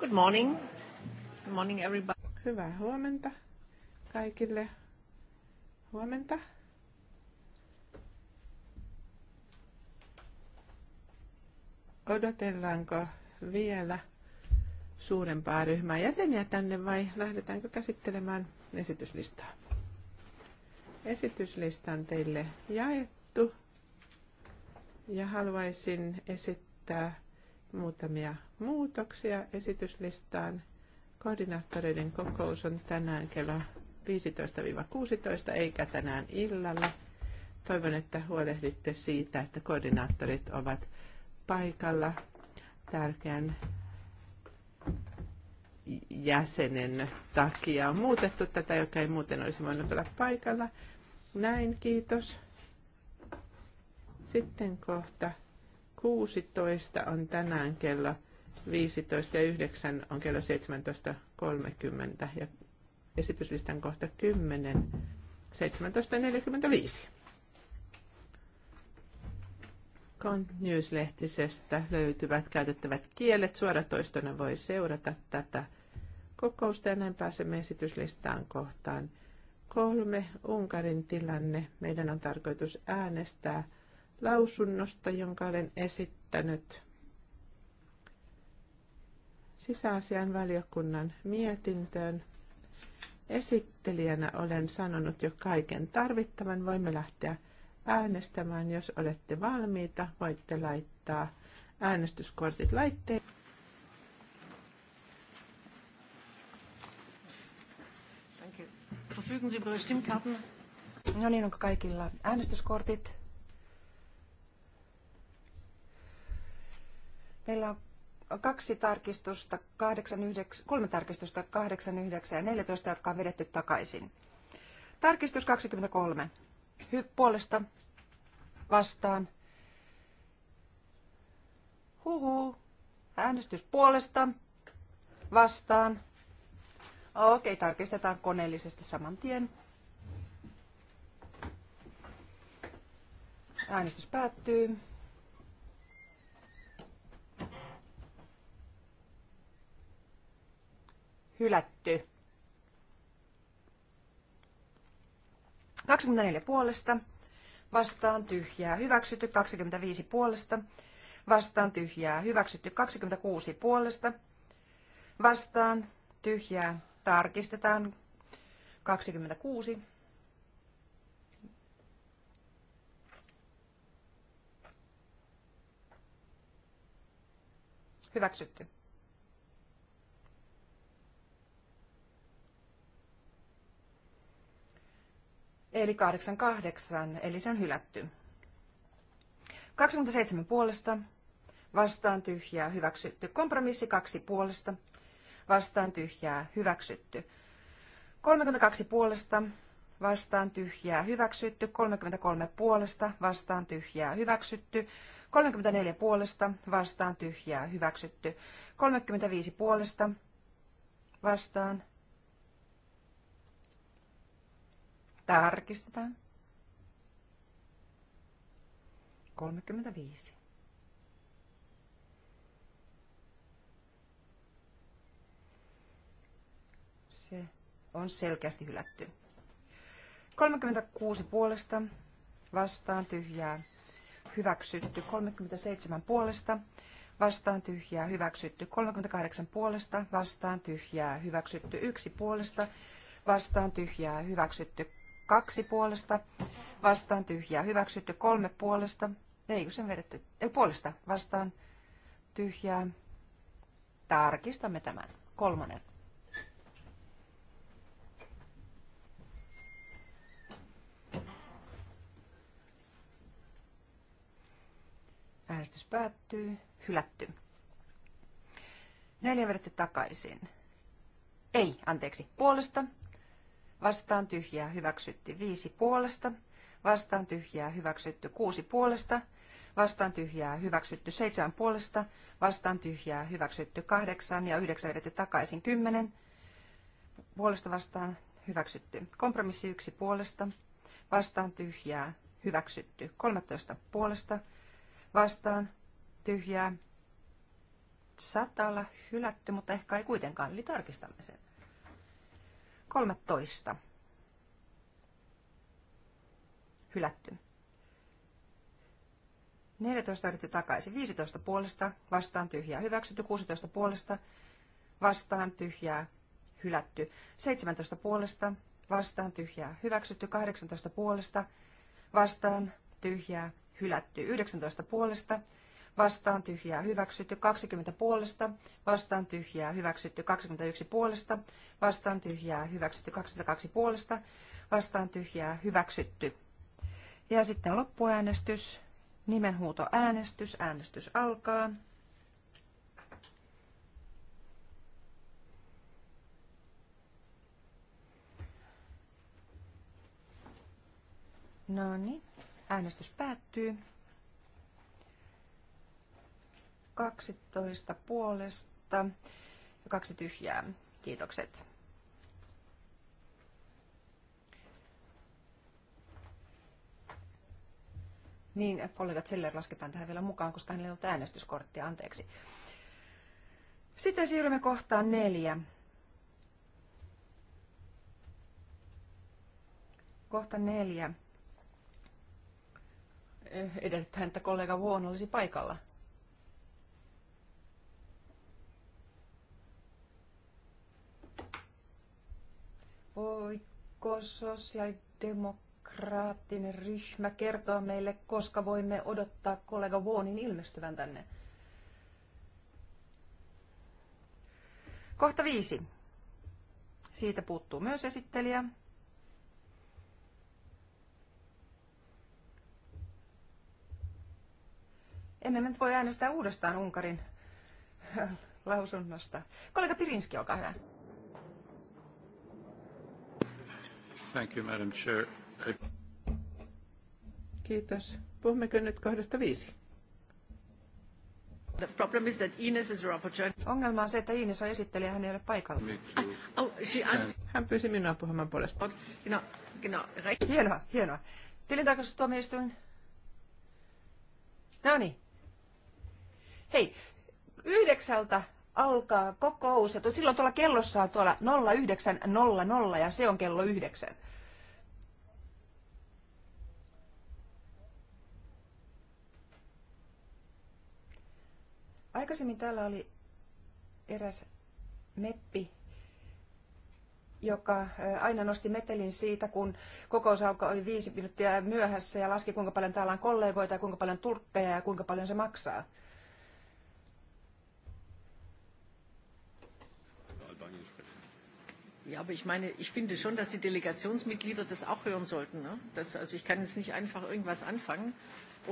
Good morning. Good morning everybody. Hyvää huomenta kaikille. Huomenta. Odotellaanko vielä suurempaa ryhmää jäseniä tänne vai lähdetäänkö käsittelemään esityslistaa? Esityslista on teille jaettu ja haluaisin esittää muutamia muutoksia esityslistaan. Koordinaattoreiden kokous on tänään kello 15-16 eikä tänään illalla. Toivon, että huolehditte siitä, että koordinaattorit ovat paikalla tärkeän jäsenen takia. On muutettu tätä, joka ei muuten olisi voinut olla paikalla. Näin, kiitos. Sitten kohta 16 on tänään kello 15 ja 9 on kello 17.30 ja esityslistan kohta 10 17.45. Kont News-lehtisestä löytyvät käytettävät kielet. Suoratoistona voi seurata tätä kokousta ja näin pääsemme esityslistaan kohtaan. Kolme, Unkarin tilanne. Meidän on tarkoitus äänestää lausunnosta, jonka olen esittänyt sisäasian valiokunnan mietintöön. Esittelijänä olen sanonut jo kaiken tarvittavan. Voimme lähteä äänestämään, jos olette valmiita. Voitte laittaa äänestyskortit laitteen. Verfügen Sie über Stimmkarten? No niin, onko kaikilla äänestyskortit? Meillä on kaksi tarkistusta, 8, 9, kolme tarkistusta, 8, 9 ja 14, jotka on vedetty takaisin. Tarkistus 23. Hy- puolesta vastaan. Huhu. Äänestys puolesta vastaan. Okei, tarkistetaan koneellisesti saman tien. Äänestys päättyy. hylätty. 24 puolesta, vastaan tyhjää, hyväksytty 25 puolesta, vastaan tyhjää, hyväksytty 26 puolesta, vastaan tyhjää, tarkistetaan 26. Hyväksytty. eli 88, eli se on hylätty. 27 puolesta, vastaan tyhjää, hyväksytty. Kompromissi 2 puolesta, vastaan tyhjää, hyväksytty. 32 puolesta, vastaan tyhjää, hyväksytty. 33 puolesta, vastaan tyhjää, hyväksytty. 34 puolesta, vastaan tyhjää, hyväksytty. 35 puolesta, vastaan Tarkistetaan. 35. Se on selkeästi hylätty. 36 puolesta vastaan tyhjää hyväksytty. 37 puolesta vastaan tyhjää hyväksytty. 38 puolesta vastaan tyhjää hyväksytty. 1 puolesta vastaan tyhjää hyväksytty kaksi puolesta, vastaan tyhjää. Hyväksytty kolme puolesta, ei kun sen vedetty, ei puolesta, vastaan tyhjää. Tarkistamme tämän. kolmannen. Äänestys päättyy. Hylätty. Neljä vedetty takaisin. Ei, anteeksi, puolesta vastaan tyhjää hyväksytty viisi puolesta, vastaan tyhjää hyväksytty kuusi puolesta, vastaan tyhjää hyväksytty seitsemän puolesta, vastaan tyhjää hyväksytty kahdeksan ja yhdeksän vedetty takaisin kymmenen, puolesta vastaan hyväksytty. Kompromissi yksi puolesta, vastaan tyhjää hyväksytty. 13 puolesta, vastaan tyhjää saattaa olla hylätty, mutta ehkä ei kuitenkaan, eli tarkistamme sen. 13. Hylätty. 14 yritti takaisin. 15 puolesta vastaan tyhjää. Hyväksytty. 16 puolesta vastaan tyhjää. Hylätty. 17 puolesta vastaan tyhjää. Hyväksytty. 18 puolesta vastaan tyhjää. Hylätty. 19 puolesta vastaan tyhjää hyväksytty 20 puolesta, vastaan tyhjää hyväksytty 21 puolesta, vastaan tyhjää hyväksytty 22 puolesta, vastaan tyhjää hyväksytty. Ja sitten loppuäänestys, nimenhuuto äänestys, äänestys alkaa. No niin, äänestys päättyy. 12 puolesta ja kaksi tyhjää. Kiitokset. Niin, kollegat Seller lasketaan tähän vielä mukaan, koska hänellä ei ollut äänestyskorttia, anteeksi. Sitten siirrymme kohtaan neljä. Kohta neljä. Eh, Edellyttäen, että kollega Vuon olisi paikalla. Voiko sosiaalidemokraattinen ryhmä kertoa meille, koska voimme odottaa kollega Vuonin ilmestyvän tänne? Kohta viisi. Siitä puuttuu myös esittelijä. Emme nyt voi äänestää uudestaan Unkarin lausunnosta. Kollega Pirinski, olkaa hyvä. Thank you, Madam Chair. Kiitos. Puhummeko nyt kohdasta viisi? The problem is that Ines is rapporteur. Ongelma on se, että Ines on esittelijä, hän ei ole paikalla. Oh, she asked... Hän pyysi minua puhumaan puolesta. No, no, genau, genau. Hienoa, hienoa. Tilintarkastustuomioistuin. No niin. Hei, yhdeksältä alkaa kokous. Ja silloin tuolla kellossa on tuolla 09.00 ja se on kello 9. Aikaisemmin täällä oli eräs meppi, joka aina nosti metelin siitä, kun kokous alkoi viisi minuuttia myöhässä ja laski, kuinka paljon täällä on kollegoita ja kuinka paljon turkkeja ja kuinka paljon se maksaa. Ja, aber ich meine, ich finde schon, dass die Delegationsmitglieder das auch hören sollten. Ne? Das, also ich kann jetzt nicht einfach irgendwas anfangen.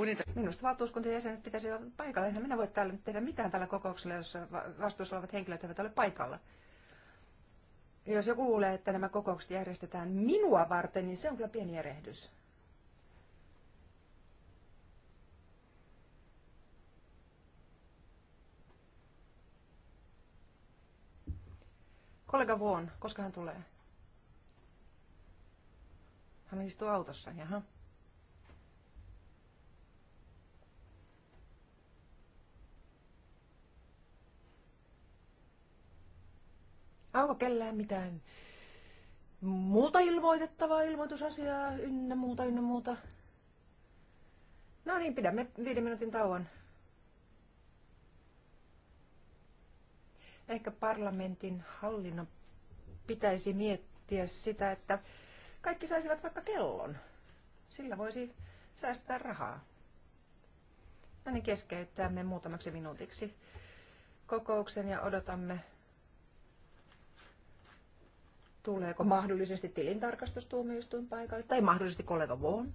Ohne Minusta valtuuskuntien jäsenet pitäisi olla paikalla. Eihän minä voi täällä tehdä mitään tällä kokouksella, jos vastuussa olevat henkilöt eivät ole paikalla. Ja Jos joku luulee, että nämä kokoukset järjestetään minua varten, niin se on kyllä pieni erehdys. Kollega Vuon, koska hän tulee? Hän istuu autossa, jaha. Onko kellään mitään muuta ilmoitettavaa, ilmoitusasiaa, ynnä muuta, ynnä muuta? No niin, pidämme viiden minuutin tauon. Ehkä parlamentin hallinnon pitäisi miettiä sitä, että kaikki saisivat vaikka kellon. Sillä voisi säästää rahaa. Aina no niin, keskeyttämme muutamaksi minuutiksi kokouksen ja odotamme, tuleeko mahdollisesti tilintarkastustuomioistuin paikalle tai mahdollisesti kollega Vaughan.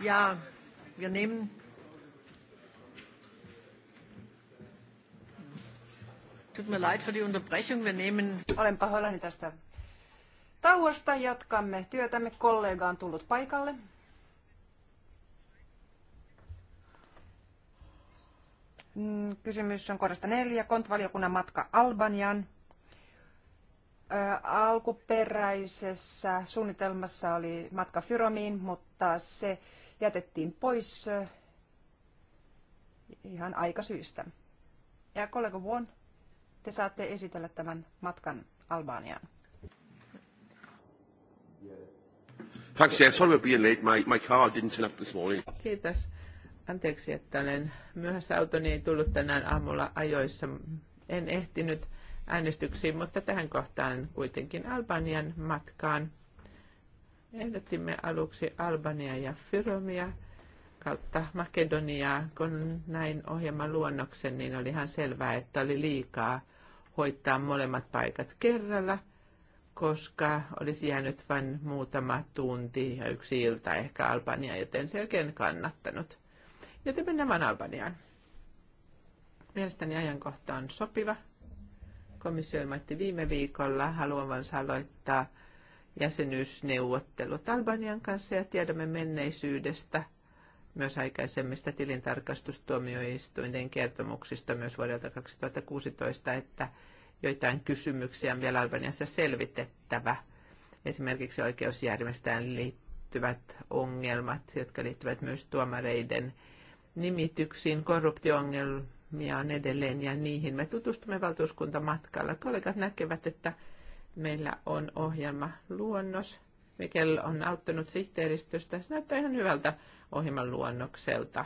Ja, wir nehmen. Tut mir leid für die Unterbrechung. Wir nehmen. Olen pahoillani tästä tauosta. Jatkamme työtämme. Kollega on tullut paikalle. Mm, kysymys on kohdasta neljä. Kontvaliokunnan matka Albanian. Alkuperäisessä suunnitelmassa oli matka Fyromiin, mutta se jätettiin pois eh, ihan aikasyystä. Ja kollega Vuon, te saatte esitellä tämän matkan Albaniaan. Thanks, yeah, sorry about being late. My, my car didn't turn up this morning. Kiitos. Anteeksi, että olen myöhässä. Autoni ei tullut tänään aamulla ajoissa. En ehtinyt äänestyksiin, mutta tähän kohtaan kuitenkin Albanian matkaan. Ehdotimme aluksi Albania ja Fyromia kautta Makedoniaa. Kun näin ohjelman luonnoksen, niin oli ihan selvää, että oli liikaa hoitaa molemmat paikat kerralla, koska olisi jäänyt vain muutama tunti ja yksi ilta ehkä Albania, joten se oikein kannattanut. Joten mennään vain Albaniaan. Mielestäni ajankohta on sopiva. Komissio ilmoitti viime viikolla haluavansa aloittaa – jäsenyysneuvottelut Albanian kanssa ja tiedämme menneisyydestä myös aikaisemmista tilintarkastustuomioistuinten kertomuksista myös vuodelta 2016, että joitain kysymyksiä on vielä Albaniassa selvitettävä. Esimerkiksi oikeusjärjestään liittyvät ongelmat, jotka liittyvät myös tuomareiden nimityksiin, korruptioongelmia on edelleen ja niihin me tutustumme valtuuskuntamatkalla. Kollegat näkevät, että Meillä on ohjelma luonnos. Mikel on auttanut sihteeristöstä. Se näyttää ihan hyvältä ohjelman luonnokselta.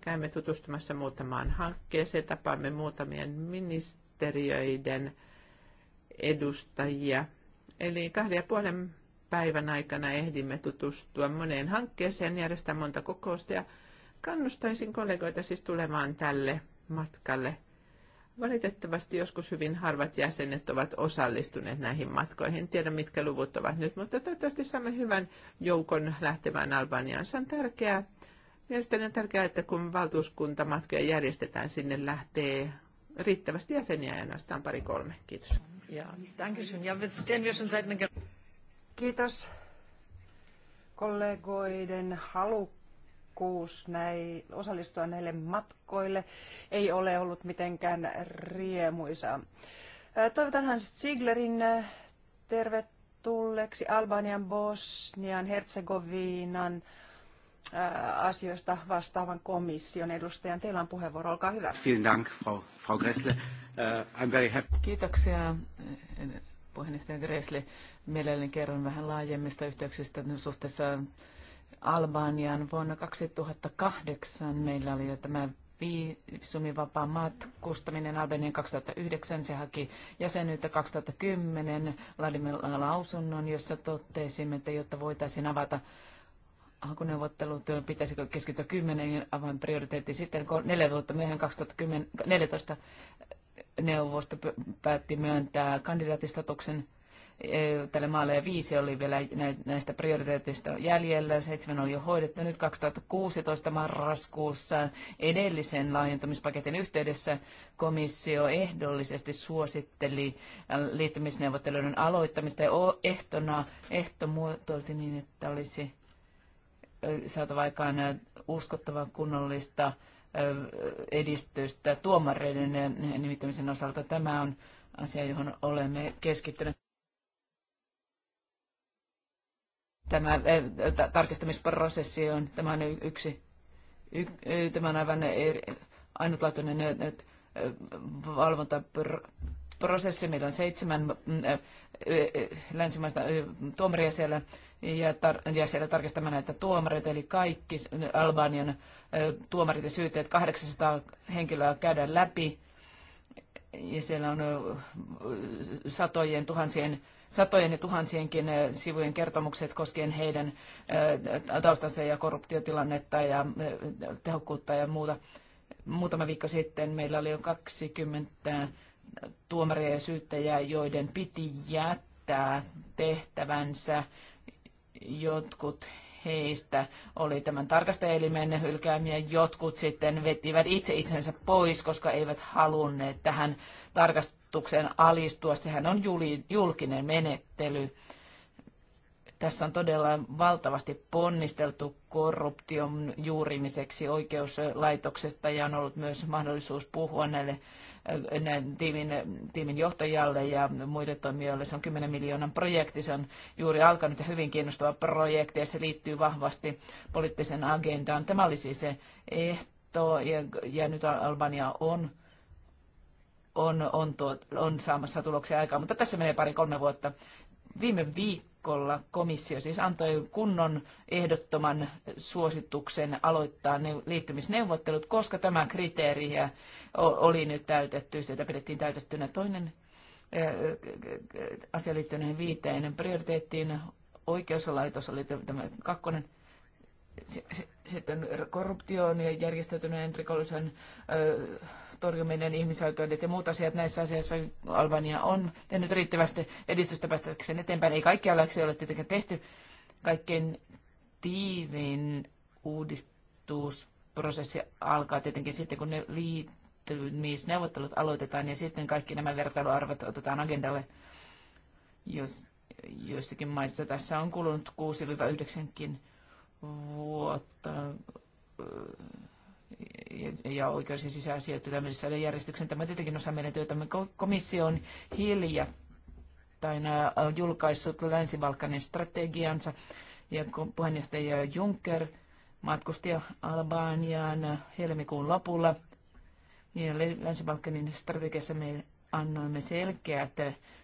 Käymme tutustumassa muutamaan hankkeeseen. Tapaamme muutamien ministeriöiden edustajia. Eli kahden ja puolen päivän aikana ehdimme tutustua moneen hankkeeseen, järjestää monta kokousta ja kannustaisin kollegoita siis tulemaan tälle matkalle – Valitettavasti joskus hyvin harvat jäsenet ovat osallistuneet näihin matkoihin. En tiedä, mitkä luvut ovat nyt, mutta toivottavasti saamme hyvän joukon lähtemään Albaniaan. Se on tärkeää. Mielestäni on tärkeää, että kun valtuuskuntamatkoja järjestetään, sinne lähtee riittävästi jäseniä, ainoastaan pari-kolme. Kiitos. Kiitos kollegoiden halukkuuteen halukkuus näin, osallistua näille matkoille ei ole ollut mitenkään Toivotan Hans Ziglerin tervetulleeksi Albanian, Bosnian, Herzegovinan asioista vastaavan komission edustajan. Teillä on puheenvuoro, olkaa hyvä. Vielen Dank, Frau, Frau Gressle. Uh, I'm very happy. Kiitoksia, eh, puheenjohtaja Gressle. Mielelläni kerron vähän laajemmista yhteyksistä suhteessa Albaniaan vuonna 2008. Meillä oli jo tämä viisumivapaa matkustaminen Albanian 2009. Se haki jäsenyyttä 2010. Laadimme lausunnon, jossa totesimme, että jotta voitaisiin avata hakuneuvottelut, pitäisikö keskittyä niin avain prioriteetti. Sitten neljä vuotta myöhemmin 2014 neuvosto päätti myöntää kandidaatistatuksen Eh, tälle maalle ja viisi oli vielä näistä prioriteeteista jäljellä, seitsemän oli jo hoidettu. Nyt 2016 marraskuussa edellisen laajentamispaketin yhteydessä komissio ehdollisesti suositteli äh, liittymisneuvotteluiden aloittamista ja ehtona ehto muotoilti niin, että olisi saatava aikaan uskottavan kunnollista edistystä tuomareiden nimittämisen osalta. Tämä on asia, johon olemme keskittyneet. tämä eh, tarkistamisprosessi on, tämä on yksi, y, tämä on aivan eri, ainutlaatuinen valvontaprosessi. Meillä on seitsemän mm, länsimaista tuomaria siellä ja, tar- ja siellä tarkistamme näitä tuomareita, eli kaikki Albanian tuomarit ja syytteet, 800 henkilöä käydään läpi. Ja siellä on satojen, tuhansien satojen ja tuhansienkin eh, sivujen kertomukset koskien heidän eh, taustansa ja korruptiotilannetta ja eh, tehokkuutta ja muuta. Muutama viikko sitten meillä oli jo 20 tuomaria ja syyttäjää, joiden piti jättää tehtävänsä. Jotkut heistä oli tämän tarkastajelimen hylkäämiä. Jotkut sitten vetivät itse itsensä pois, koska eivät halunneet tähän tarkast- kidutuksen alistua. Sehän on julkinen menettely. Tässä on todella valtavasti ponnisteltu korruption juurimiseksi oikeuslaitoksesta ja on ollut myös mahdollisuus puhua näille näin, tiimin, tiimin johtajalle ja muille toimijoille. Se on 10 miljoonan projekti, se on juuri alkanut ja hyvin kiinnostava projekti ja se liittyy vahvasti poliittisen agendaan. Tämä oli siis se ehto ja, ja nyt Albania on on, on, tuot, on saamassa tuloksia aikaa, mutta tässä menee pari-kolme vuotta. Viime viikolla komissio siis antoi kunnon ehdottoman suosituksen aloittaa liittymisneuvottelut, koska tämä kriteeri oli nyt täytetty, sitä pidettiin täytettynä. Toinen asia liittyen näihin viiteen prioriteettiin. Oikeuslaitos oli tämä kakkonen sitten korruptioon ja järjestäytyneen rikollisen torjuminen, ihmisoikeudet ja muut asiat näissä asioissa Albania on tehnyt riittävästi edistystä päästäkseen eteenpäin. Ei kaikkia ole, ole tietenkään tehty. Kaikkein tiivein uudistusprosessi alkaa tietenkin sitten, kun ne liittymisneuvottelut aloitetaan ja sitten kaikki nämä vertailuarvot otetaan agendalle, jos joissakin maissa tässä on kulunut 6-9 vuotta ja oikeus- ja sisäasiat pitämisessä järjestyksen. Tämä tietenkin osa meidän työtämme. Komissio on on äh, julkaissut Länsi-Balkanin strategiansa ja puheenjohtaja Juncker matkusti Albaniaan helmikuun lopulla. Ja Länsi-Balkanin strategiassa meillä annoimme selkeät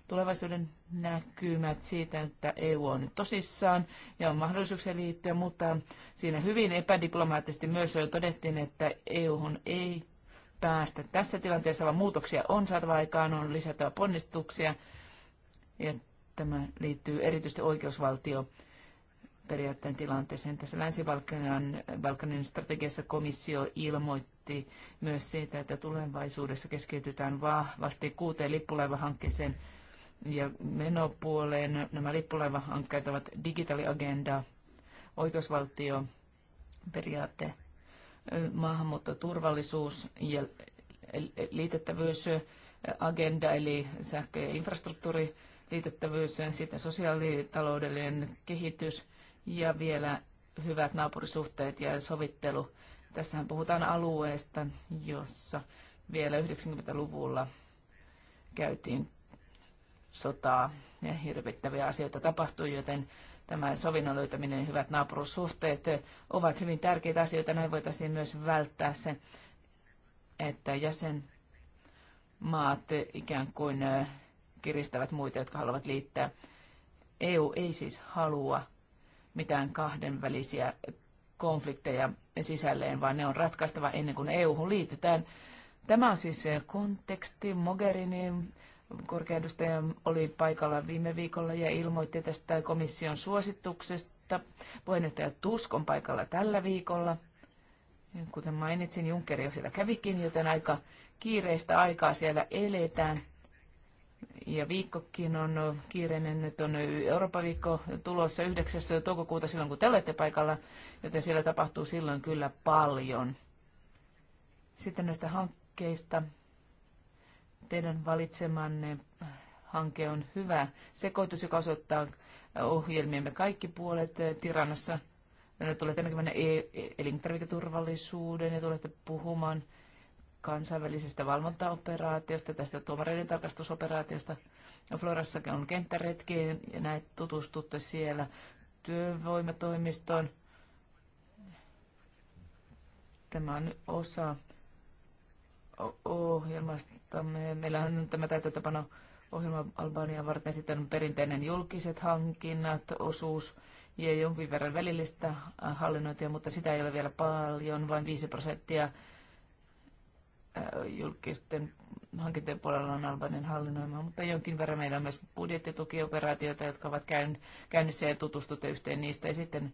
tulevaisuuden näkymät siitä, että EU on nyt tosissaan ja on mahdollisuuksia liittyä, mutta siinä hyvin epädiplomaattisesti myös jo todettiin, että EUhun ei päästä tässä tilanteessa, vaan muutoksia on saatava aikaan, on lisättävä ponnistuksia ja tämä liittyy erityisesti oikeusvaltio periaatteen tilanteeseen. Tässä Länsi-Balkanin strategiassa komissio ilmoitti, päätti myös siitä, että tulevaisuudessa keskitytään vahvasti kuuteen lippulaivahankkeeseen ja menopuoleen. Nämä lippulaivahankkeet ovat digitaaliagenda, oikeusvaltio, periaate, maahanmuutto, turvallisuus ja liitettävyys agenda eli sähkö- ja infrastruktuuri, liitettävyys, sitten sosiaalitaloudellinen kehitys ja vielä hyvät naapurisuhteet ja sovittelu. Tässähän puhutaan alueesta, jossa vielä 90-luvulla käytiin sotaa ja hirvittäviä asioita tapahtui, joten tämä sovinnon löytäminen ja hyvät naapurussuhteet ovat hyvin tärkeitä asioita. Näin voitaisiin myös välttää se, että jäsenmaat ikään kuin kiristävät muita, jotka haluavat liittää. EU ei siis halua mitään kahdenvälisiä konflikteja sisälleen, vaan ne on ratkaistava ennen kuin EU-hun liitytään. Tämä on siis se konteksti. Mogherini korkeaedustaja oli paikalla viime viikolla ja ilmoitti tästä komission suosituksesta. Puheenjohtaja Tusk on paikalla tällä viikolla. Kuten mainitsin, Junckeri jo siellä kävikin, joten aika kiireistä aikaa siellä eletään ja viikkokin on kiireinen. Nyt on Euroopan viikko tulossa 9. toukokuuta silloin, kun te olette paikalla, joten siellä tapahtuu silloin kyllä paljon. Sitten näistä hankkeista. Teidän valitsemanne hanke on hyvä sekoitus, joka osoittaa ohjelmiemme kaikki puolet Tiranassa. Tulette näkemään e- e- elintarviketurvallisuuden ja tulette puhumaan – kansainvälisestä valvontaoperaatiosta, tästä tuomareiden tarkastusoperaatiosta. Florassa on kenttäretki ja näitä tutustutte siellä työvoimatoimistoon. Tämä on osa ohjelmasta Meillä on tämä täytäntöpano ohjelma Albania varten sitten perinteinen julkiset hankinnat, osuus ja jonkin verran välillistä hallinnointia, mutta sitä ei ole vielä paljon, vain 5 prosenttia Äh, julkisten hankintojen puolella on Albanian hallinnoima, mutta jonkin verran meillä on myös budjettitukioperaatioita, jotka ovat käynnissä ja tutustutte yhteen niistä. Ja sitten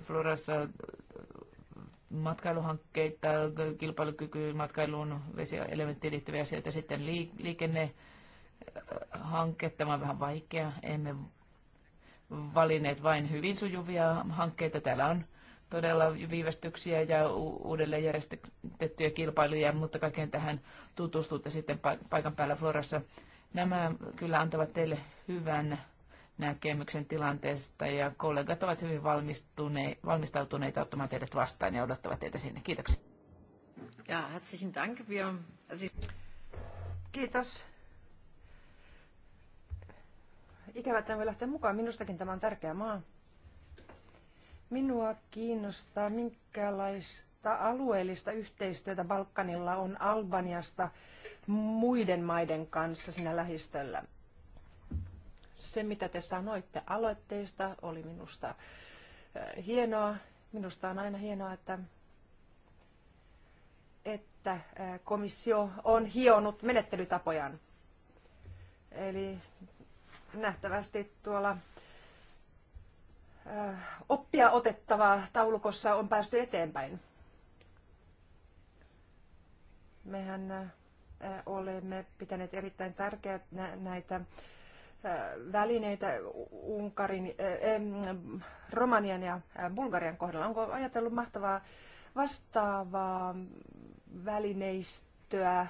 Florassa äh, matkailuhankkeita, kilpailukyky, matkailuun, vesielementtiin liittyviä asioita, sitten liikennehanke, tämä on vähän vaikea, emme valinneet vain hyvin sujuvia hankkeita. Täällä on todella viivästyksiä ja uudelleen järjestettyjä kilpailuja, mutta kaiken tähän tutustutte sitten paikan päällä Florassa. Nämä kyllä antavat teille hyvän näkemyksen tilanteesta ja kollegat ovat hyvin valmistautuneita ottamaan teidät vastaan ja odottavat teitä sinne. Kiitoksia. Ja, herzlichen Dank. Wir, Kiitos. Ikävä, että en voi lähteä mukaan. Minustakin tämä on tärkeä maa. Minua kiinnostaa, minkälaista alueellista yhteistyötä Balkanilla on Albaniasta muiden maiden kanssa siinä lähistöllä. Se, mitä te sanoitte aloitteista, oli minusta äh, hienoa. Minusta on aina hienoa, että että äh, komissio on hionut menettelytapojaan. Eli nähtävästi tuolla oppia otettavaa taulukossa on päästy eteenpäin. Mehän olemme pitäneet erittäin tärkeät näitä välineitä Unkarin, Romanian ja Bulgarian kohdalla. Onko ajatellut mahtavaa vastaavaa välineistöä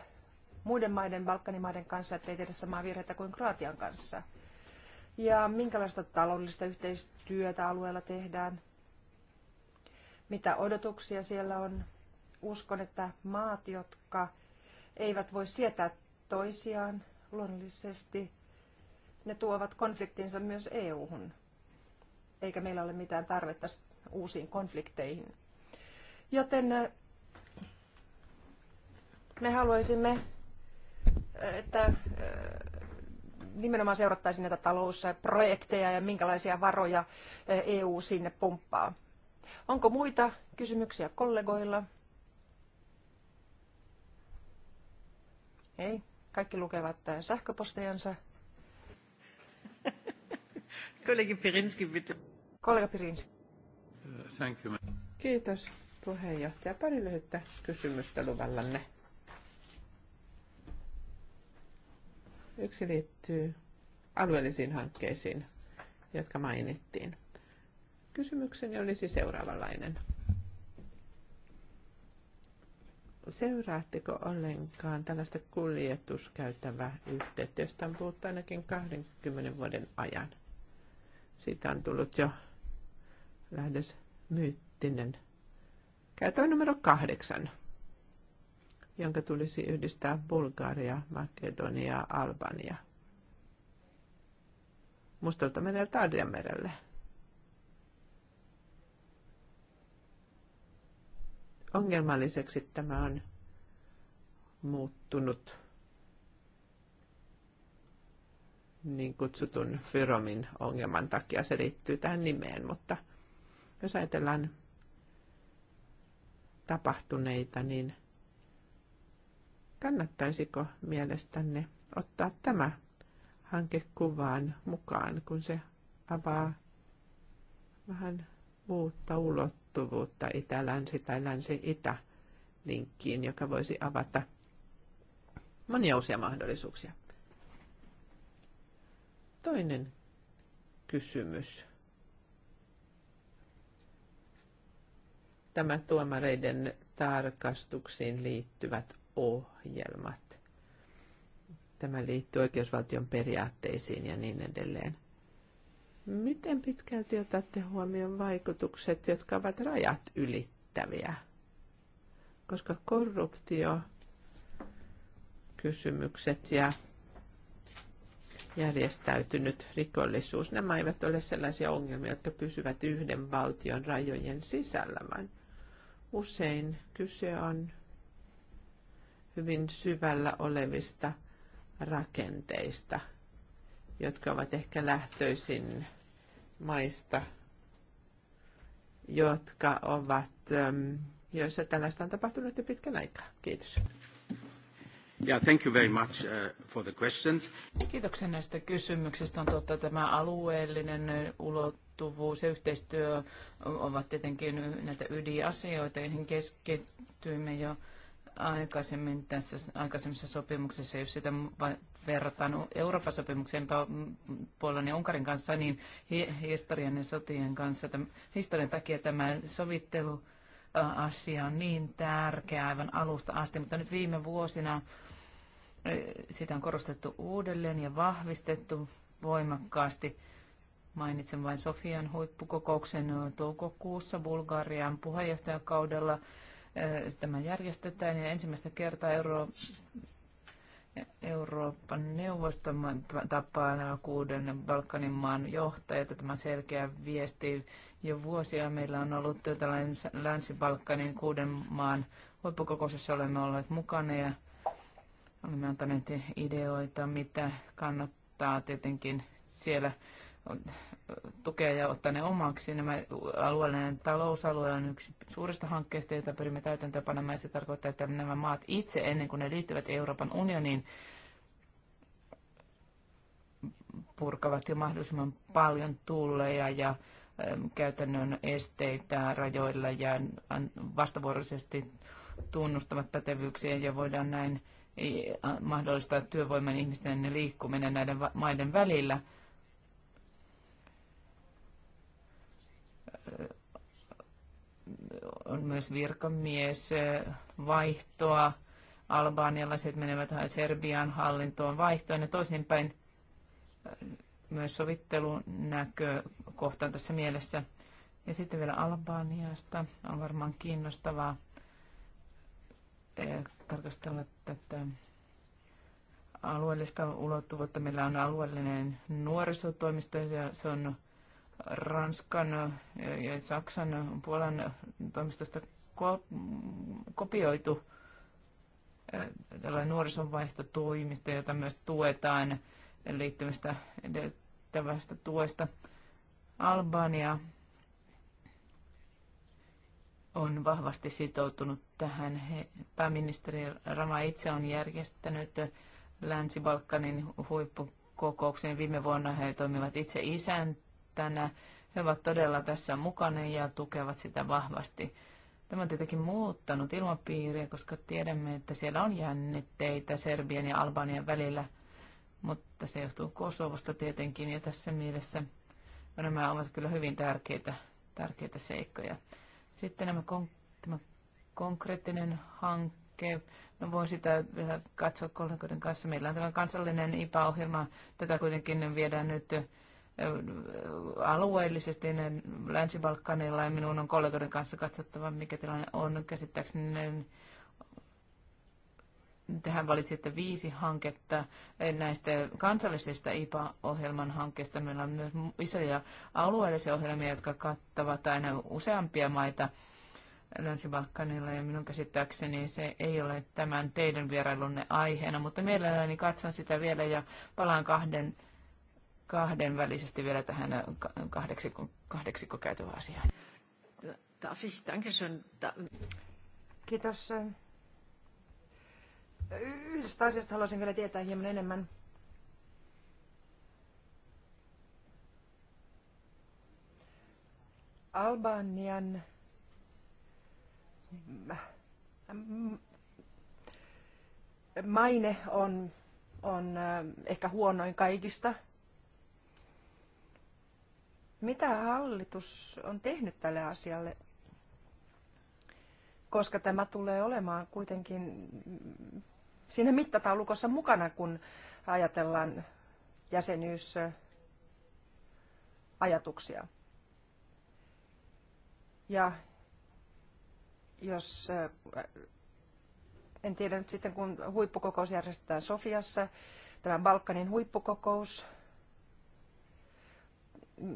muiden maiden, Balkanimaiden kanssa, ettei tehdä samaa virhettä kuin Kroatian kanssa? ja minkälaista taloudellista yhteistyötä alueella tehdään, mitä odotuksia siellä on. Uskon, että maat, jotka eivät voi sietää toisiaan luonnollisesti, ne tuovat konfliktinsa myös EU-hun, eikä meillä ole mitään tarvetta uusiin konflikteihin. Joten äh, me haluaisimme, äh, että äh, nimenomaan seurattaisiin näitä talousprojekteja ja minkälaisia varoja EU eh, e sinne pumppaa. Onko muita kysymyksiä kollegoilla? Ei. Kaikki lukevat eh, sähköpostejansa. Kollegi Pirinski, bitte. Kollega Pirinski. Thank you. Kiitos puheenjohtaja. Pari lyhyttä kysymystä luvallanne. Yksi liittyy alueellisiin hankkeisiin, jotka mainittiin. Kysymykseni olisi seuraavanlainen. Seuraatteko ollenkaan tällaista kuljetuskäytävää yhteyttä, josta on puhuttu ainakin 20 vuoden ajan? Siitä on tullut jo lähes myyttinen. Käytävä numero kahdeksan jonka tulisi yhdistää Bulgaria, Makedonia ja Albania. Mustalta mereltä Adriamerelle. Ongelmalliseksi tämä on muuttunut niin kutsutun Fyromin ongelman takia. Se liittyy tähän nimeen, mutta jos ajatellaan tapahtuneita, niin Kannattaisiko mielestänne ottaa tämä hanke kuvaan mukaan, kun se avaa vähän uutta ulottuvuutta itä-länsi tai länsi-itä linkkiin, joka voisi avata monia uusia mahdollisuuksia. Toinen kysymys. Tämä tuomareiden tarkastuksiin liittyvät ohjelmat. Tämä liittyy oikeusvaltion periaatteisiin ja niin edelleen. Miten pitkälti otatte huomioon vaikutukset, jotka ovat rajat ylittäviä? Koska korruptio, kysymykset ja järjestäytynyt rikollisuus, nämä eivät ole sellaisia ongelmia, jotka pysyvät yhden valtion rajojen sisällä, vaan usein kyse on hyvin syvällä olevista rakenteista, jotka ovat ehkä lähtöisin maista, jotka ovat, ähm, joissa tällaista on tapahtunut jo pitkän aikaa. Kiitos. Yeah, thank you very much uh, for the questions. Kiitoksia näistä kysymyksistä. On totta, tämä alueellinen ulottuvuus ja yhteistyö ovat tietenkin näitä ydinasioita, joihin keskittyimme jo aikaisemmin tässä aikaisemmissa sopimuksissa, jos sitä verrataan Euroopan sopimuksen Puolan ja Unkarin kanssa, niin historian ja sotien kanssa, tämän, historian takia tämä sovittelu asia on niin tärkeä aivan alusta asti, mutta nyt viime vuosina sitä on korostettu uudelleen ja vahvistettu voimakkaasti. Mainitsen vain Sofian huippukokouksen toukokuussa Bulgarian puheenjohtajakaudella tämä järjestetään ja ensimmäistä kertaa Euro, Euroopan neuvoston tapaan kuuden Balkanin maan johtajat. Tämä selkeä viesti jo vuosia meillä on ollut tällainen Länsi-Balkanin kuuden maan huippukokous, olemme olleet mukana ja olemme antaneet ideoita, mitä kannattaa tietenkin siellä tukea ja ottaa ne omaksi. Nämä alueellinen talousalue on yksi suurista hankkeista, joita pyrimme täytäntöönpanemaan. Se tarkoittaa, että nämä maat itse ennen kuin ne liittyvät Euroopan unioniin purkavat jo mahdollisimman paljon tulleja ja ähm, käytännön esteitä rajoilla ja vastavuoroisesti tunnustavat pätevyyksiä ja voidaan näin mahdollistaa työvoiman ihmisten liikkuminen näiden maiden välillä – on myös virkamies eh, vaihtoa. Albaanialaiset menevät Serbian hallintoon vaihtoon ja toisinpäin eh, myös sovittelunäkökohtaan tässä mielessä. Ja sitten vielä Albaniasta on varmaan kiinnostavaa eh, tarkastella tätä alueellista ulottuvuutta. Meillä on alueellinen nuorisotoimisto ja se on Ranskan ja Saksan Puolan toimistosta kopioitu eh, tällainen nuorisonvaihtotoimista, jota myös tuetaan liittymistä edeltävästä tuesta. Albania on vahvasti sitoutunut tähän. He, pääministeri Rama itse on järjestänyt Länsi-Balkanin huippukokouksen. Viime vuonna he toimivat itse isäntä tänä. He ovat todella tässä mukana ja tukevat sitä vahvasti. Tämä on tietenkin muuttanut ilmapiiriä, koska tiedämme, että siellä on jännitteitä Serbian ja Albanian välillä, mutta se johtuu Kosovosta tietenkin ja tässä mielessä nämä ovat kyllä hyvin tärkeitä, tärkeitä seikkoja. Sitten nämä kon, tämä konkreettinen hanke, no voin sitä vielä katsoa kollegoiden kanssa. Meillä on tämä kansallinen IPA-ohjelma, tätä kuitenkin viedään nyt alueellisesti Länsi-Balkanilla ja minun on kollegoiden kanssa katsottava, mikä tilanne on. Käsittääkseni tähän valitsitte viisi hanketta näistä kansallisista IPA-ohjelman hankkeista. Meillä on myös isoja alueellisia ohjelmia, jotka kattavat aina useampia maita Länsi-Balkanilla ja minun käsittääkseni se ei ole tämän teidän vierailunne aiheena, mutta mielelläni katson sitä vielä ja palaan kahden kahden välisesti vielä tähän äh, kahdeksikko, kahdeksikko käytävään asiaan. Darf ich? Dankeschön. Kiitos. Yhdestä asiasta haluaisin vielä tietää hieman enemmän. Albanian äh, maine on, on äh, ehkä huonoin kaikista mitä hallitus on tehnyt tälle asialle? Koska tämä tulee olemaan kuitenkin siinä mittataulukossa mukana, kun ajatellaan jäsenyysajatuksia. Ja jos, äh, en tiedä nyt sitten kun huippukokous järjestetään Sofiassa, tämä Balkanin huippukokous,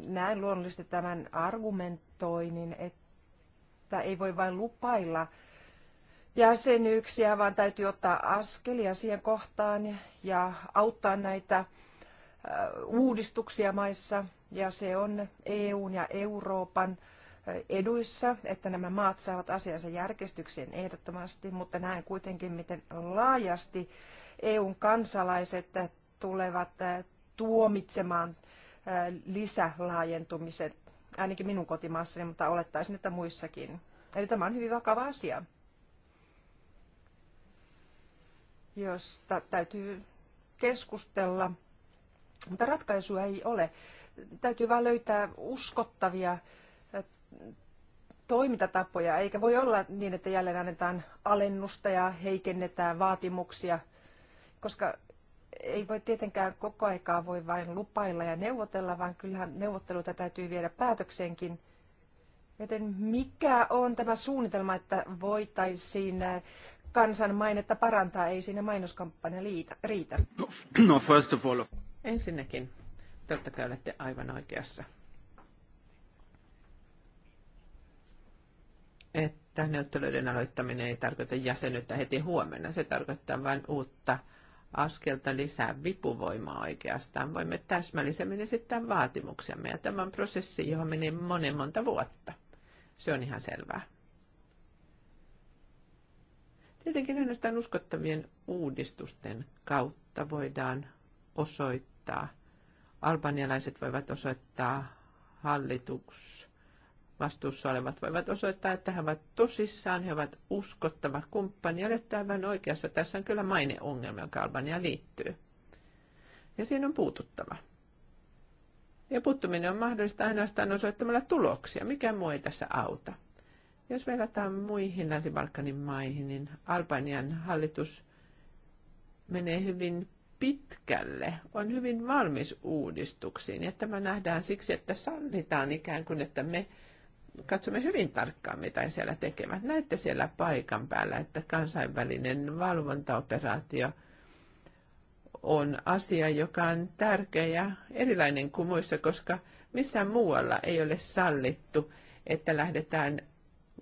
näen luonnollisesti tämän argumentoinnin, että ei voi vain lupailla jäsenyyksiä, vaan täytyy ottaa askelia siihen kohtaan ja auttaa näitä äh, uudistuksia maissa. Ja se on EUn ja Euroopan äh, eduissa, että nämä maat saavat asiansa järkestykseen ehdottomasti, mutta näen kuitenkin, miten laajasti EUn kansalaiset tulevat äh, tuomitsemaan lisälaajentumiset, ainakin minun kotimaassani, mutta olettaisin, että muissakin. Eli tämä on hyvin vakava asia, josta täytyy keskustella, mutta ratkaisua ei ole. Täytyy vain löytää uskottavia toimintatapoja, eikä voi olla niin, että jälleen annetaan alennusta ja heikennetään vaatimuksia, koska ei voi tietenkään koko aikaa voi vain lupailla ja neuvotella, vaan kyllähän neuvotteluita täytyy viedä päätökseenkin. Joten mikä on tämä suunnitelma, että voitaisiin äh, kansan mainetta parantaa? Ei siinä mainoskampanja riitä. No, first of all. Ensinnäkin, totta kai olette aivan oikeassa. Että neuvotteluiden aloittaminen ei tarkoita jäsenyyttä heti huomenna. Se tarkoittaa vain uutta askelta lisää vipuvoimaa oikeastaan. Voimme täsmällisemmin esittää vaatimuksemme ja tämän prosessi, johon meni monen monta vuotta. Se on ihan selvää. Tietenkin ainoastaan uskottavien uudistusten kautta voidaan osoittaa, albanialaiset voivat osoittaa hallituksen vastuussa olevat voivat osoittaa, että he ovat tosissaan, he ovat uskottava kumppani. Ja olette aivan oikeassa, tässä on kyllä maineongelma, joka Albania liittyy. Ja siinä on puututtava. Ja puuttuminen on mahdollista ainoastaan osoittamalla tuloksia. Mikä muu ei tässä auta? Jos verrataan muihin Länsi-Balkanin maihin, niin Albanian hallitus menee hyvin pitkälle, on hyvin valmis uudistuksiin. Ja tämä nähdään siksi, että sallitaan ikään kuin, että me katsomme hyvin tarkkaan, mitä he siellä tekevät. Näette siellä paikan päällä, että kansainvälinen valvontaoperaatio on asia, joka on tärkeä ja erilainen kuin muissa, koska missään muualla ei ole sallittu, että lähdetään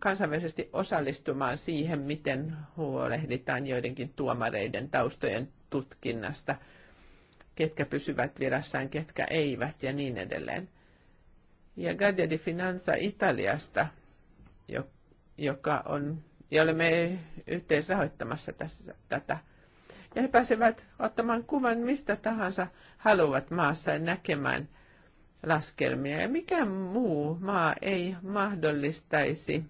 kansainvälisesti osallistumaan siihen, miten huolehditaan joidenkin tuomareiden taustojen tutkinnasta, ketkä pysyvät virassaan, ketkä eivät ja niin edelleen ja Guardia di Finanza Italiasta, joka on, ja olemme yhteisrahoittamassa tässä, tätä. Ja he pääsevät ottamaan kuvan mistä tahansa haluavat maassa ja näkemään laskelmia. Ja mikä muu maa ei mahdollistaisi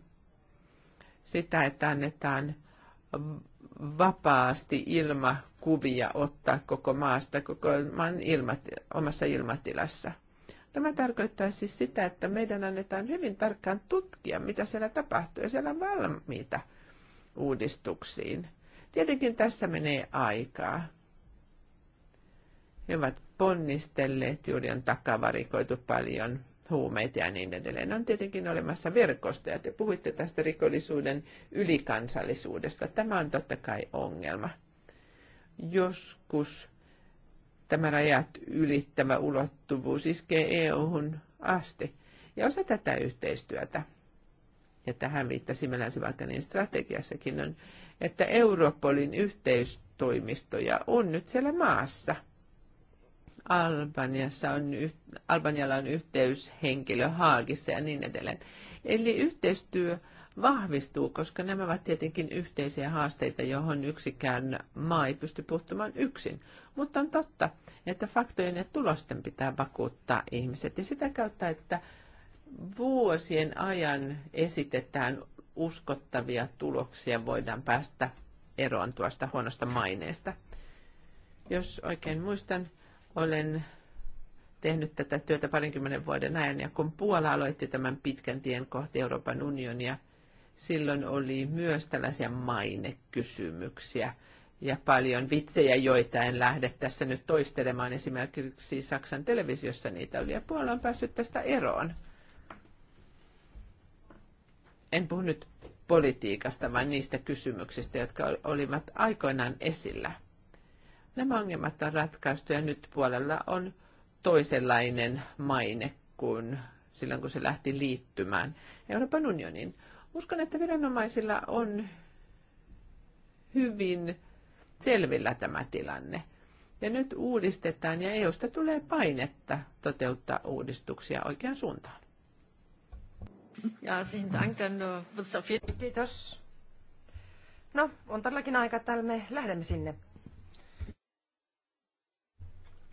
sitä, että annetaan vapaasti ilmakuvia ottaa koko maasta, koko maan ilmat, omassa ilmatilassa – Tämä tarkoittaa siis sitä, että meidän annetaan hyvin tarkkaan tutkia, mitä siellä tapahtuu, ja siellä on valmiita uudistuksiin. Tietenkin tässä menee aikaa. He ovat ponnistelleet, juuri on takavarikoitu paljon huumeita ja niin edelleen. On tietenkin olemassa verkostoja. Te puhuitte tästä rikollisuuden ylikansallisuudesta. Tämä on totta kai ongelma. Joskus tämä rajat ylittävä ulottuvuus iskee EU-hun asti. Ja osa tätä yhteistyötä, ja tähän viittasimme Länsi-Balkanin strategiassakin, on, että Europolin yhteistoimistoja on nyt siellä maassa. Albaniassa on, Albanialla on yhteyshenkilö Haagissa ja niin edelleen. Eli yhteistyö vahvistuu, koska nämä ovat tietenkin yhteisiä haasteita, johon yksikään maa ei pysty puuttumaan yksin. Mutta on totta, että faktojen ja tulosten pitää vakuuttaa ihmiset. Ja sitä kautta, että vuosien ajan esitetään uskottavia tuloksia, voidaan päästä eroon tuosta huonosta maineesta. Jos oikein muistan, olen tehnyt tätä työtä parinkymmenen vuoden ajan, ja kun Puola aloitti tämän pitkän tien kohti Euroopan unionia, Silloin oli myös tällaisia mainekysymyksiä ja paljon vitsejä, joita en lähde tässä nyt toistelemaan. Esimerkiksi Saksan televisiossa niitä oli ja Puola on päässyt tästä eroon. En puhu nyt politiikasta, vaan niistä kysymyksistä, jotka olivat aikoinaan esillä. Nämä ongelmat on ratkaistu ja nyt puolella on toisenlainen maine kuin silloin, kun se lähti liittymään Euroopan unioniin. Uskon, että viranomaisilla on hyvin selvillä tämä tilanne. Ja nyt uudistetaan ja EUsta tulee painetta toteuttaa uudistuksia oikeaan suuntaan. Ja, dank, dann äh, Kiitos. No, on todellakin aika, että me lähdemme sinne.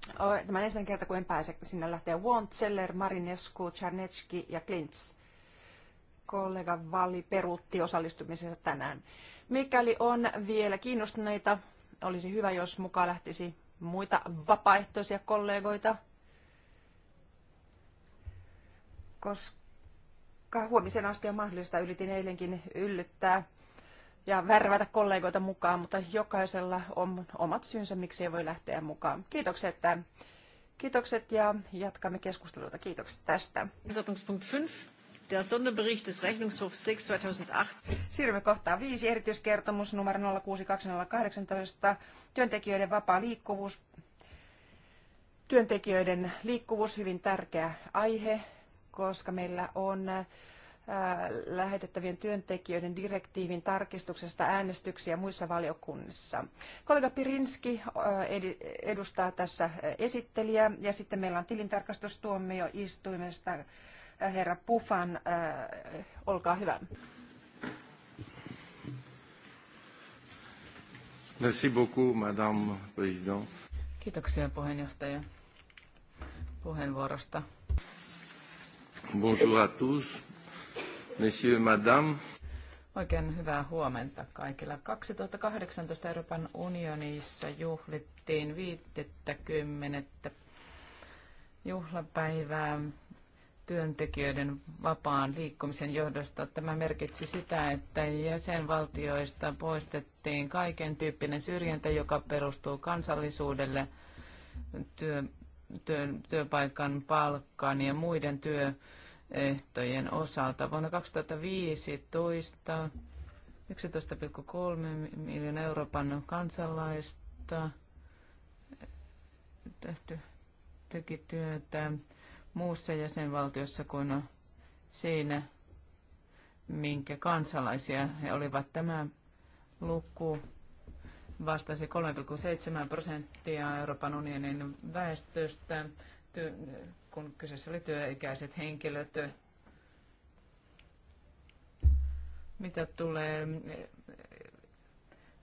Tämä on ensimmäinen kerta, kun en pääse. Sinne lähteä. Wontzeller, Marinescu, Czarnecki ja Klintz kollega Valli peruutti osallistumisensa tänään. Mikäli on vielä kiinnostuneita, olisi hyvä, jos mukaan lähtisi muita vapaaehtoisia kollegoita, koska huomisen asti on mahdollista yritin eilenkin yllyttää ja värvätä kollegoita mukaan, mutta jokaisella on omat syynsä, miksi ei voi lähteä mukaan. Kiitokset, kiitokset ja jatkamme keskusteluita. Kiitokset tästä. 5. Der Sonderbericht des Rechnungshofs 6 2008. Siirrymme kohtaan viisi erityiskertomus numero 062018, työntekijöiden vapaa liikkuvuus. Työntekijöiden liikkuvuus, hyvin tärkeä aihe, koska meillä on äh, lähetettävien työntekijöiden direktiivin tarkistuksesta äänestyksiä muissa valiokunnissa. Kollega Pirinski äh, edustaa tässä äh, esittelijää ja sitten meillä on tilintarkastustuomioistuimesta herra Pufan. Äh, olkaa hyvä. Merci beaucoup, madame président. Kiitoksia puheenjohtaja puheenvuorosta. Bonjour à tous, monsieur, madame. Oikein hyvää huomenta kaikilla. 2018 Euroopan unionissa juhlittiin 50. juhlapäivää työntekijöiden vapaan liikkumisen johdosta. Tämä merkitsi sitä, että jäsenvaltioista poistettiin kaiken tyyppinen syrjintä, joka perustuu kansallisuudelle, työ, työ, työpaikan palkkaan ja muiden työehtojen osalta. Vuonna 2015 11,3 miljoonaa Euroopan kansalaista tehty, teki työtä muussa jäsenvaltiossa kuin siinä, minkä kansalaisia he olivat. Tämä luku vastasi 3,7 prosenttia Euroopan unionin väestöstä, kun kyseessä oli työikäiset henkilöt. Mitä tulee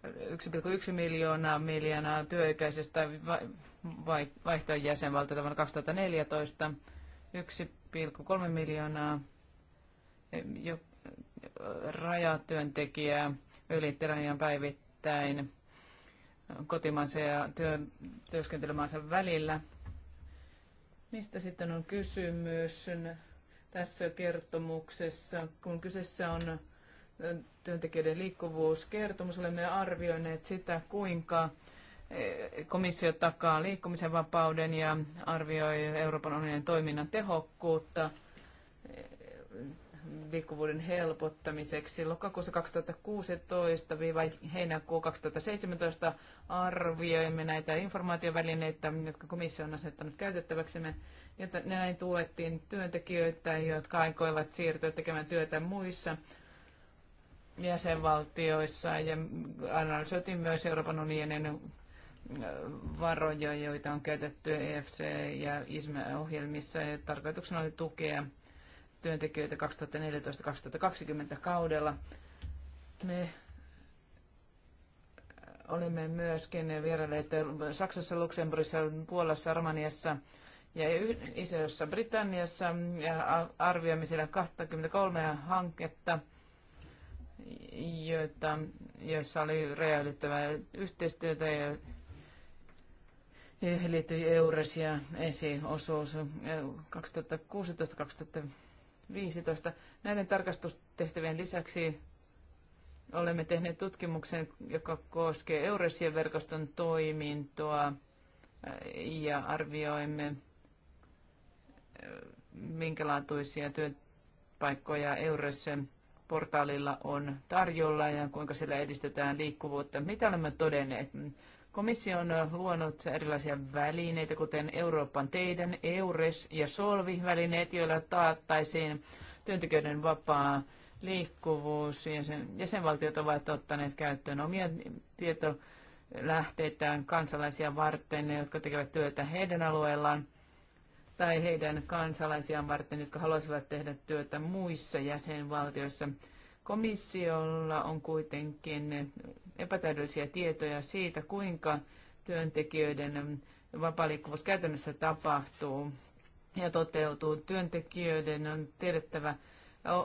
1,1 miljoonaa miljoonaa työikäisestä vaihtojen jäsenvaltiota vuonna 2014, 1,3 miljoonaa eh, jo eh, rajatyöntekijää ylitti rajan päivittäin eh, kotimaansa ja työ, työskentelemänsä välillä. Mistä sitten on kysymys tässä kertomuksessa, kun kyseessä on työntekijöiden liikkuvuuskertomus, olemme arvioineet sitä, kuinka Komissio takaa liikkumisen vapauden ja arvioi Euroopan unionin toiminnan tehokkuutta liikkuvuuden helpottamiseksi. Lokakuussa 2016-heinäkuu 2017 arvioimme näitä informaatiovälineitä, jotka komissio on asettanut käytettäväksi, Jotta näin tuettiin työntekijöitä, jotka aikoivat siirtyä tekemään työtä muissa jäsenvaltioissa ja analysoitiin myös Euroopan unionin varoja, joita on käytetty EFC ja ISME-ohjelmissa. Ja tarkoituksena oli tukea työntekijöitä 2014-2020 kaudella. Me olimme myöskin vierailleet Saksassa, Luxemburgissa, Puolassa, Romaniassa ja isossa Britanniassa ja arvioimme siellä 23 hanketta, joita, joissa oli räjäydyttävää yhteistyötä ja Siihen liittyy EURES ja ESI-osuus 2016-2015. Näiden tarkastustehtävien lisäksi olemme tehneet tutkimuksen, joka koskee Euresien verkoston toimintoa ja arvioimme, minkälaatuisia työpaikkoja Euresen portaalilla on tarjolla ja kuinka sillä edistetään liikkuvuutta. Mitä olemme todenneet? Komissio on luonut erilaisia välineitä, kuten Euroopan teidän, EURES ja SOLVI-välineet, joilla taattaisiin työntekijöiden vapaa liikkuvuus. ja sen Jäsenvaltiot ovat ottaneet käyttöön omia tietolähteitään kansalaisia varten, jotka tekevät työtä heidän alueellaan tai heidän kansalaisiaan varten, jotka haluaisivat tehdä työtä muissa jäsenvaltioissa. Komissiolla on kuitenkin epätäydellisiä tietoja siitä, kuinka työntekijöiden vapaaliikkuvuus käytännössä tapahtuu ja toteutuu. Työntekijöiden on tiedettävä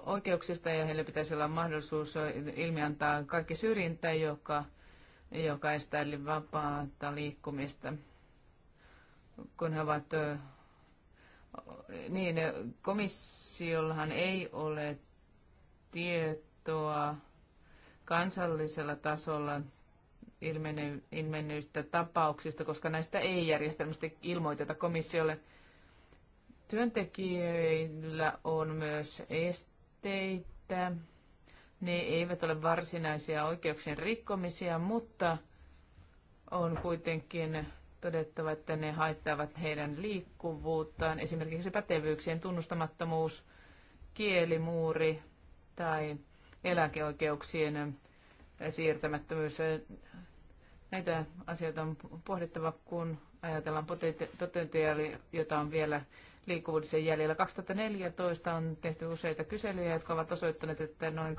oikeuksista ja heillä pitäisi olla mahdollisuus ilmiantaa kaikki syrjintä, joka, joka estää vapaata liikkumista, kun he ovat niin komissiollahan ei ole tietoa tuo kansallisella tasolla ilmennyistä tapauksista, koska näistä ei järjestelmistä ilmoiteta komissiolle. Työntekijöillä on myös esteitä. Ne eivät ole varsinaisia oikeuksien rikkomisia, mutta on kuitenkin todettava, että ne haittavat heidän liikkuvuuttaan. Esimerkiksi pätevyyksien tunnustamattomuus, kielimuuri tai eläkeoikeuksien siirtämättömyys. Näitä asioita on pohdittava, kun ajatellaan potentiaali, jota on vielä liikkuvuudisen jäljellä. 2014 on tehty useita kyselyjä, jotka ovat osoittaneet, että noin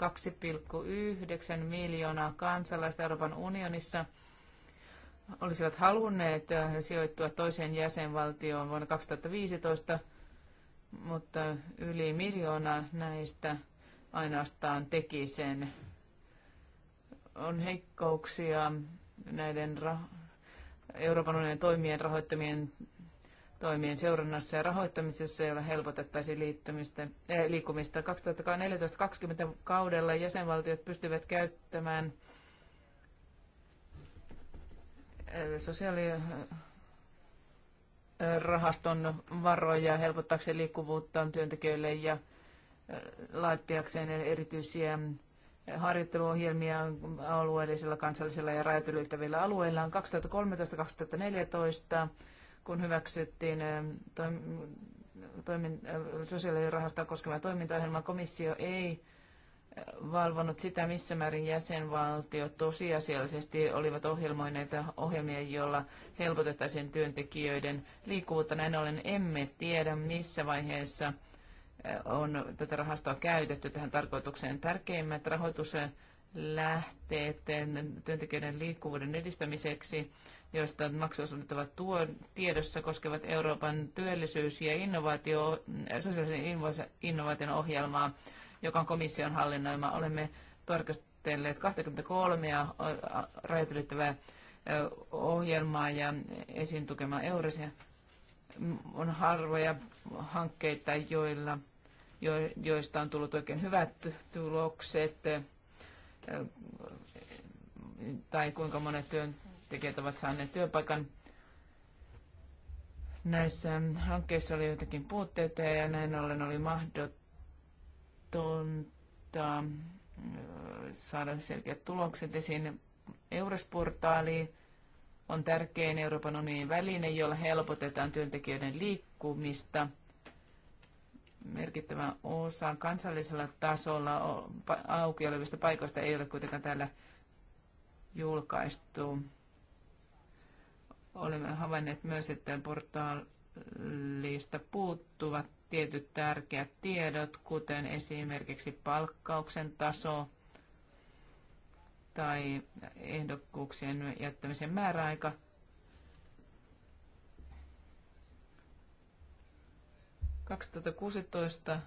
2,9 miljoonaa kansalaista Euroopan unionissa olisivat halunneet sijoittua toiseen jäsenvaltioon vuonna 2015, mutta yli miljoona näistä ainoastaan teki sen. On heikkouksia näiden Euroopan unionin toimien rahoittamien toimien seurannassa ja rahoittamisessa, jolla helpotettaisiin liittymistä, eh, liikkumista. 2014-2020 kaudella jäsenvaltiot pystyvät käyttämään eh, sosiaalirahaston eh, varoja helpottaakseen liikkuvuutta työntekijöille ja laattiakseen erityisiä harjoitteluohjelmia alueellisilla, kansallisilla ja rajatylyttävillä ylittävillä alueilla. 2013-2014, kun hyväksyttiin toim- toimin, sosiaalirahastoa koskeva toimintaohjelma, komissio ei valvonut sitä, missä määrin jäsenvaltiot tosiasiallisesti olivat ohjelmoineet ohjelmia, joilla helpotettaisiin työntekijöiden liikkuvuutta. Näin ollen emme tiedä, missä vaiheessa – on tätä rahastoa käytetty tähän tarkoitukseen. Tärkeimmät rahoituslähteet työntekijöiden liikkuvuuden edistämiseksi, joista maksuosuudet ovat tuo, tiedossa, koskevat Euroopan työllisyys- ja innovaatio, sosiaalisen innovaation ohjelmaa, joka on komission hallinnoima. Olemme tarkastelleet 23 rajoitettavaa ohjelmaa ja esiin tukemaan Eurisia on harvoja hankkeita, joilla joista on tullut oikein hyvät tulokset, tai kuinka monet työntekijät ovat saaneet työpaikan. Näissä hankkeissa oli jotakin puutteita ja näin ollen oli mahdotonta saada selkeät tulokset esiin. Eurosportaali on tärkein Euroopan unionin väline, jolla helpotetaan työntekijöiden liikkumista – merkittävä osa kansallisella tasolla auki olevista paikoista ei ole kuitenkaan täällä julkaistu. Olemme havainneet myös, että portaalista puuttuvat tietyt tärkeät tiedot, kuten esimerkiksi palkkauksen taso tai ehdokkuuksien jättämisen määräaika – 2016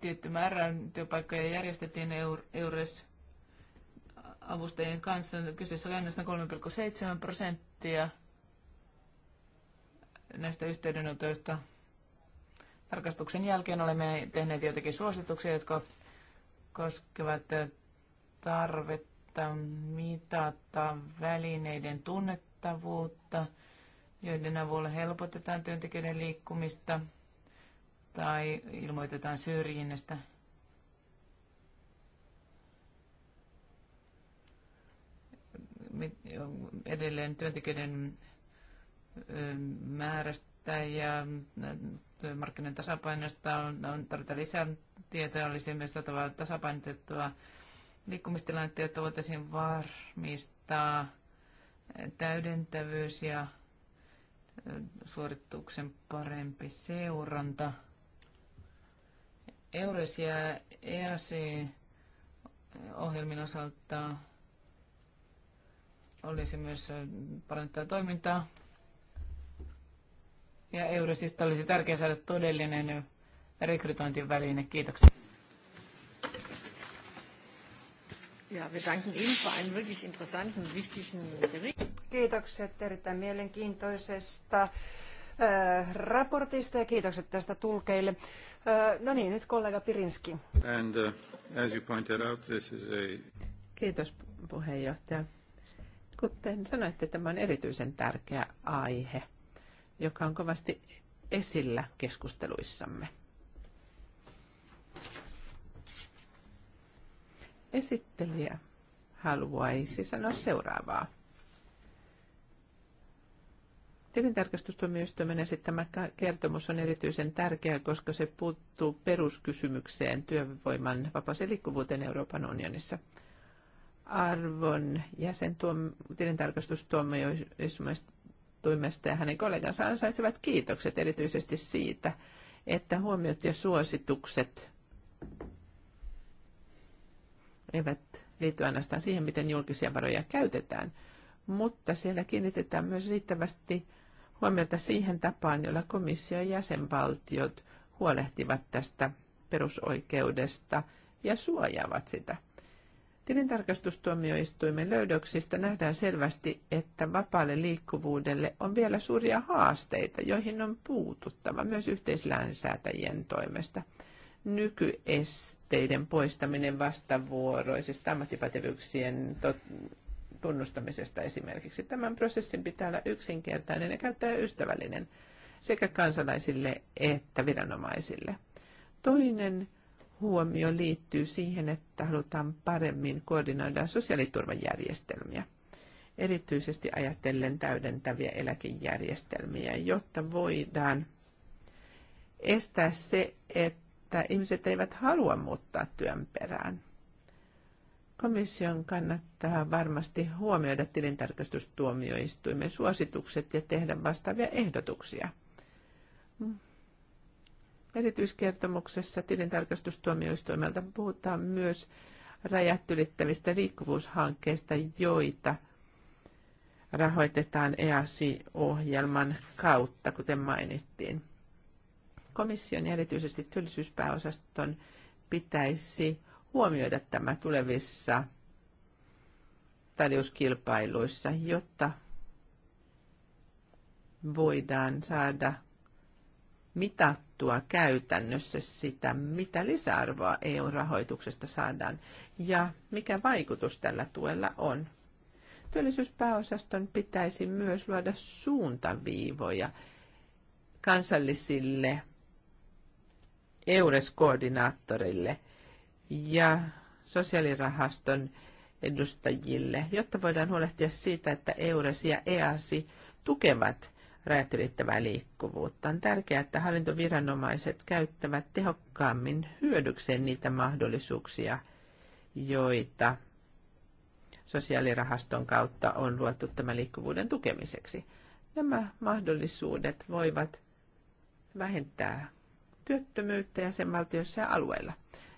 tietty määrä työpaikkoja järjestettiin EURES avustajien kanssa. Kyseessä oli ainoastaan 3,7 prosenttia näistä yhteydenotoista. Tarkastuksen jälkeen olemme tehneet joitakin suosituksia, jotka koskevat tarvetta tarvetta mitata välineiden tunnettavuutta, joiden avulla helpotetaan työntekijöiden liikkumista tai ilmoitetaan syrjinnästä. Edelleen työntekijöiden määrästä ja työmarkkinoiden tasapainosta on tarvita lisää tietoa, olisi myös saatava tasapainotettua liikkumistilannetta, jotta voitaisiin varmistaa täydentävyys ja suorituksen parempi seuranta. EURES ja EAC-ohjelmin osalta olisi myös parantaa toimintaa. Ja EURESista olisi tärkeää saada todellinen rekrytointiväline. Kiitoksia. Ja, wir danken Ihnen für einen wirklich interessanten, wichtigen Bericht. Kiitokset erittäin mielenkiintoisesta äh, raportista ja kiitokset tästä tulkeille. Äh, no niin, nyt kollega Pirinski. And, uh, as you pointed out, this is a... Kiitos puheenjohtaja. Kuten sanoitte, tämä on erityisen tärkeä aihe, joka on kovasti esillä keskusteluissamme. Esittelijä haluaisi sanoa seuraavaa. Tilintarkastustuomioistuimen esittämä kertomus on erityisen tärkeä, koska se puuttuu peruskysymykseen työvoiman vapaaseen liikkuvuuteen Euroopan unionissa. Arvon jäsen tilintarkastustuomioistuimesta ja hänen kollegansa ansaitsevat kiitokset erityisesti siitä, että huomiot ja suositukset eivät liity ainoastaan siihen, miten julkisia varoja käytetään, mutta siellä kiinnitetään myös riittävästi huomiota siihen tapaan, jolla komissio ja jäsenvaltiot huolehtivat tästä perusoikeudesta ja suojaavat sitä. Tilintarkastustuomioistuimen löydöksistä nähdään selvästi, että vapaalle liikkuvuudelle on vielä suuria haasteita, joihin on puututtava myös yhteislainsäätäjien toimesta nykyesteiden poistaminen vastavuoroisista ammattipätevyyksien tunnustamisesta esimerkiksi. Tämän prosessin pitää olla yksinkertainen ja käyttäjäystävällinen sekä kansalaisille että viranomaisille. Toinen huomio liittyy siihen, että halutaan paremmin koordinoida sosiaaliturvajärjestelmiä, erityisesti ajatellen täydentäviä eläkejärjestelmiä, jotta voidaan estää se, että että ihmiset eivät halua muuttaa työn perään. Komission kannattaa varmasti huomioida tilintarkastustuomioistuimen suositukset ja tehdä vastaavia ehdotuksia. Erityiskertomuksessa tilintarkastustuomioistuimelta puhutaan myös rajat ylittävistä liikkuvuushankkeista, joita rahoitetaan EASI-ohjelman kautta, kuten mainittiin. Komission ja erityisesti työllisyyspääosaston pitäisi huomioida tämä tulevissa tarjouskilpailuissa, jotta voidaan saada mitattua käytännössä sitä, mitä lisäarvoa EU-rahoituksesta saadaan ja mikä vaikutus tällä tuella on. Työllisyyspääosaston pitäisi myös luoda suuntaviivoja kansallisille EURES-koordinaattorille ja sosiaalirahaston edustajille, jotta voidaan huolehtia siitä, että EURES ja EASI tukevat rajat ylittävää liikkuvuutta. On tärkeää, että hallintoviranomaiset käyttävät tehokkaammin hyödykseen niitä mahdollisuuksia, joita sosiaalirahaston kautta on luotu tämän liikkuvuuden tukemiseksi. Nämä mahdollisuudet voivat vähentää työttömyyttä jäsenvaltioissa ja alueilla.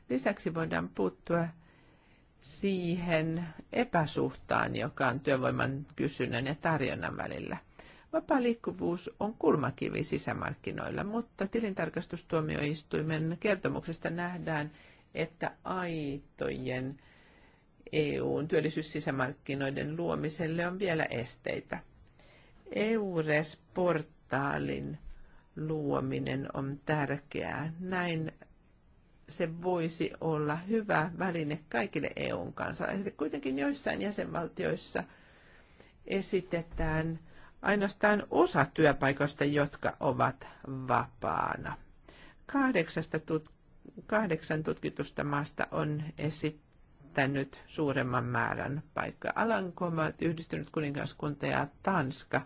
Lisäksi voidaan puuttua siihen epäsuhtaan, joka on työvoiman kysynnän ja tarjonnan välillä. Vapaa liikkuvuus on kulmakivi sisämarkkinoilla, mutta tilintarkastustuomioistuimen kertomuksesta nähdään, että aitojen EUn työllisyyssisämarkkinoiden luomiselle on vielä esteitä. EURES-portaalin luominen on tärkeää. Näin se voisi olla hyvä väline kaikille EUn kansalaisille. Kuitenkin joissain jäsenvaltioissa esitetään ainoastaan osa työpaikoista, jotka ovat vapaana. Kahdeksasta tut- kahdeksan tutkitusta maasta on esittänyt suuremman määrän paikkaa. Alankomaat, Yhdistynyt kuningaskunta ja Tanska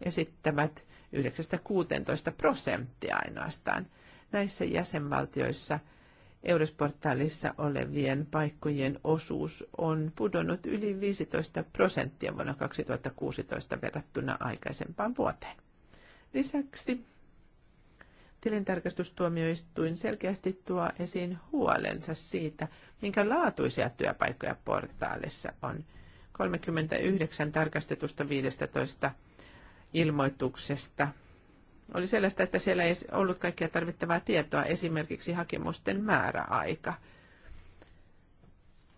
esittävät 9-16 prosenttia ainoastaan. Näissä jäsenvaltioissa Eurosportaalissa olevien paikkojen osuus on pudonnut yli 15 prosenttia vuonna 2016 verrattuna aikaisempaan vuoteen. Lisäksi tilintarkastustuomioistuin selkeästi tuo esiin huolensa siitä, minkä laatuisia työpaikkoja portaalissa on. 39 tarkastetusta 15 ilmoituksesta oli sellaista, että siellä ei ollut kaikkea tarvittavaa tietoa, esimerkiksi hakemusten määräaika.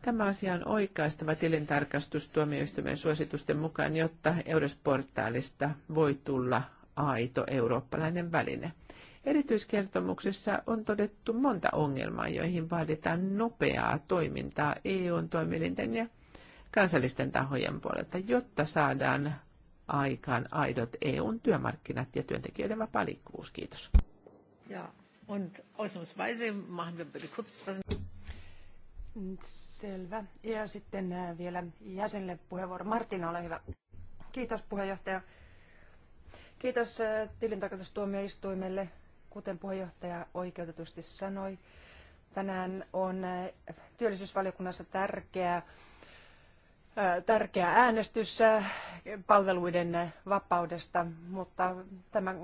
Tämä asia on oikaistava tilintarkastustuomioistuimen suositusten mukaan, jotta Eurosportaalista voi tulla aito eurooppalainen väline. Erityiskertomuksessa on todettu monta ongelmaa, joihin vaaditaan nopeaa toimintaa eu toimielinten ja kansallisten tahojen puolelta, jotta saadaan aikaan aidot EUn työmarkkinat ja työntekijöiden vapaa liikkuvuus. Kiitos. Ja, und ausnahmsweise machen wir bitte kurz Selvä. Ja sitten äh, vielä jäsenille puheenvuoro. Martina, ole hyvä. Kiitos puheenjohtaja. Kiitos äh, tilintarkastustuomioistuimelle. Kuten puheenjohtaja oikeutetusti sanoi, tänään on äh, työllisyysvaliokunnassa tärkeää tärkeä äänestys palveluiden vapaudesta, mutta tämä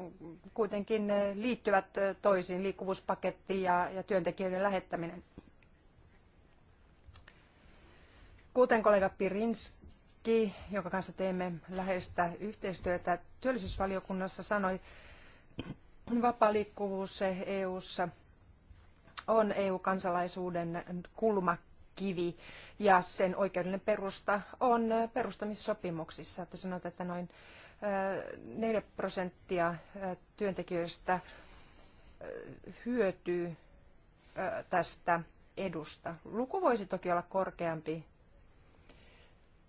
kuitenkin liittyvät toisiin, liikkuvuuspaketti ja, ja työntekijöiden lähettäminen. Kuten kollega Pirinski, jonka kanssa teemme läheistä yhteistyötä työllisyysvaliokunnassa, sanoi, vapaa liikkuvuus EU:ssa on EU-kansalaisuuden kulmakivi kivi ja sen oikeudellinen perusta on perustamissopimuksissa. Että sanotaan, että noin 4 prosenttia työntekijöistä hyötyy tästä edusta. Luku voisi toki olla korkeampi.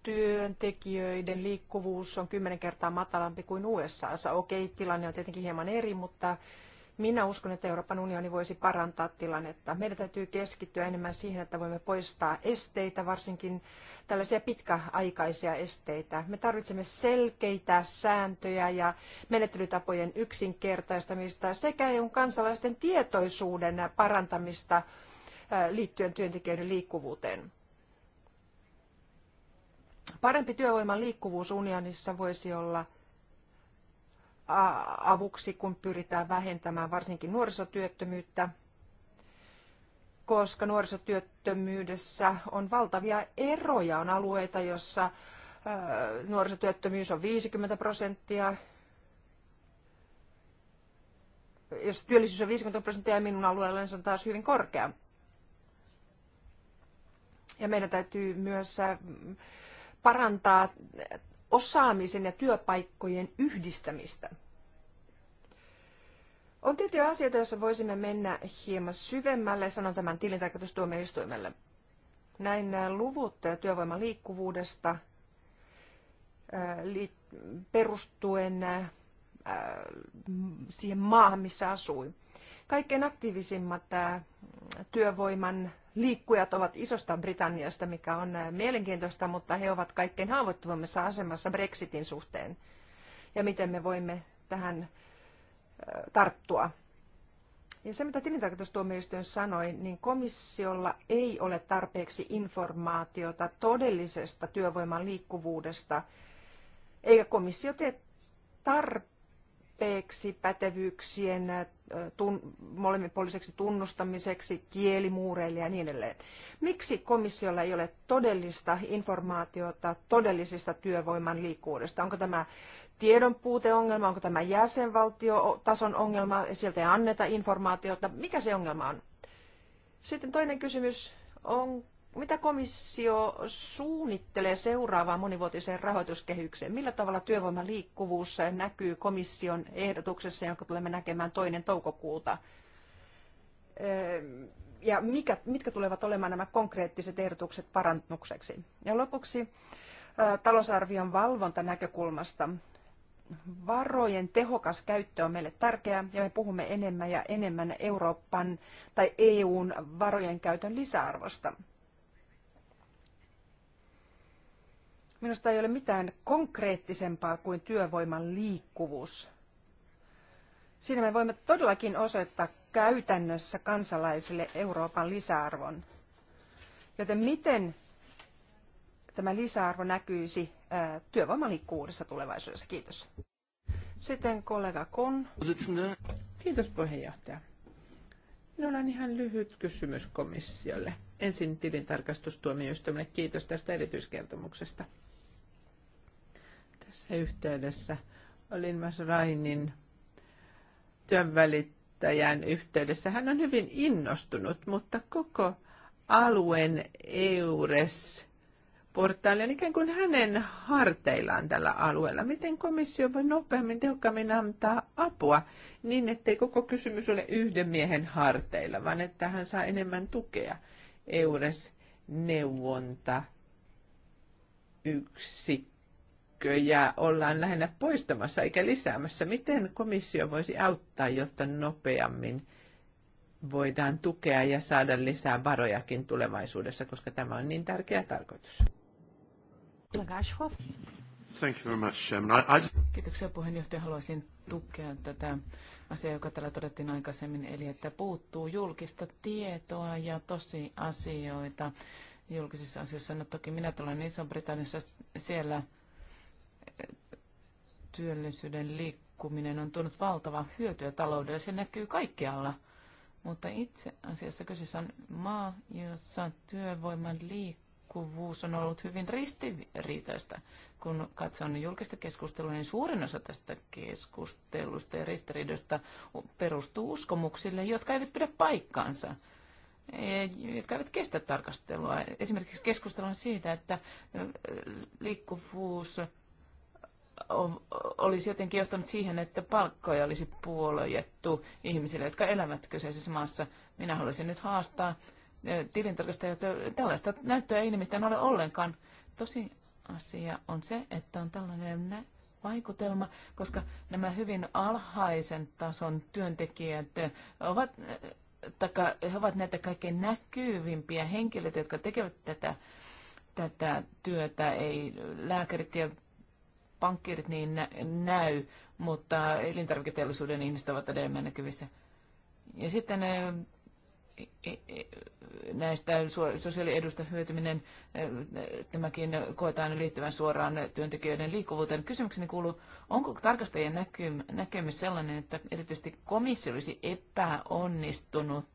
Työntekijöiden liikkuvuus on kymmenen kertaa matalampi kuin USA. Okei, tilanne on tietenkin hieman eri, mutta minä uskon, että Euroopan unioni voisi parantaa tilannetta. Meidän täytyy keskittyä enemmän siihen, että voimme poistaa esteitä, varsinkin tällaisia pitkäaikaisia esteitä. Me tarvitsemme selkeitä sääntöjä ja menettelytapojen yksinkertaistamista sekä EUn kansalaisten tietoisuuden parantamista liittyen työntekijöiden liikkuvuuteen. Parempi työvoiman liikkuvuus unionissa voisi olla – avuksi, kun pyritään vähentämään varsinkin nuorisotyöttömyyttä, koska nuorisotyöttömyydessä on valtavia eroja. On alueita, joissa nuorisotyöttömyys on 50 prosenttia, jos työllisyys on 50 prosenttia ja minun alueellani niin se on taas hyvin korkea. Ja meidän täytyy myös parantaa osaamisen ja työpaikkojen yhdistämistä. On tiettyjä asioita, joissa voisimme mennä hieman syvemmälle, sanon tämän tilintarkastustuomioistuimelle. Näin nämä äh, luvut työvoiman liikkuvuudesta äh, perustuen äh, siihen maahan, missä asui. Kaikkein aktiivisimmat työvoiman liikkujat ovat isosta Britanniasta, mikä on äh, mielenkiintoista, mutta he ovat kaikkein haavoittuvimmassa asemassa Brexitin suhteen. Ja miten me voimme tähän äh, tarttua. Ja se, mitä tilintarkastustuomioistuin sanoi, niin komissiolla ei ole tarpeeksi informaatiota todellisesta työvoiman liikkuvuudesta, eikä komissio tee tarpeeksi pätevyyksien tun, molemminpuoliseksi tunnustamiseksi, kielimuureille ja niin edelleen. Miksi komissiolla ei ole todellista informaatiota todellisista työvoiman liikkuudesta? Onko tämä tiedon puuteongelma, onko tämä jäsenvaltiotason ongelma, sieltä ei anneta informaatiota, mikä se ongelma on? Sitten toinen kysymys, on mitä komissio suunnittelee seuraavaan monivuotiseen rahoituskehykseen? Millä tavalla työvoiman liikkuvuus näkyy komission ehdotuksessa, jonka tulemme näkemään toinen toukokuuta? Ehm, ja mikä, mitkä tulevat olemaan nämä konkreettiset ehdotukset parannukseksi? Ja lopuksi äh, talousarvion valvontanäkökulmasta. Varojen tehokas käyttö on meille tärkeää ja me puhumme enemmän ja enemmän Euroopan tai EUn varojen käytön lisäarvosta. Minusta ei ole mitään konkreettisempaa kuin työvoiman liikkuvuus. Siinä me voimme todellakin osoittaa käytännössä kansalaisille Euroopan lisäarvon. Joten miten tämä lisäarvo näkyisi liikkuvuudessa tulevaisuudessa? Kiitos. Sitten kollega Kon. Kiitos puheenjohtaja. Minulla on ihan lyhyt kysymys komissiolle. Ensin tilintarkastustuomioistuimelle kiitos tästä erityiskertomuksesta tässä yhteydessä. Olin myös Rainin työnvälittäjän yhteydessä. Hän on hyvin innostunut, mutta koko alueen EURES portaali on ikään kuin hänen harteillaan tällä alueella. Miten komissio voi nopeammin, tehokkaammin antaa apua niin, ettei koko kysymys ole yhden miehen harteilla, vaan että hän saa enemmän tukea EURES neuvonta yksi yksikköjä ollaan lähinnä poistamassa eikä lisäämässä. Miten komissio voisi auttaa, jotta nopeammin voidaan tukea ja saada lisää varojakin tulevaisuudessa, koska tämä on niin tärkeä tarkoitus? Thank you very much, Chairman. I, I... Kiitoksia puheenjohtaja. Haluaisin tukea tätä asiaa, joka täällä todettiin aikaisemmin, eli että puuttuu julkista tietoa ja tosi asioita julkisissa asioissa. No toki minä tulen Iso-Britanniassa, siellä työllisyyden liikkuminen on tuonut valtavaa hyötyä taloudelle. Se näkyy kaikkialla. Mutta itse asiassa kyseessä on maa, jossa työvoiman liikkuvuus on ollut hyvin ristiriitaista. Kun katson julkista keskustelua, niin suurin osa tästä keskustelusta ja ristiriidosta perustuu uskomuksille, jotka eivät pidä paikkaansa e, jotka eivät kestä tarkastelua. Esimerkiksi keskustelun siitä, että liikkuvuus olisi jotenkin johtanut siihen, että palkkoja olisi puolojettu ihmisille, jotka elävät kyseisessä maassa. Minä haluaisin nyt haastaa tilintarkastajat. Tällaista näyttöä ei nimittäin ole ollenkaan. Tosi asia on se, että on tällainen vaikutelma, koska nämä hyvin alhaisen tason työntekijät ovat, taka, he ovat näitä kaikkein näkyvimpiä henkilöitä, jotka tekevät tätä, tätä työtä. Ei lääkärit ja pankkiirit niin nä- näy, mutta elintarviketeollisuuden ihmiset ovat edelleen näkyvissä. Ja sitten e, e, näistä sosiaaliedusta hyötyminen, tämäkin koetaan liittyvän suoraan työntekijöiden liikkuvuuteen. Kysymykseni kuuluu, onko tarkastajien näkemys sellainen, että erityisesti komissio olisi epäonnistunut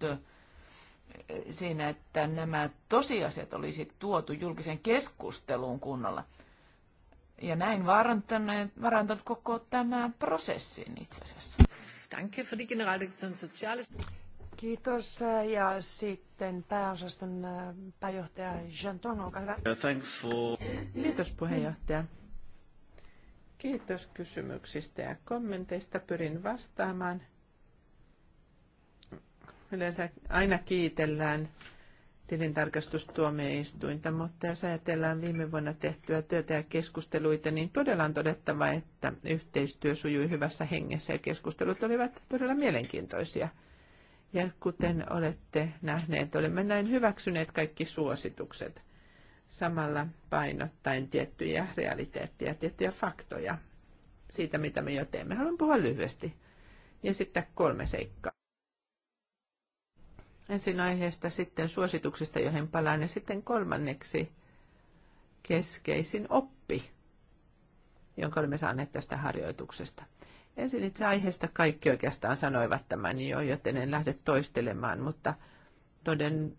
siinä, että nämä tosiasiat olisi tuotu julkisen keskusteluun kunnolla? ja näin vaarantaneet, vaarantanut koko tämän prosessin itse asiassa. Danke für die Generaldirektion Soziales. Kiitos. Äh, ja sitten pääosaston äh, pääjohtaja Ton, olkaa hyvä. Thanks for... Kiitos puheenjohtaja. Kiitos kysymyksistä ja kommenteista. Pyrin vastaamaan. Yleensä aina kiitellään tilintarkastustuomioistuinta, mutta jos ajatellaan viime vuonna tehtyä työtä ja keskusteluita, niin todella on todettava, että yhteistyö sujui hyvässä hengessä ja keskustelut olivat todella mielenkiintoisia. Ja kuten olette nähneet, olemme näin hyväksyneet kaikki suositukset samalla painottaen tiettyjä realiteetteja, tiettyjä faktoja siitä, mitä me jo teemme. Haluan puhua lyhyesti ja sitten kolme seikkaa. Ensin aiheesta, sitten suosituksista, joihin palaan, ja sitten kolmanneksi keskeisin oppi, jonka olemme saaneet tästä harjoituksesta. Ensin itse aiheesta kaikki oikeastaan sanoivat tämän jo, joten en lähde toistelemaan, mutta toden,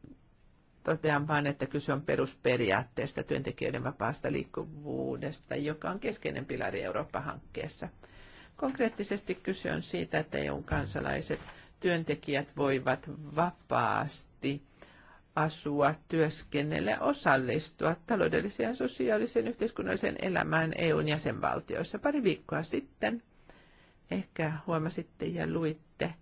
totean vain, että kyse on perusperiaatteesta työntekijöiden vapaasta liikkuvuudesta, joka on keskeinen pilari Eurooppa-hankkeessa. Konkreettisesti kyse on siitä, että eu kansalaiset – työntekijät voivat vapaasti asua, työskennellä, osallistua taloudelliseen, sosiaaliseen, yhteiskunnalliseen elämään EUn jäsenvaltioissa. Pari viikkoa sitten, ehkä huomasitte ja luitte,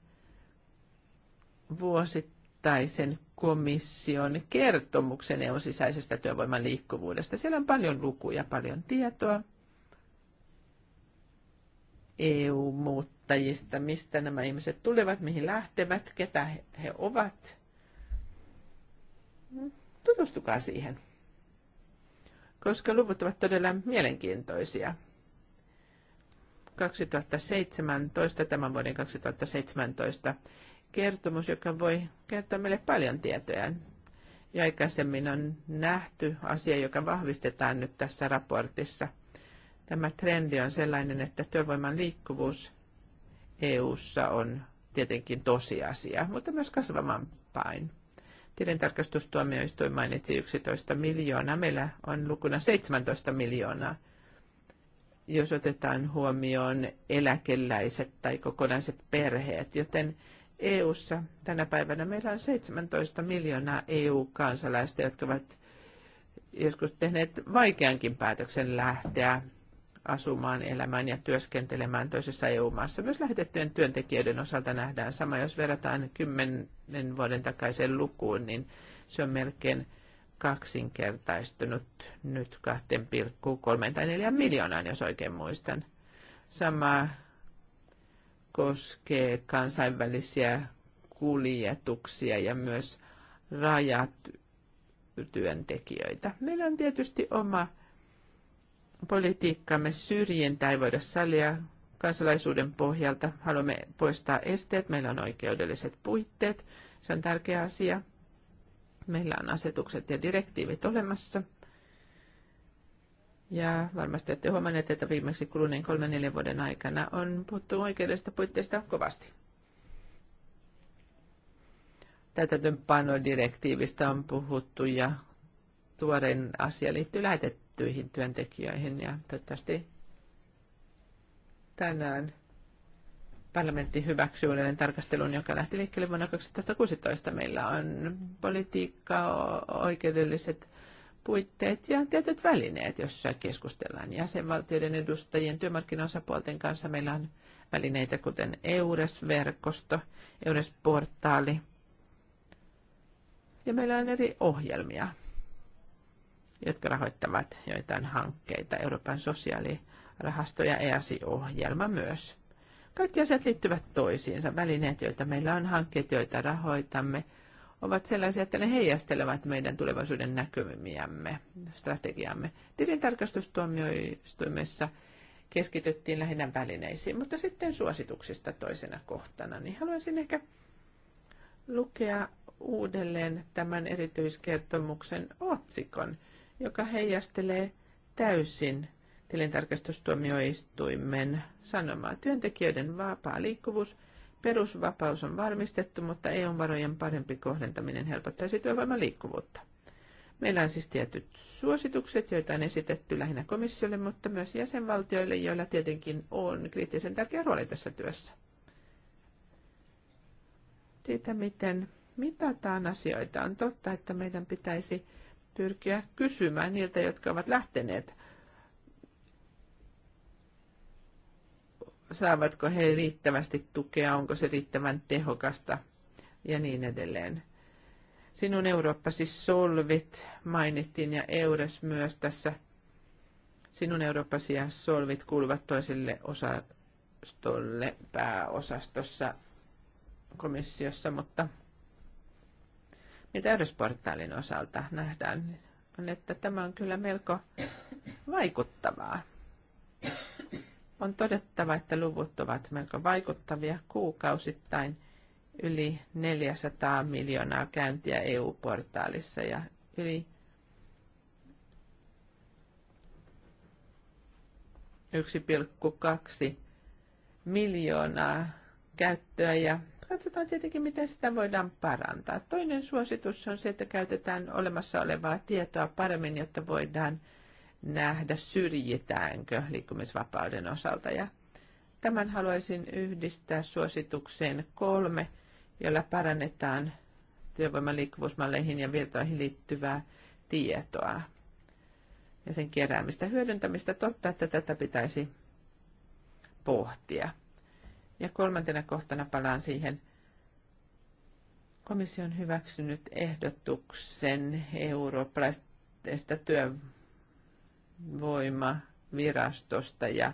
vuosittaisen komission kertomuksen EUn sisäisestä työvoiman liikkuvuudesta. Siellä on paljon lukuja, paljon tietoa. EU muuttuu opettajista, mistä nämä ihmiset tulevat, mihin lähtevät, ketä he ovat. Tutustukaa siihen, koska luvut ovat todella mielenkiintoisia. 2017, tämän vuoden 2017 kertomus, joka voi kertoa meille paljon tietoja. Ja aikaisemmin on nähty asia, joka vahvistetaan nyt tässä raportissa. Tämä trendi on sellainen, että työvoiman liikkuvuus EU:ssa on tietenkin tosiasia, mutta myös kasvamaan päin. Tilintarkastustuomioistuin mainitsi 11 miljoonaa. Meillä on lukuna 17 miljoonaa, jos otetaan huomioon eläkeläiset tai kokonaiset perheet. Joten EU:ssa tänä päivänä meillä on 17 miljoonaa EU-kansalaista, jotka ovat joskus tehneet vaikeankin päätöksen lähteä asumaan, elämään ja työskentelemään toisessa EU-maassa. Myös lähetettyjen työntekijöiden osalta nähdään sama. Jos verrataan kymmenen vuoden takaisen lukuun, niin se on melkein kaksinkertaistunut nyt 2,3 tai 4 miljoonaan, jos oikein muistan. Sama koskee kansainvälisiä kuljetuksia ja myös rajat työntekijöitä. Meillä on tietysti oma Politiikkamme syrjintä ei voida salia kansalaisuuden pohjalta. Haluamme poistaa esteet. Meillä on oikeudelliset puitteet. Se on tärkeä asia. Meillä on asetukset ja direktiivit olemassa. Ja varmasti ette huomanneet, että viimeksi kuluneen kolmen neljän vuoden aikana on puhuttu oikeudesta puitteista kovasti. Täytäntöönpanodirektiivistä on puhuttu ja tuorein asia liittyy lähetettyä lähetettyihin työntekijöihin ja toivottavasti tänään parlamentti hyväksyy uudelleen tarkastelun, joka lähti liikkeelle vuonna 2016. Meillä on politiikka, oikeudelliset puitteet ja tietyt välineet, joissa keskustellaan jäsenvaltioiden edustajien, työmarkkinaosapuolten kanssa. Meillä on välineitä kuten EURES-verkosto, EURES-portaali ja meillä on eri ohjelmia jotka rahoittavat joitain hankkeita, Euroopan sosiaalirahasto ja EASI-ohjelma myös. Kaikki asiat liittyvät toisiinsa. Välineet, joita meillä on, hankkeet, joita rahoitamme, ovat sellaisia, että ne heijastelevat meidän tulevaisuuden näkymiämme, strategiamme. Tilintarkastustuomioistuimessa keskityttiin lähinnä välineisiin, mutta sitten suosituksista toisena kohtana, niin haluaisin ehkä lukea uudelleen tämän erityiskertomuksen otsikon, joka heijastelee täysin tilintarkastustuomioistuimen sanomaa. Työntekijöiden vapaa liikkuvuus, perusvapaus on varmistettu, mutta EU-varojen parempi kohdentaminen helpottaisi työvoiman liikkuvuutta. Meillä on siis tietyt suositukset, joita on esitetty lähinnä komissiolle, mutta myös jäsenvaltioille, joilla tietenkin on kriittisen tärkeä rooli tässä työssä. Siitä, miten mitataan asioita, on totta, että meidän pitäisi pyrkiä kysymään niiltä, jotka ovat lähteneet, saavatko he riittävästi tukea, onko se riittävän tehokasta ja niin edelleen. Sinun Eurooppasi solvit mainittiin ja Eures myös tässä. Sinun Eurooppasi ja solvit kuuluvat toiselle osastolle pääosastossa komissiossa, mutta mitä Eurosportaalin osalta nähdään, on, että tämä on kyllä melko vaikuttavaa. On todettava, että luvut ovat melko vaikuttavia kuukausittain yli 400 miljoonaa käyntiä EU-portaalissa ja yli 1,2 miljoonaa käyttöä ja katsotaan tietenkin, miten sitä voidaan parantaa. Toinen suositus on se, että käytetään olemassa olevaa tietoa paremmin, jotta voidaan nähdä, syrjitäänkö liikkumisvapauden osalta. Ja tämän haluaisin yhdistää suositukseen kolme, jolla parannetaan työvoiman liikkuvuusmalleihin ja virtoihin liittyvää tietoa ja sen keräämistä hyödyntämistä. Totta, että tätä pitäisi pohtia. Ja kolmantena kohtana palaan siihen. Komissio on hyväksynyt ehdotuksen eurooppalaisesta työvoimavirastosta ja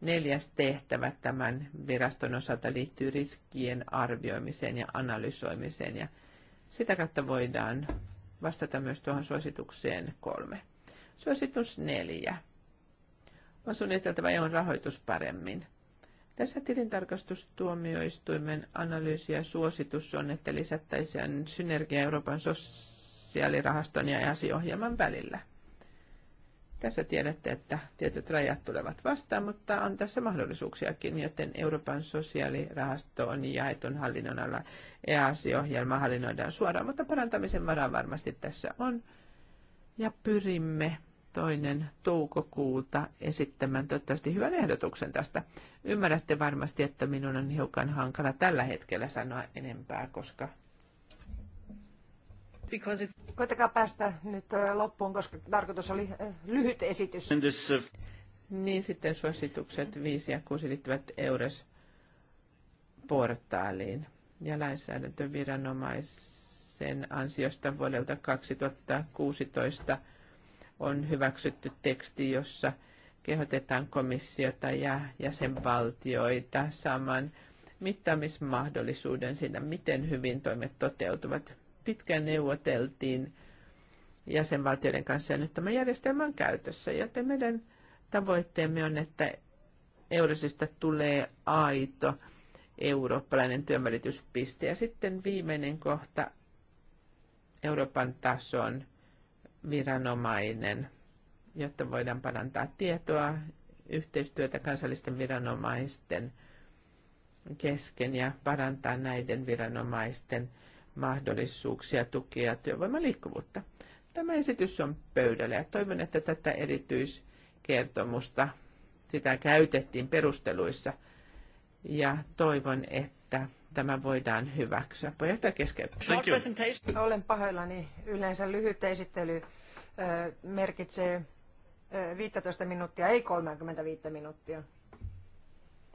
neljäs tehtävä tämän viraston osalta liittyy riskien arvioimiseen ja analysoimiseen ja sitä kautta voidaan vastata myös tuohon suositukseen kolme. Suositus neljä. On suunniteltava johon rahoitus paremmin. Tässä tilintarkastustuomioistuimen analyysi ja suositus on, että lisättäisiin synergia Euroopan sosiaalirahaston ja e asiohjelman välillä. Tässä tiedätte, että tietyt rajat tulevat vastaan, mutta on tässä mahdollisuuksiakin, joten Euroopan sosiaalirahasto on jaetun hallinnon alla EASI-ohjelma hallinnoidaan suoraan, mutta parantamisen varaa varmasti tässä on. Ja pyrimme toinen toukokuuta esittämään toivottavasti hyvän ehdotuksen tästä. Ymmärrätte varmasti, että minun on hiukan hankala tällä hetkellä sanoa enempää, koska... Koitakaa päästä nyt loppuun, koska tarkoitus oli lyhyt esitys. Uh, niin sitten suositukset 5 ja 6 liittyvät EURES-portaaliin ja lainsäädäntöviranomaisen ansiosta vuodelta 2016 – on hyväksytty teksti, jossa kehotetaan komissiota ja jäsenvaltioita saamaan mittaamismahdollisuuden siinä, miten hyvin toimet toteutuvat. Pitkään neuvoteltiin jäsenvaltioiden kanssa ja nyt tämä järjestelmä on käytössä, joten meidän tavoitteemme on, että Eurosista tulee aito eurooppalainen työnvälityspiste. Ja sitten viimeinen kohta Euroopan tason viranomainen, jotta voidaan parantaa tietoa, yhteistyötä kansallisten viranomaisten kesken ja parantaa näiden viranomaisten mahdollisuuksia tukea työvoiman liikkuvuutta. Tämä esitys on pöydällä ja toivon, että tätä erityiskertomusta sitä käytettiin perusteluissa ja toivon, että tämä voidaan hyväksyä. Puheenjohtaja keskeyttää. Olen pahoillani. Yleensä lyhyt esittely merkitsee 15 minuuttia, ei 35 minuuttia.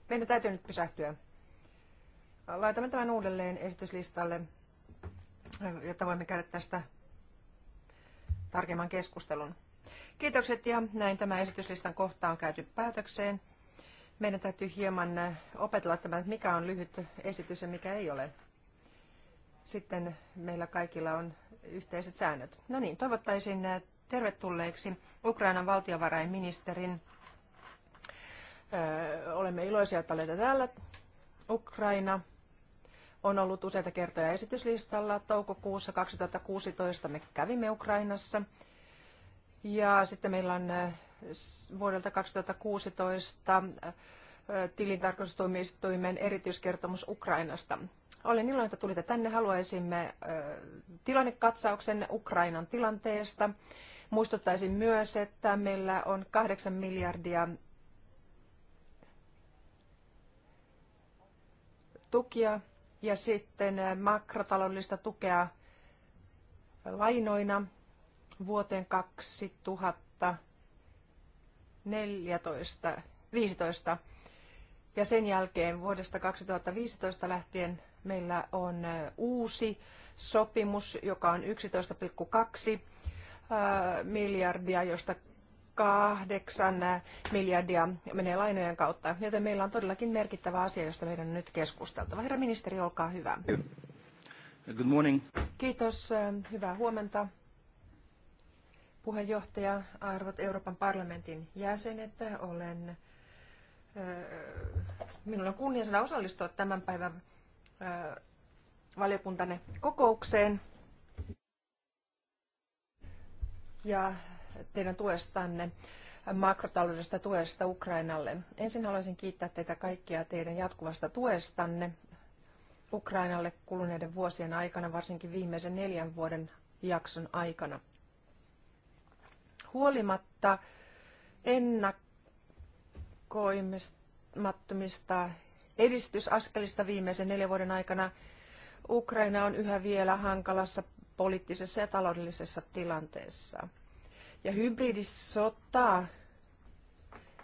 Meidän täytyy nyt pysähtyä. Laitamme tämän uudelleen esityslistalle, jotta voimme käydä tästä tarkemman keskustelun. Kiitokset ja näin tämä esityslistan kohta on käyty päätökseen. Meidän täytyy hieman opetella tämän, että mikä on lyhyt esitys ja mikä ei ole sitten meillä kaikilla on yhteiset säännöt. No niin, toivottaisin äh, tervetulleeksi Ukrainan valtiovarainministerin. Äh, olemme iloisia, että olette täällä. Ukraina on ollut useita kertoja esityslistalla. Toukokuussa 2016 me kävimme Ukrainassa. Ja sitten meillä on äh, vuodelta 2016 tilintarkastustuomioistuimen erityiskertomus Ukrainasta. Olen iloinen, että tulitte tänne. Haluaisimme tilannekatsauksen Ukrainan tilanteesta. Muistuttaisin myös, että meillä on 8 miljardia tukia ja sitten makrotaloudellista tukea lainoina vuoteen 2014 15 ja sen jälkeen vuodesta 2015 lähtien meillä on uusi sopimus, joka on 11,2 miljardia, josta kahdeksan miljardia menee lainojen kautta, joten meillä on todellakin merkittävä asia, josta meidän on nyt keskusteltava. Herra ministeri, olkaa hyvä. Good morning. Kiitos, hyvää huomenta. Puheenjohtaja, arvot Euroopan parlamentin jäsenet, olen Minulla on kunnia saada osallistua tämän päivän valiokuntanne kokoukseen ja teidän tuestanne makrotaloudesta tuesta Ukrainalle. Ensin haluaisin kiittää teitä kaikkia teidän jatkuvasta tuestanne Ukrainalle kuluneiden vuosien aikana, varsinkin viimeisen neljän vuoden jakson aikana. Huolimatta ennakkoon ennakoimattomista edistysaskelista viimeisen neljän vuoden aikana, Ukraina on yhä vielä hankalassa poliittisessa ja taloudellisessa tilanteessa. Ja hybridisota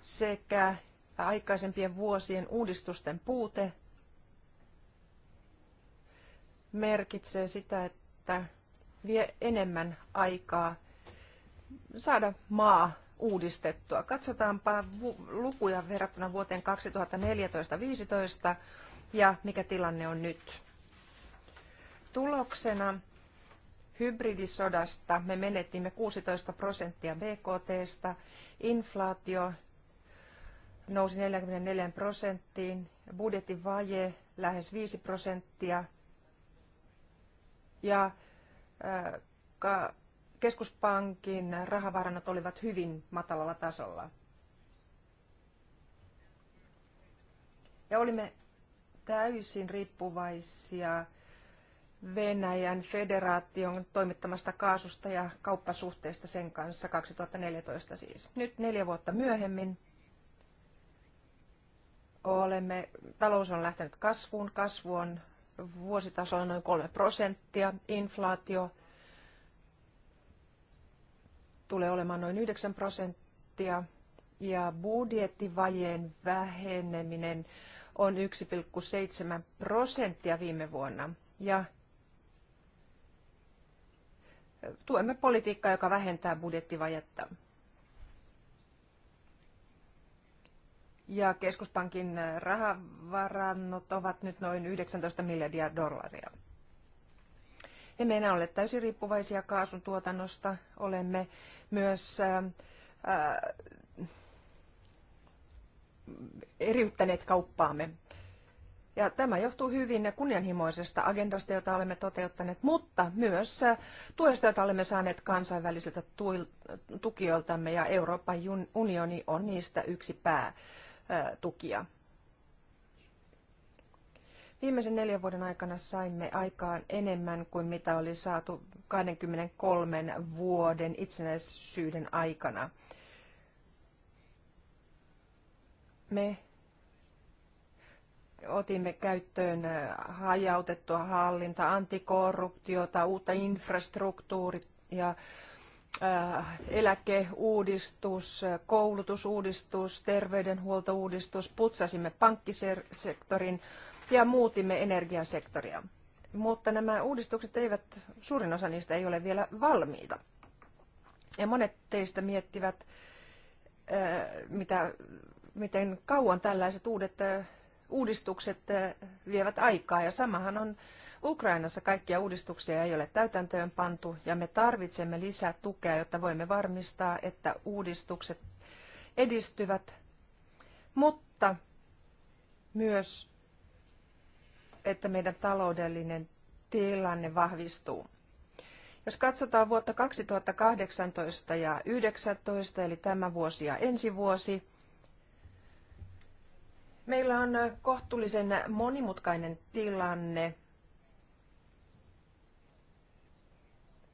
sekä aikaisempien vuosien uudistusten puute merkitsee sitä, että vie enemmän aikaa saada maa uudistettua. Katsotaanpa lukuja verrattuna vuoteen 2014-2015 ja mikä tilanne on nyt. Tuloksena hybridisodasta me menetimme 16 prosenttia BKTstä, inflaatio nousi 44 prosenttiin, budjettivaje lähes 5 prosenttia ja äh, keskuspankin rahavarannot olivat hyvin matalalla tasolla. Ja olimme täysin riippuvaisia Venäjän federaation toimittamasta kaasusta ja kauppasuhteesta sen kanssa 2014 siis. Nyt neljä vuotta myöhemmin olemme, talous on lähtenyt kasvuun, kasvu on vuositasolla noin 3 prosenttia, inflaatio tulee olemaan noin 9 prosenttia ja budjettivajeen väheneminen on 1,7 prosenttia viime vuonna. Ja tuemme politiikkaa, joka vähentää budjettivajetta. Ja keskuspankin rahavarannot ovat nyt noin 19 miljardia dollaria. Emme enää ole täysin riippuvaisia kaasun tuotannosta. Olemme myös ää, äh, äh, eriyttäneet kauppaamme. Ja tämä johtuu hyvin kunnianhimoisesta agendasta, jota olemme toteuttaneet, mutta myös äh, tuesta, jota olemme saaneet kansainvälisiltä tukijoiltamme, ja Euroopan unioni on niistä yksi päätukija. Viimeisen neljän vuoden aikana saimme aikaan enemmän kuin mitä oli saatu 23 vuoden itsenäisyyden aikana. Me otimme käyttöön äh, hajautettua hallinta, antikorruptiota, uutta infrastruktuuria, äh, eläkeuudistus, koulutusuudistus, terveydenhuoltouudistus, putsasimme pankkisektorin ja muutimme energiasektoria. Mutta nämä uudistukset eivät, suurin osa niistä ei ole vielä valmiita. Ja monet teistä miettivät, mitä, miten kauan tällaiset uudet uudistukset vievät aikaa. Ja samahan on Ukrainassa kaikkia uudistuksia ei ole täytäntöön pantu ja me tarvitsemme lisää tukea, jotta voimme varmistaa, että uudistukset edistyvät, mutta myös että meidän taloudellinen tilanne vahvistuu. Jos katsotaan vuotta 2018 ja 2019, eli tämä vuosi ja ensi vuosi, meillä on kohtuullisen monimutkainen tilanne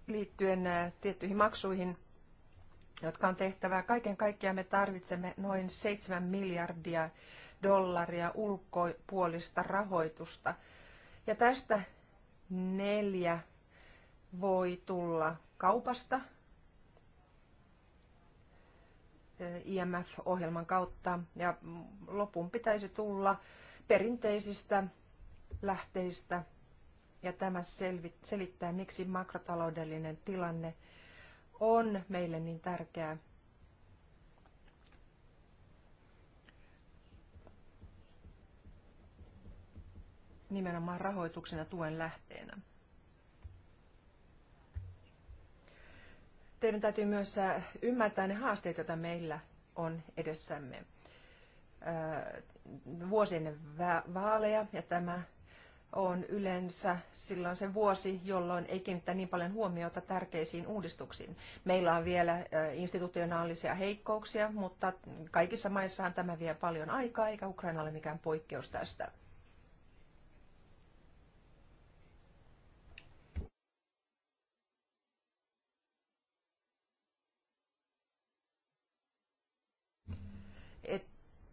liittyen äh, tiettyihin maksuihin, jotka on tehtävää. Kaiken kaikkiaan me tarvitsemme noin 7 miljardia dollaria ulkopuolista rahoitusta. Ja tästä neljä voi tulla kaupasta IMF-ohjelman kautta ja lopun pitäisi tulla perinteisistä lähteistä ja tämä selittää, miksi makrotaloudellinen tilanne on meille niin tärkeää nimenomaan ja tuen lähteenä. Teidän täytyy myös äh, ymmärtää ne haasteet, joita meillä on edessämme. Äh, Vuosien vaaleja ja tämä on yleensä silloin se vuosi, jolloin ei kiinnittää niin paljon huomiota tärkeisiin uudistuksiin. Meillä on vielä äh, institutionaalisia heikkouksia, mutta kaikissa maissaan tämä vie paljon aikaa, eikä Ukraina ole mikään poikkeus tästä.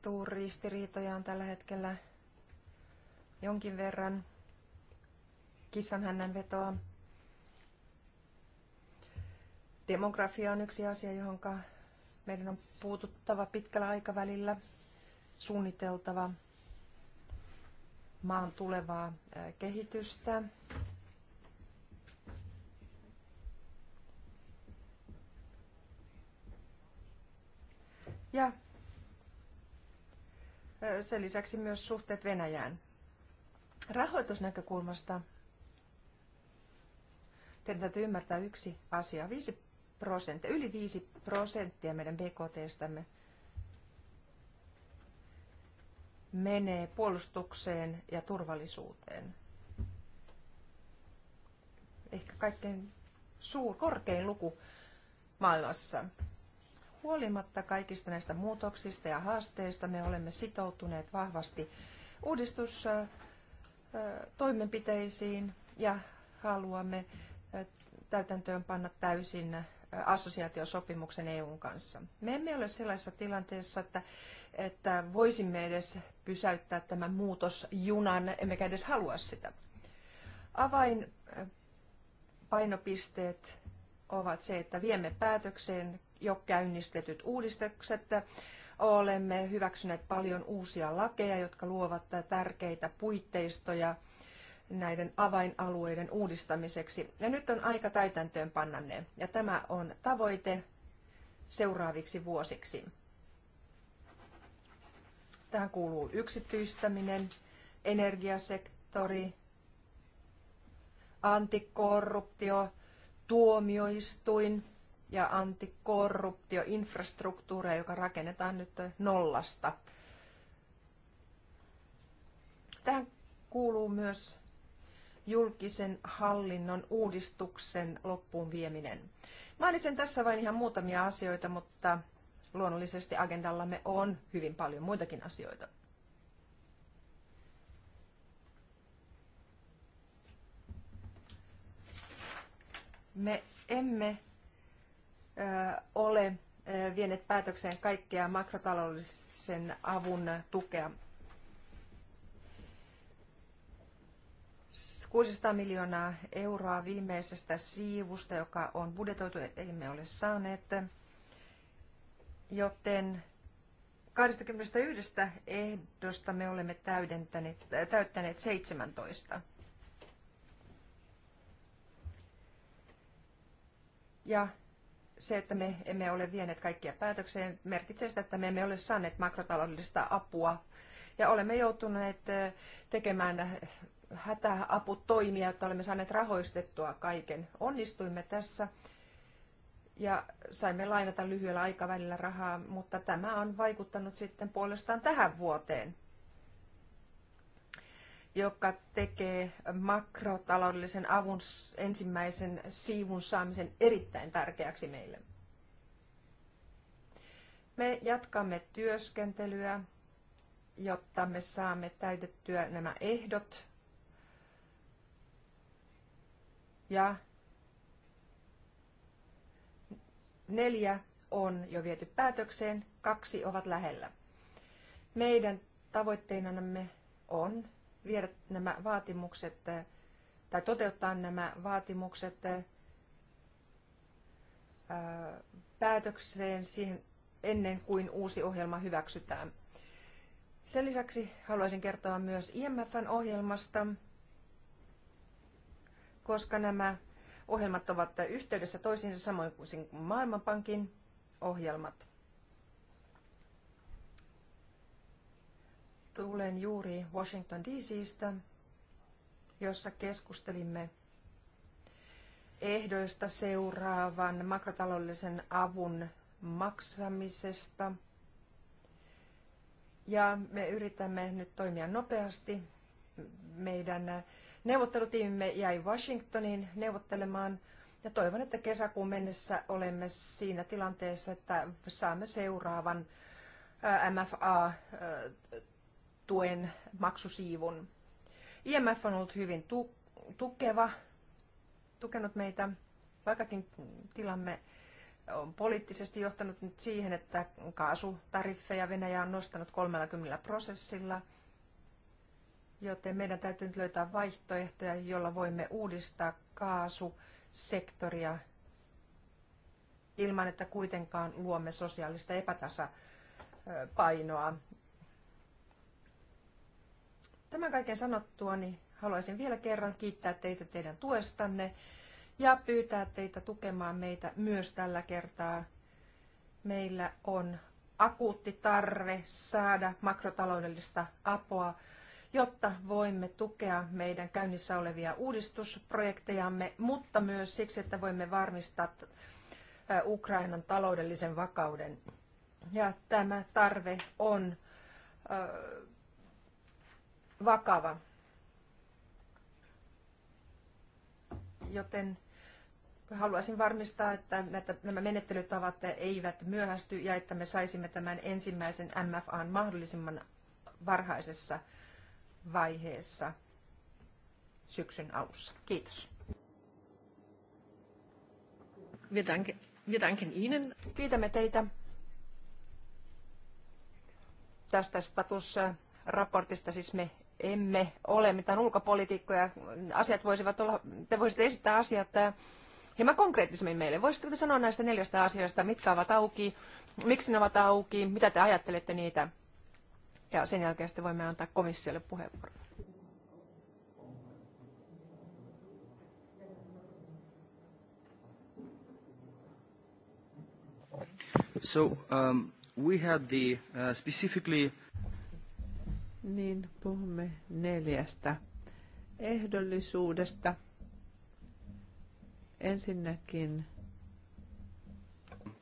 eturistiriitoja on tällä hetkellä jonkin verran. Kissan hännän vetoa. Demografia on yksi asia, johon meidän on puututtava pitkällä aikavälillä, suunniteltava maan tulevaa kehitystä. Ja sen lisäksi myös suhteet Venäjään. Rahoitusnäkökulmasta teidän täytyy ymmärtää yksi asia. 5 prosenttia, yli 5 prosenttia meidän BKTstämme menee puolustukseen ja turvallisuuteen. Ehkä kaikkein suur, korkein luku maailmassa huolimatta kaikista näistä muutoksista ja haasteista me olemme sitoutuneet vahvasti uudistustoimenpiteisiin ja haluamme täytäntöön panna täysin assosiaatiosopimuksen EUn kanssa. Me emme ole sellaisessa tilanteessa, että, että voisimme edes pysäyttää tämän muutosjunan, emmekä edes halua sitä. Avain painopisteet ovat se, että viemme päätökseen jo käynnistetyt uudistukset. Olemme hyväksyneet paljon uusia lakeja, jotka luovat tärkeitä puitteistoja näiden avainalueiden uudistamiseksi. Ja nyt on aika täytäntöön panna ne. Ja tämä on tavoite seuraaviksi vuosiksi. Tähän kuuluu yksityistäminen, energiasektori, antikorruptio, tuomioistuin, ja antikorruptioinfrastruktuureja, joka rakennetaan nyt nollasta. Tähän kuuluu myös julkisen hallinnon uudistuksen loppuun vieminen. Mainitsen tässä vain ihan muutamia asioita, mutta luonnollisesti agendallamme on hyvin paljon muitakin asioita. Me emme ole vieneet päätökseen kaikkea makrotaloudellisen avun tukea. 600 miljoonaa euroa viimeisestä siivusta, joka on budjetoitu, emme ole saaneet. Joten 21 ehdosta me olemme täydentäneet, täyttäneet 17. Ja se, että me emme ole vieneet kaikkia päätökseen, merkitsee sitä, että me emme ole saaneet makrotaloudellista apua ja olemme joutuneet eh, tekemään hätäaputoimia, että olemme saaneet rahoistettua kaiken. Onnistuimme tässä ja saimme lainata lyhyellä aikavälillä rahaa, mutta tämä on vaikuttanut sitten puolestaan tähän vuoteen joka tekee makrotaloudellisen avun ensimmäisen siivun saamisen erittäin tärkeäksi meille. Me jatkamme työskentelyä, jotta me saamme täytettyä nämä ehdot ja neljä on jo viety päätökseen, kaksi ovat lähellä. Meidän tavoitteinamme on viedä nämä vaatimukset tai toteuttaa nämä vaatimukset päätökseen siihen ennen kuin uusi ohjelma hyväksytään. Sen lisäksi haluaisin kertoa myös IMFn ohjelmasta, koska nämä ohjelmat ovat yhteydessä toisiinsa samoin kuin Maailmanpankin ohjelmat. Tulen juuri Washington DCstä, jossa keskustelimme ehdoista seuraavan makrotaloudellisen avun maksamisesta. Ja me yritämme nyt toimia nopeasti. Meidän neuvottelutiimimme jäi Washingtoniin neuvottelemaan ja toivon, että kesäkuun mennessä olemme siinä tilanteessa, että saamme seuraavan MFA tuen maksusiivun. IMF on ollut hyvin tu- tukeva, tukenut meitä, vaikkakin tilamme on poliittisesti johtanut nyt siihen, että kaasutariffeja Venäjä on nostanut 30 prosessilla, joten meidän täytyy nyt löytää vaihtoehtoja, joilla voimme uudistaa kaasusektoria ilman, että kuitenkaan luomme sosiaalista epätasapainoa Tämän kaiken sanottua niin haluaisin vielä kerran kiittää teitä teidän tuestanne ja pyytää teitä tukemaan meitä myös tällä kertaa. Meillä on akuutti tarve saada makrotaloudellista apua, jotta voimme tukea meidän käynnissä olevia uudistusprojektejamme, mutta myös siksi, että voimme varmistaa Ukrainan taloudellisen vakauden. Ja tämä tarve on vakava. Joten haluaisin varmistaa, että nämä menettelytavat eivät myöhästy ja että me saisimme tämän ensimmäisen MFAn mahdollisimman varhaisessa vaiheessa syksyn alussa. Kiitos. Kiitämme teitä tästä statusraportista, siis me emme ole mitään ulkopolitiikkoja. Asiat voisivat olla, te voisitte esittää asiat äh, hieman konkreettisemmin meille. Voisitteko te sanoa näistä neljästä asioista, mitkä ovat auki, miksi ne ovat auki, mitä te ajattelette niitä? Ja sen jälkeen sitten voimme antaa komissiolle puheenvuoron. So um, we had the uh, specifically niin puhumme neljästä ehdollisuudesta. Ensinnäkin uh,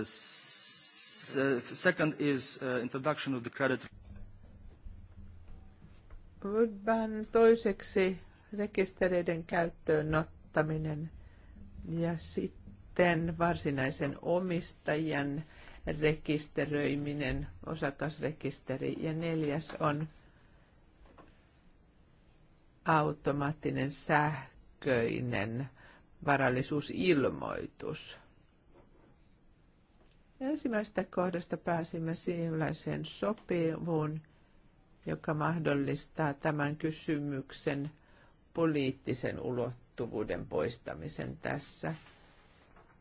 uh, second is uh, introduction of the credit. Woodburn toiseksi rekistereiden käyttöön ottaminen ja sitten varsinaisen omistajan rekisteröiminen, osakasrekisteri ja neljäs on automaattinen sähköinen varallisuusilmoitus. Ensimmäisestä kohdasta pääsimme siihen sopivuun, joka mahdollistaa tämän kysymyksen poliittisen ulottuvuuden poistamisen tässä –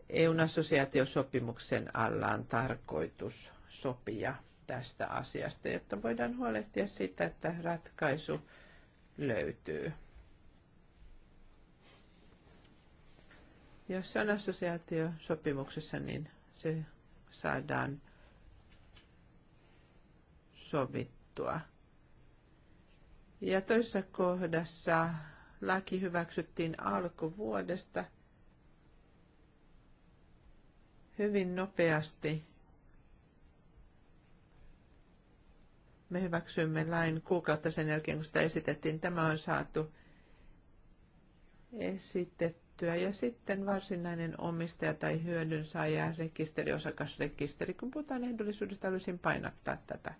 EUn assosiaatiosopimuksen alla on tarkoitus sopia tästä asiasta, jotta voidaan huolehtia siitä, että ratkaisu löytyy. Jos on assosiaatiosopimuksessa, niin se saadaan sovittua. Ja toisessa kohdassa laki hyväksyttiin alkuvuodesta – hyvin nopeasti me hyväksymme lain kuukautta sen jälkeen, kun sitä esitettiin. Tämä on saatu esitettyä. Ja sitten varsinainen omistaja tai hyödyn saaja rekisteri, osakasrekisteri. Kun puhutaan ehdollisuudesta, haluaisin painottaa tätä.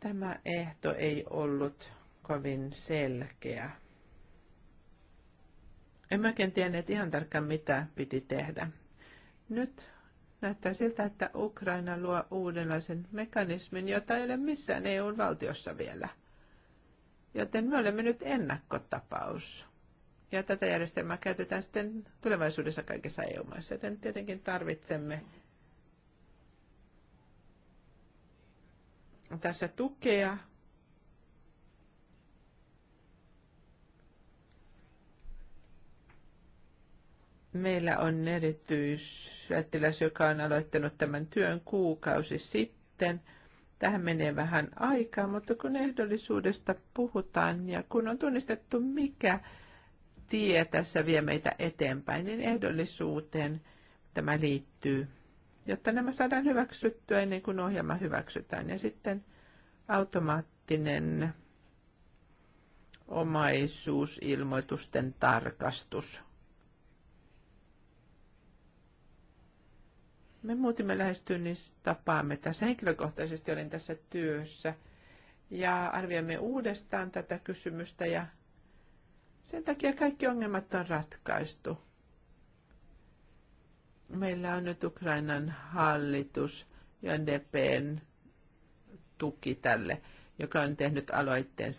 Tämä ehto ei ollut kovin selkeä. Emme oikein tienneet ihan tarkkaan, mitä piti tehdä. Nyt näyttää siltä, että Ukraina luo uudenlaisen mekanismin, jota ei ole missään EU-valtiossa vielä. Joten me olemme nyt ennakkotapaus. Ja tätä järjestelmää käytetään sitten tulevaisuudessa kaikissa EU-maissa. Joten tietenkin tarvitsemme tässä tukea, Meillä on erityisrättiläs, joka on aloittanut tämän työn kuukausi sitten. Tähän menee vähän aikaa, mutta kun ehdollisuudesta puhutaan ja kun on tunnistettu, mikä tie tässä vie meitä eteenpäin, niin ehdollisuuteen tämä liittyy, jotta nämä saadaan hyväksyttyä ennen kuin ohjelma hyväksytään. Ja sitten automaattinen omaisuusilmoitusten tarkastus Me muutimme lähestymistapaamme tässä. Henkilökohtaisesti olin tässä työssä ja arvioimme uudestaan tätä kysymystä ja sen takia kaikki ongelmat on ratkaistu. Meillä on nyt Ukrainan hallitus ja DPn tuki tälle, joka on tehnyt aloitteen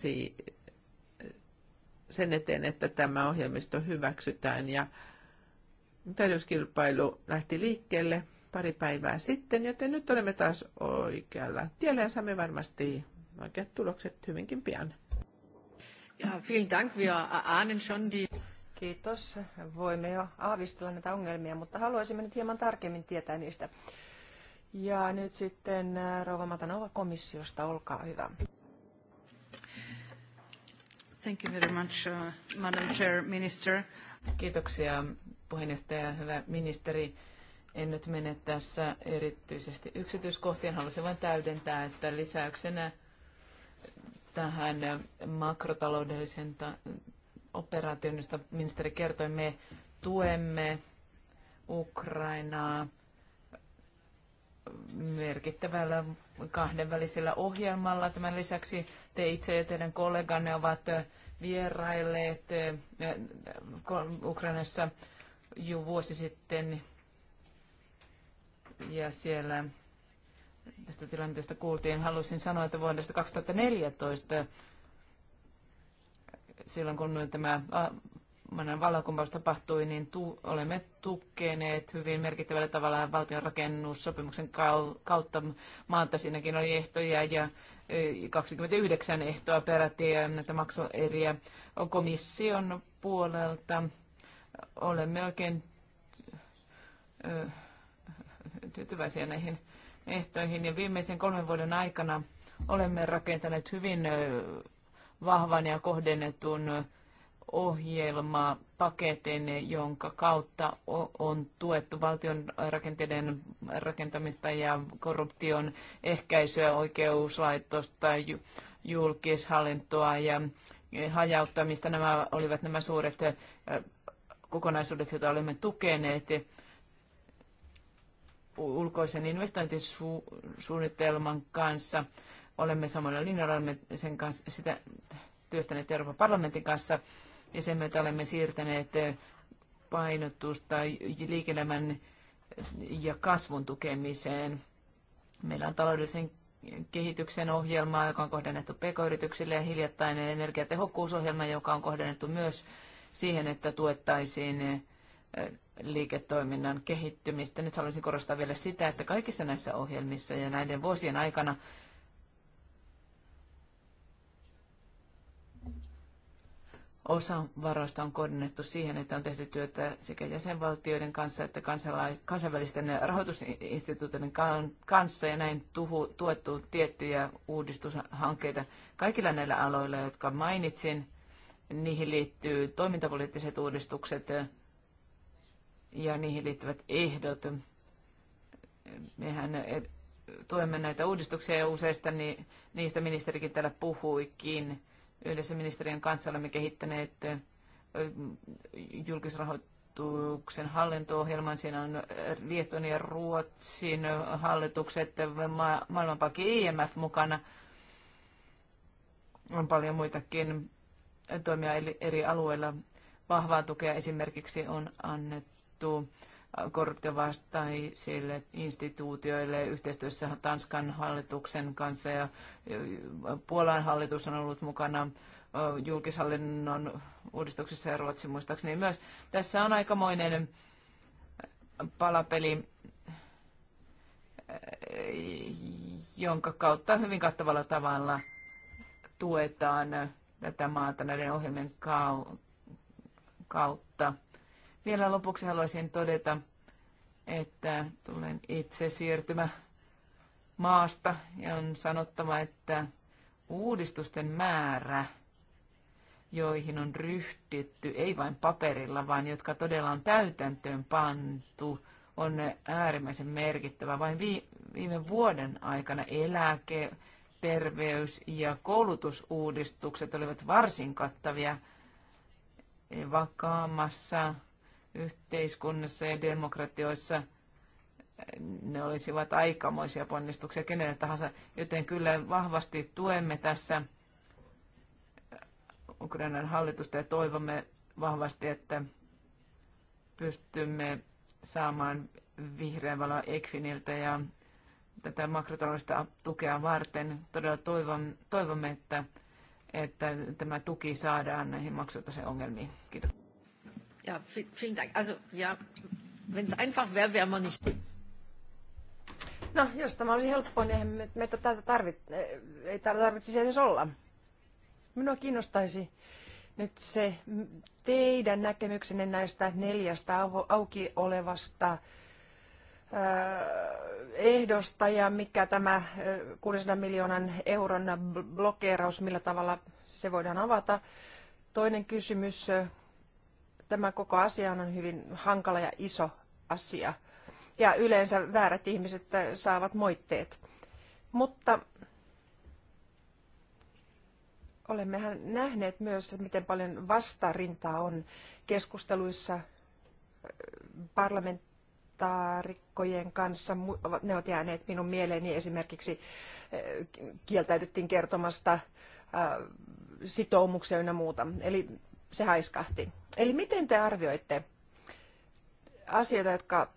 sen eteen, että tämä ohjelmisto hyväksytään ja tarjouskilpailu lähti liikkeelle – pari päivää sitten, joten nyt olemme taas oikealla tiellä ja saamme varmasti oikeat tulokset hyvinkin pian. Ja, vielen Dank. Wir ahnen schon die... Kiitos. Voimme jo aavistella näitä ongelmia, mutta haluaisimme nyt hieman tarkemmin tietää niistä. Ja nyt sitten äh, Rova Matanova komissiosta, olkaa hyvä. Thank you very much, uh, Madam Chair, Minister. Kiitoksia puheenjohtaja, hyvä ministeri. En nyt mene tässä erityisesti yksityiskohtien. Haluaisin vain täydentää, että lisäyksenä tähän makrotaloudellisen ta- operaation, josta ministeri kertoi, me tuemme Ukrainaa merkittävällä kahdenvälisellä ohjelmalla. Tämän lisäksi te itse ja teidän kolleganne ovat vierailleet eh, Ukrainassa jo vuosi sitten ja siellä tästä tilanteesta kuultiin. Halusin sanoa, että vuodesta 2014, silloin kun tämä Manan vallankumous tapahtui, niin tu, olemme tukeneet hyvin merkittävällä tavalla valtion rakennussopimuksen kautta maata. Siinäkin oli ehtoja ja 29 ehtoa peräti ja näitä maksueriä komission puolelta. Olemme oikein tyytyväisiä näihin ehtoihin. Ja viimeisen kolmen vuoden aikana olemme rakentaneet hyvin vahvan ja kohdennetun ohjelmapaketin, jonka kautta on tuettu valtion rakenteiden rakentamista ja korruption ehkäisyä, oikeuslaitosta, julkishallintoa ja hajauttamista. Nämä olivat nämä suuret kokonaisuudet, joita olemme tukeneet ulkoisen investointisuunnitelman kanssa. Olemme samalla linjalla, olemme sen kanssa, sitä työstäneet Euroopan parlamentin kanssa ja sen myötä olemme siirtäneet painotusta liikenemän ja kasvun tukemiseen. Meillä on taloudellisen kehityksen ohjelmaa, joka on kohdennettu pk-yrityksille ja hiljattainen energiatehokkuusohjelma, joka on kohdennettu myös siihen, että tuettaisiin liiketoiminnan kehittymistä. Nyt haluaisin korostaa vielä sitä, että kaikissa näissä ohjelmissa ja näiden vuosien aikana osa varoista on kohdennettu siihen, että on tehty työtä sekä jäsenvaltioiden kanssa että kansainvälisten rahoitusinstituutioiden kanssa ja näin tuhu, tuettu tiettyjä uudistushankkeita kaikilla näillä aloilla, jotka mainitsin. Niihin liittyy toimintapoliittiset uudistukset, ja niihin liittyvät ehdot. Mehän tuemme näitä uudistuksia ja useista niin niistä ministerikin täällä puhuikin. Yhdessä ministeriön kanssa olemme kehittäneet julkisrahoituksen hallinto-ohjelman. Siinä on Liettuan ja Ruotsin hallitukset, Maailmanpankin IMF mukana. On paljon muitakin toimia eri alueilla. Vahvaa tukea esimerkiksi on annettu annettu korruptiovastaisille instituutioille yhteistyössä Tanskan hallituksen kanssa ja Puolan hallitus on ollut mukana julkishallinnon uudistuksessa ja Ruotsin muistaakseni myös. Tässä on aikamoinen palapeli, jonka kautta hyvin kattavalla tavalla tuetaan tätä maata näiden ohjelmien kautta vielä lopuksi haluaisin todeta, että tulen itse siirtymä maasta ja on sanottava, että uudistusten määrä, joihin on ryhtytty, ei vain paperilla, vaan jotka todella on täytäntöön pantu, on äärimmäisen merkittävä. Vain viime vuoden aikana eläke, terveys- ja koulutusuudistukset olivat varsin kattavia vakaamassa yhteiskunnassa ja demokratioissa ne olisivat aikamoisia ponnistuksia kenelle tahansa, joten kyllä vahvasti tuemme tässä Ukrainan hallitusta ja toivomme vahvasti, että pystymme saamaan vihreän valon Ekfiniltä ja tätä makrotaloudellista tukea varten. Todella toivon, toivomme, että, että tämä tuki saadaan näihin maksutaseongelmiin. Kiitos. Ja, vielen Dank. Also, ja, wenn es einfach wäre, wären wir nicht. No, jos tämä oli helppoa, niin me, me tätä tarvit, eh, ei täällä tarvitsisi edes olla. Minua kiinnostaisi nyt se teidän näkemyksenne näistä neljästä auki olevasta äh, ehdosta ja mikä tämä 600 äh, miljoonan euron blokeeraus, millä tavalla se voidaan avata. Toinen kysymys tämä koko asia on hyvin hankala ja iso asia. Ja yleensä väärät ihmiset äh, saavat moitteet. Mutta olemmehan nähneet myös, miten paljon vastarintaa on keskusteluissa äh, parlamentaarikkojen kanssa. Ne ovat jääneet minun mieleeni esimerkiksi äh, kieltäydyttiin kertomasta sitoumuksia ja muuta. Eli se haiskahti. Eli miten te arvioitte asioita, jotka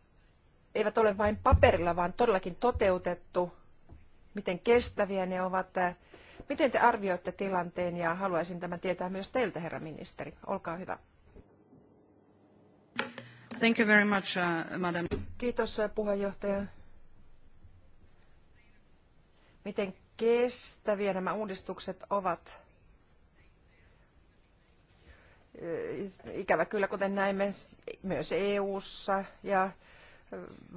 eivät ole vain paperilla, vaan todellakin toteutettu, miten kestäviä ne ovat, miten te arvioitte tilanteen ja haluaisin tämän tietää myös teiltä, herra ministeri. Olkaa hyvä. Thank you very much, uh, madam. Kiitos uh, puheenjohtaja. Miten kestäviä nämä uudistukset ovat? ikävä kyllä, kuten näemme myös EU-ssa ja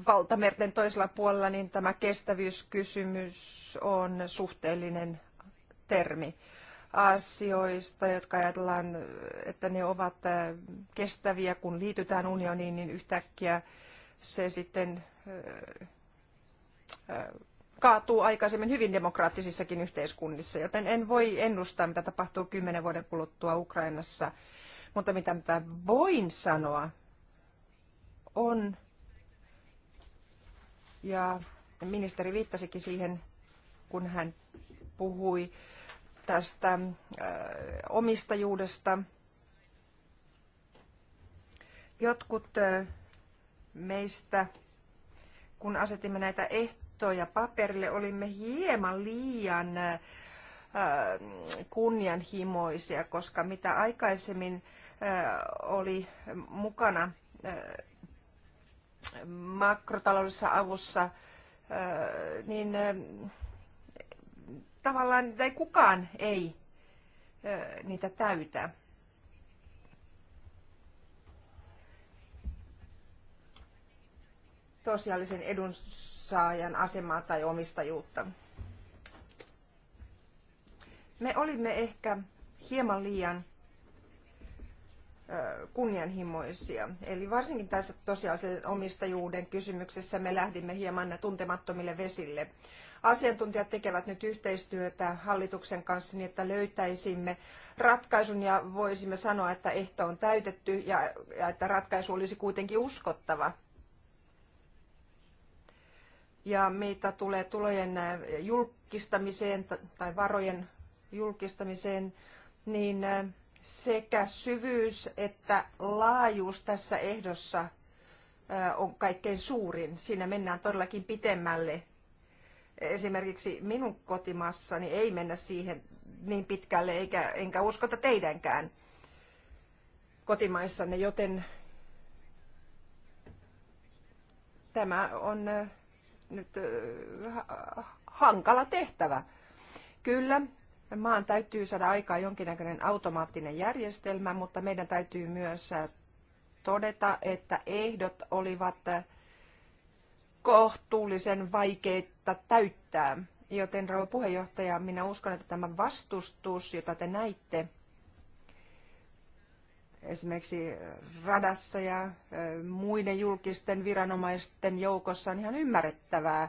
valtamerten toisella puolella, niin tämä kestävyyskysymys on suhteellinen termi asioista, jotka ajatellaan, että ne ovat kestäviä, kun liitytään unioniin, niin yhtäkkiä se sitten kaatuu aikaisemmin hyvin demokraattisissakin yhteiskunnissa, joten en voi ennustaa, mitä tapahtuu kymmenen vuoden kuluttua Ukrainassa – mutta mitä, mä voin sanoa on, ja ministeri viittasikin siihen, kun hän puhui tästä äh, omistajuudesta. Jotkut äh, meistä, kun asetimme näitä ehtoja paperille, olimme hieman liian äh, äh kunnianhimoisia, koska mitä aikaisemmin äh, oli mukana makrotaloudessa avussa, niin tavallaan tai kukaan ei niitä täytä. tosiaalisen edunsaajan asemaa tai omistajuutta. Me olimme ehkä hieman liian kunnianhimoisia. Eli varsinkin tässä tosiasiallisen omistajuuden kysymyksessä me lähdimme hieman tuntemattomille vesille. Asiantuntijat tekevät nyt yhteistyötä hallituksen kanssa niin, että löytäisimme ratkaisun ja voisimme sanoa, että ehto on täytetty ja, ja että ratkaisu olisi kuitenkin uskottava. Ja mitä tulee tulojen äh, julkistamiseen tai varojen julkistamiseen, niin äh, sekä syvyys että laajuus tässä ehdossa on kaikkein suurin. Siinä mennään todellakin pitemmälle. Esimerkiksi minun kotimassani ei mennä siihen niin pitkälle, eikä, enkä uskota teidänkään kotimaissanne, joten tämä on nyt hankala tehtävä. Kyllä, maan täytyy saada aikaan jonkinnäköinen automaattinen järjestelmä, mutta meidän täytyy myös äh, todeta, että ehdot olivat äh, kohtuullisen vaikeita täyttää. Joten rouva puheenjohtaja, minä uskon, että tämä vastustus, jota te näitte esimerkiksi radassa ja äh, muiden julkisten viranomaisten joukossa on ihan ymmärrettävää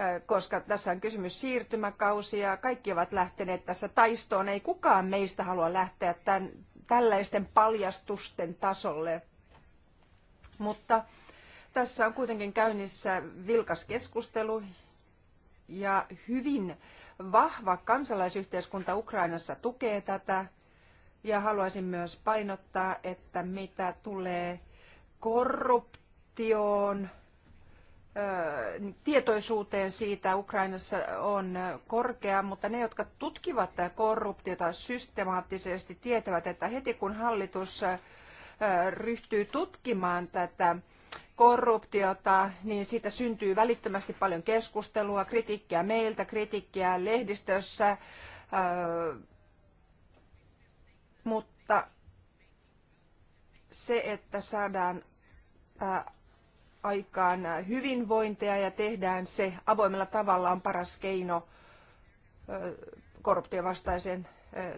Äh, koska tässä on kysymys siirtymäkausia. Kaikki ovat lähteneet tässä taistoon. Ei kukaan meistä halua lähteä tämän, tällaisten paljastusten tasolle. Mutta tässä on kuitenkin käynnissä vilkas keskustelu ja hyvin vahva kansalaisyhteiskunta Ukrainassa tukee tätä. Ja haluaisin myös painottaa, että mitä tulee korruptioon, tietoisuuteen siitä Ukrainassa on korkea, mutta ne, jotka tutkivat korruptiota systemaattisesti, tietävät, että heti kun hallitus ryhtyy tutkimaan tätä korruptiota, niin siitä syntyy välittömästi paljon keskustelua, kritiikkiä meiltä, kritiikkiä lehdistössä, mutta se, että saadaan aikaan hyvinvointia ja tehdään se avoimella tavalla on paras keino korruptiovastaiseen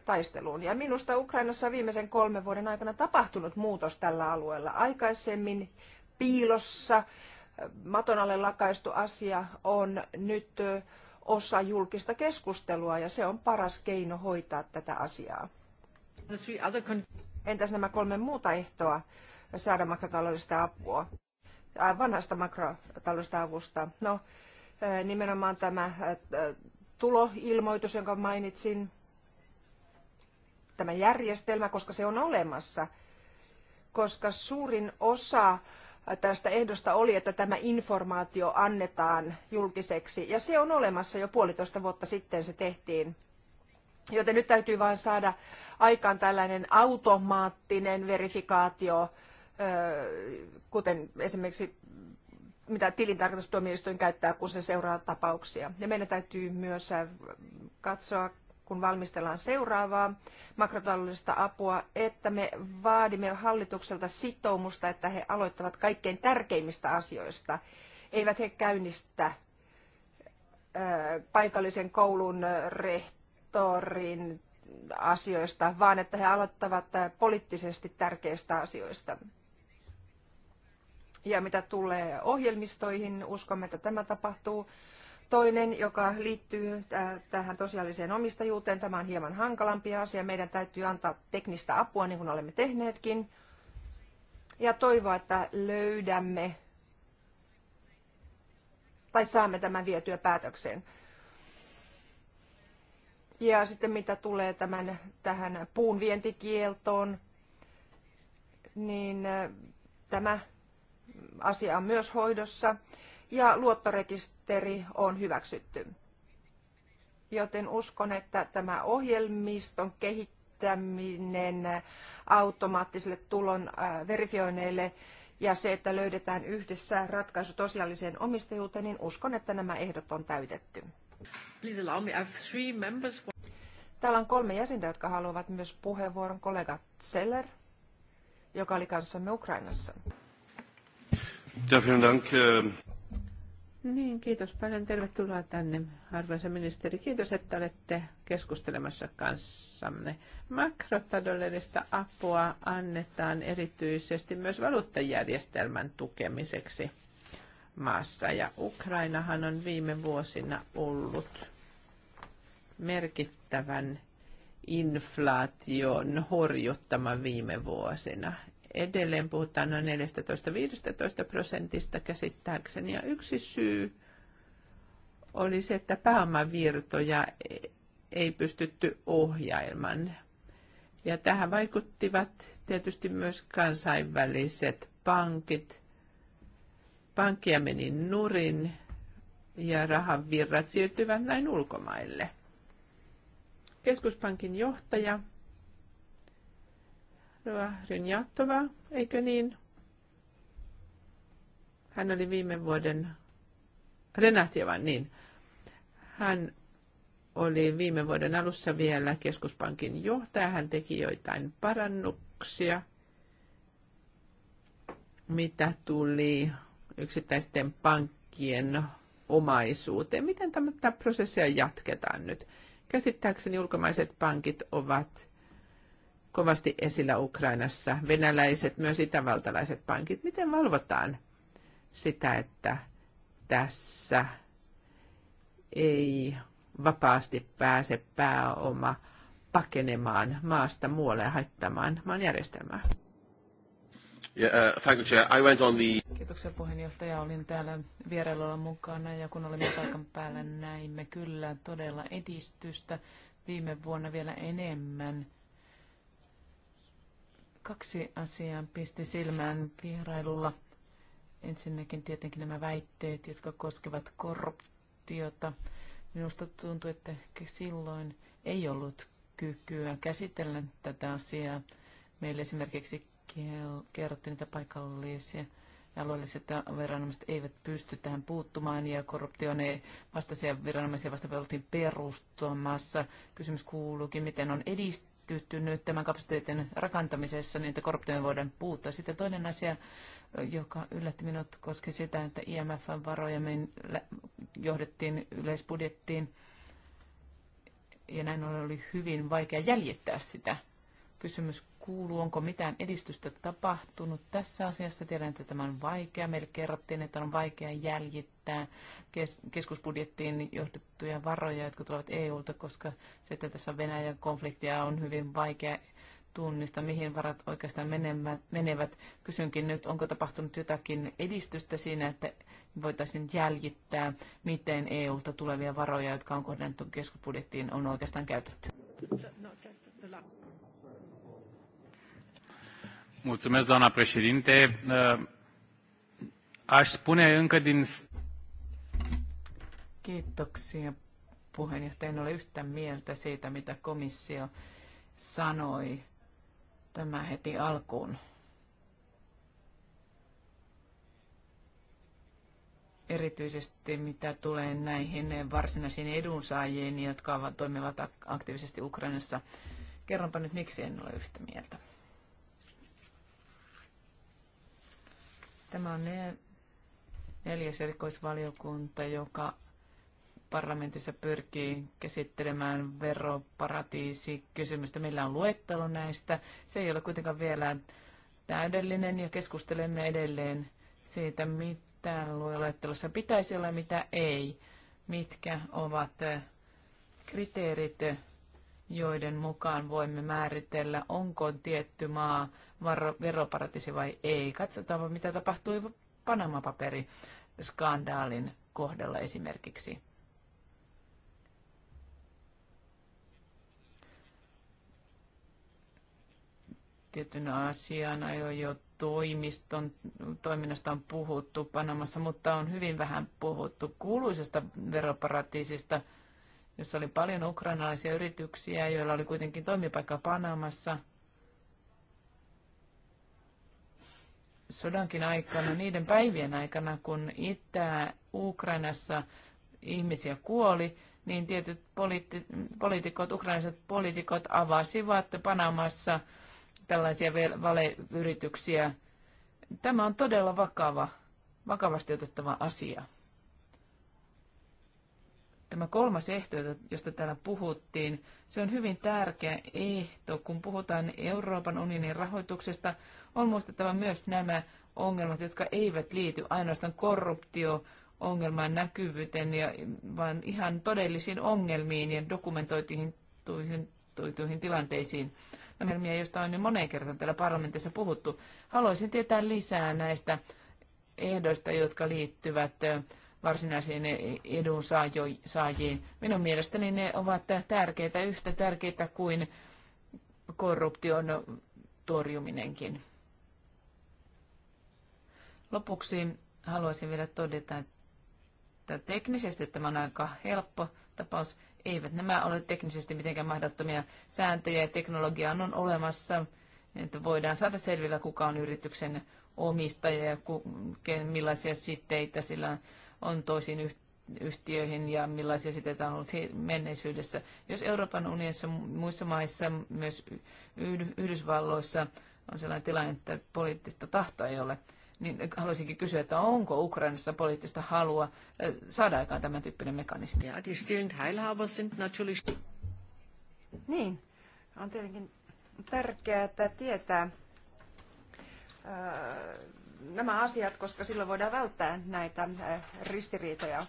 taisteluun. Ja minusta Ukrainassa on viimeisen kolmen vuoden aikana tapahtunut muutos tällä alueella. Aikaisemmin piilossa maton alle lakaistu asia on nyt osa julkista keskustelua ja se on paras keino hoitaa tätä asiaa. Entäs nämä kolme muuta ehtoa saada makrotaloudellista apua? vanhasta makrotaloudellisesta avusta? No, nimenomaan tämä tuloilmoitus, jonka mainitsin, tämä järjestelmä, koska se on olemassa, koska suurin osa tästä ehdosta oli, että tämä informaatio annetaan julkiseksi. Ja se on olemassa jo puolitoista vuotta sitten se tehtiin. Joten nyt täytyy vain saada aikaan tällainen automaattinen verifikaatio kuten esimerkiksi mitä tilintarkastustuomioistuin käyttää, kun se seuraa tapauksia. Ja meidän täytyy myös katsoa, kun valmistellaan seuraavaa makrotaloudellista apua, että me vaadimme hallitukselta sitoumusta, että he aloittavat kaikkein tärkeimmistä asioista. Eivät he käynnistä paikallisen koulun rehtorin asioista, vaan että he aloittavat poliittisesti tärkeistä asioista. Ja mitä tulee ohjelmistoihin, uskomme, että tämä tapahtuu. Toinen, joka liittyy tähän tosiaaliseen omistajuuteen, tämä on hieman hankalampi asia. Meidän täytyy antaa teknistä apua, niin kuin olemme tehneetkin. Ja toivoa, että löydämme tai saamme tämän vietyä päätökseen. Ja sitten mitä tulee tämän, tähän puun vientikieltoon, niin äh, tämä asia on myös hoidossa ja luottorekisteri on hyväksytty. Joten uskon, että tämä ohjelmiston kehittäminen automaattisille tulon äh, verifioinneille ja se, että löydetään yhdessä ratkaisu tosiaaliseen omistajuuteen, niin uskon, että nämä ehdot on täytetty. Täällä on kolme jäsentä, jotka haluavat myös puheenvuoron. Kollega Zeller, joka oli kanssamme Ukrainassa. Äh, niin, kiitos paljon. Tervetuloa tänne, arvoisa ministeri. Kiitos, että olette keskustelemassa kanssamme. Makrotaloudellista apua annetaan erityisesti myös valuuttajärjestelmän tukemiseksi maassa. Ja Ukrainahan on viime vuosina ollut merkittävän inflaation horjuttama viime vuosina. Edelleen puhutaan noin 14-15 prosentista käsittääkseni. Ja yksi syy oli se, että pääomavirtoja ei pystytty ohjailman. Ja tähän vaikuttivat tietysti myös kansainväliset pankit. Pankkia meni nurin ja rahavirrat siirtyvät näin ulkomaille. Keskuspankin johtaja Rova Rynjattova, eikö niin? Hän oli viime vuoden Renatjevan, niin. Hän oli viime vuoden alussa vielä keskuspankin johtaja. Hän teki joitain parannuksia, mitä tuli yksittäisten pankkien omaisuuteen. Miten tämä, tämä prosessia jatketaan nyt? Käsittääkseni ulkomaiset pankit ovat kovasti esillä Ukrainassa, venäläiset, myös itävaltalaiset pankit. Miten valvotaan sitä, että tässä ei vapaasti pääse pääoma pakenemaan maasta muualle ja haittamaan maan järjestelmää? Yeah, uh, Chair. I went on the... Kiitoksia puheenjohtaja. Olin täällä vierellä mukana ja kun olimme paikan päällä näimme kyllä todella edistystä viime vuonna vielä enemmän Kaksi asiaa pisti silmään vierailulla. Ensinnäkin tietenkin nämä väitteet, jotka koskevat korruptiota. Minusta tuntuu, että silloin ei ollut kykyä käsitellä tätä asiaa. Meille esimerkiksi kerrottiin, että paikallisia ja alueelliset viranomaiset eivät pysty tähän puuttumaan ja ei vastaisia viranomaisia vasta perustumassa. Kysymys kuuluukin, miten on edistetty nyt tämän kapasiteetin rakentamisessa, niin että korruptioon voidaan puuttua. Sitten toinen asia, joka yllätti minut, koski sitä, että IMFn varoja johdettiin yleisbudjettiin, ja näin ollen oli hyvin vaikea jäljittää sitä. Kysymys kuuluu, onko mitään edistystä tapahtunut tässä asiassa. Tiedän, että tämä on vaikea. Meille kerrottiin, että on vaikea jäljittää keskusbudjettiin johdettuja varoja, jotka tulevat EUlta, koska se, että tässä Venäjän konfliktia on hyvin vaikea tunnista, mihin varat oikeastaan menevät. Kysynkin nyt, onko tapahtunut jotakin edistystä siinä, että voitaisiin jäljittää, miten EUlta tulevia varoja, jotka on kohdennettu keskusbudjettiin, on oikeastaan käytetty. No, Mulțumesc, doamna președinte. Uh, aș spune încă din... Kiitoksia puheenjohtaja. En ole yhtä mieltä siitä, mitä komissio sanoi tämä heti alkuun. Erityisesti mitä tulee näihin varsinaisiin edunsaajiin, jotka toimivat aktiivisesti Ukrainassa. Kerronpa nyt, miksi en ole yhtä mieltä. Tämä on neljäs erikoisvaliokunta, joka parlamentissa pyrkii käsittelemään veroparatiisi kysymystä. Meillä on luettelo näistä. Se ei ole kuitenkaan vielä täydellinen ja keskustelemme edelleen siitä, mitä luettelossa pitäisi olla ja mitä ei. Mitkä ovat kriteerit, joiden mukaan voimme määritellä, onko tietty maa veroparatiisi vai ei. Katsotaanpa, mitä tapahtui panama paperi skandaalin kohdalla esimerkiksi. Tietyn asian jo, jo toimiston toiminnasta on puhuttu Panamassa, mutta on hyvin vähän puhuttu kuuluisesta veroparatiisista, jossa oli paljon ukrainalaisia yrityksiä, joilla oli kuitenkin toimipaikka Panamassa – sodankin aikana, niiden päivien aikana, kun Itä-Ukrainassa ihmisiä kuoli, niin tietyt poliitti, poliitikot, ukrainaiset poliitikot avasivat Panamassa tällaisia valeyrityksiä. Tämä on todella vakava, vakavasti otettava asia. Tämä kolmas ehto, josta täällä puhuttiin, se on hyvin tärkeä ehto. Kun puhutaan Euroopan unionin rahoituksesta, on muistettava myös nämä ongelmat, jotka eivät liity ainoastaan korruptio ongelman näkyvyyteen, ja, vaan ihan todellisiin ongelmiin ja dokumentoituihin tuihin, tuituihin tilanteisiin. Ongelmia, joista on jo moneen kertaan täällä parlamentissa puhuttu. Haluaisin tietää lisää näistä ehdoista, jotka liittyvät varsinaisiin edunsaajiin. Minun mielestäni ne ovat tärkeitä, yhtä tärkeitä kuin korruption torjuminenkin. Lopuksi haluaisin vielä todeta, että teknisesti tämä on aika helppo tapaus. Eivät nämä ole teknisesti mitenkään mahdottomia sääntöjä ja teknologiaa on olemassa, että voidaan saada selvillä, kuka on yrityksen omistaja ja millaisia sitteitä sillä on on toisiin yhtiöihin ja millaisia siteitä on ollut menneisyydessä. Jos Euroopan unionissa, muissa maissa, myös Yhdysvalloissa on sellainen tilanne, että poliittista tahtoa ei ole, niin haluaisinkin kysyä, että onko Ukrainassa poliittista halua saada aikaan tämän tyyppinen mekanismi? Ja, die stillen Teilhaber sind natürlich... Niin, on tietenkin tärkeää tietää, nämä asiat, koska silloin voidaan välttää näitä eh, ristiriitoja.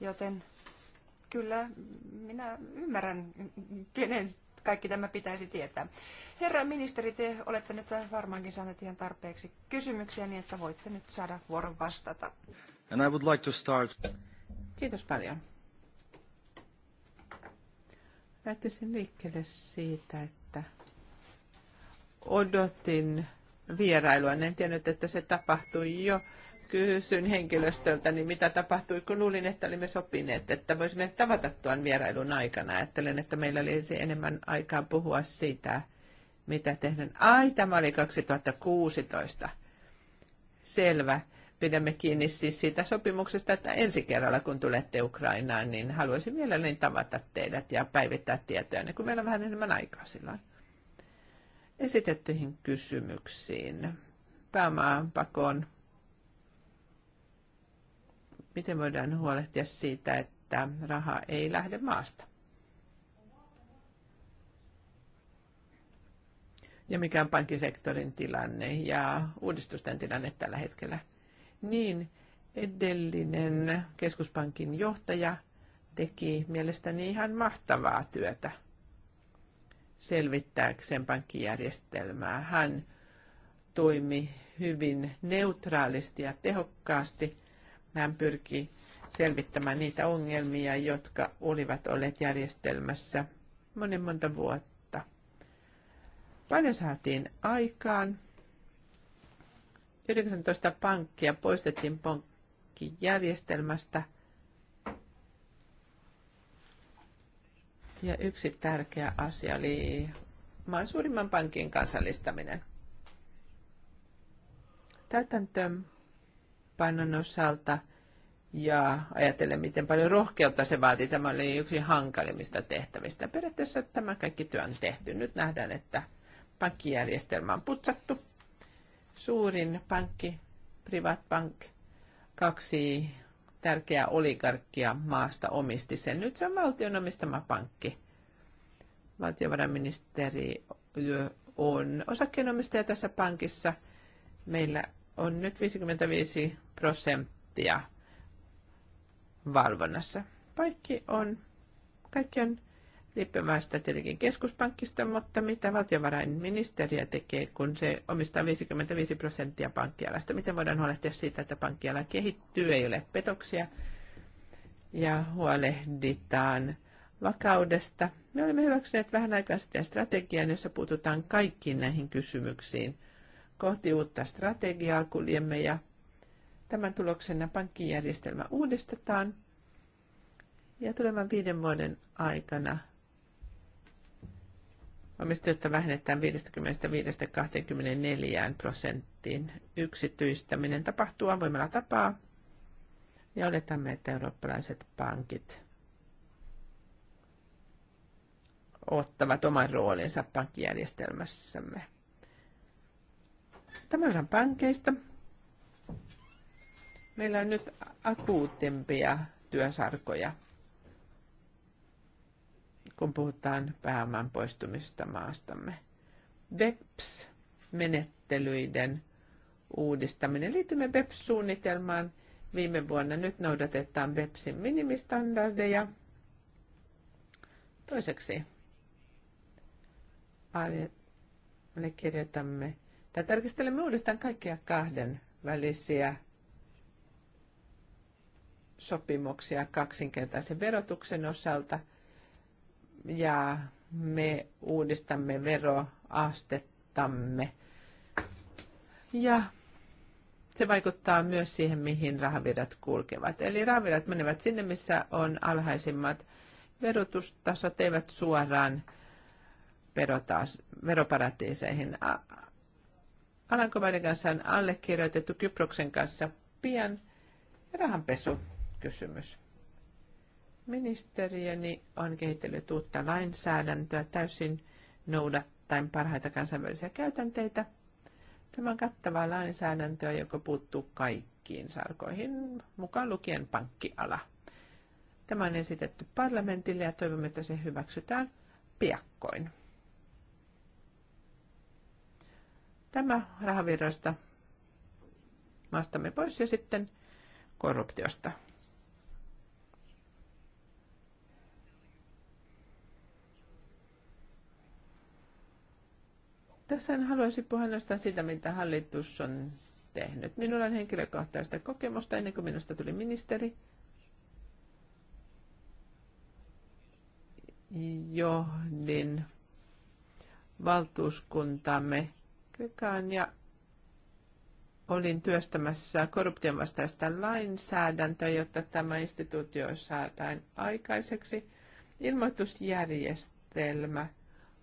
Joten kyllä minä ymmärrän, kenen kaikki tämä pitäisi tietää. Herra ministeri, te olette nyt varmaankin saaneet ihan tarpeeksi kysymyksiä niin, että voitte nyt saada vuoron vastata. And I would like to start... Kiitos paljon. Lähtisin liikkeelle siitä, että odotin vierailua. En tiennyt, että se tapahtui jo. kysyn henkilöstöltä, niin mitä tapahtui, kun luulin, että olimme sopineet, että voisimme tavata tuon vierailun aikana. Ajattelen, että meillä olisi enemmän aikaa puhua siitä, mitä tehdään. Ai, tämä oli 2016. Selvä. Pidämme kiinni siis siitä sopimuksesta, että ensi kerralla kun tulette Ukrainaan, niin haluaisin mielelläni tavata teidät ja päivittää tietoja, niin kun meillä on vähän enemmän aikaa silloin esitettyihin kysymyksiin. pakoon, Miten voidaan huolehtia siitä, että raha ei lähde maasta? Ja mikä on pankkisektorin tilanne ja uudistusten tilanne tällä hetkellä? Niin, edellinen keskuspankin johtaja teki mielestäni ihan mahtavaa työtä – selvittääkseen pankkijärjestelmää. Hän toimi hyvin neutraalisti ja tehokkaasti. Hän pyrki selvittämään niitä ongelmia, jotka olivat olleet järjestelmässä monen monta vuotta. Paljon saatiin aikaan. 19 pankkia poistettiin pankkijärjestelmästä – Ja yksi tärkeä asia oli maan suurimman pankin kansallistaminen. Täytäntöönpannon osalta ja ajatellen, miten paljon rohkeutta se vaati Tämä oli yksi hankalimmista tehtävistä. Periaatteessa tämä kaikki työ on tehty. Nyt nähdään, että pankkijärjestelmä on putsattu. Suurin pankki, Privatbank, kaksi tärkeä oligarkkia maasta omisti sen. Nyt se on valtion omistama pankki. Valtiovarainministeri on osakkeenomistaja tässä pankissa. Meillä on nyt 55 prosenttia valvonnassa. Kaikki on, kaikki on riippumasta tietenkin keskuspankista, mutta mitä valtiovarainministeriö tekee, kun se omistaa 55 prosenttia pankkialasta? Miten voidaan huolehtia siitä, että pankkiala kehittyy, ei ole petoksia ja huolehditaan vakaudesta? Me olemme hyväksyneet vähän aikaa sitten strategian, jossa puututaan kaikkiin näihin kysymyksiin. Kohti uutta strategiaa kuljemme ja tämän tuloksena pankkijärjestelmä uudistetaan – ja tulevan viiden vuoden aikana Omistajuutta vähennetään 55-24 prosenttiin. Yksityistäminen tapahtuu avoimella tapaa ja oletamme, että eurooppalaiset pankit ottavat oman roolinsa pankkijärjestelmässämme. Tämä on pankeista. Meillä on nyt akuutimpia työsarkoja – kun puhutaan pääoman poistumisesta maastamme. BEPS-menettelyiden uudistaminen. Liitymme BEPS-suunnitelmaan viime vuonna. Nyt noudatetaan BEPSin minimistandardeja. Toiseksi allekirjoitamme tai tarkistelemme uudestaan kaikkia kahden välisiä sopimuksia kaksinkertaisen verotuksen osalta – ja me uudistamme veroastettamme. Ja se vaikuttaa myös siihen, mihin rahavirrat kulkevat. Eli rahavirrat menevät sinne, missä on alhaisimmat verotustasot, eivät suoraan verotaas, veroparatiiseihin. Alankomaiden kanssa on allekirjoitettu Kyproksen kanssa pian rahanpesukysymys. Ministeriöni on kehitellyt uutta lainsäädäntöä täysin noudattaen parhaita kansainvälisiä käytänteitä. Tämä on kattavaa lainsäädäntöä, joka puuttuu kaikkiin sarkoihin, mukaan lukien pankkiala. Tämä on esitetty parlamentille ja toivomme, että se hyväksytään piakkoin. Tämä rahavirroista maastamme pois ja sitten korruptiosta. Tässä en haluaisi puhua ainoastaan siitä, mitä hallitus on tehnyt. Minulla on henkilökohtaista kokemusta ennen kuin minusta tuli ministeri. Johdin valtuuskuntamme kykään ja olin työstämässä korruption vastaista lainsäädäntöä, jotta tämä instituutio saadaan aikaiseksi. Ilmoitusjärjestelmä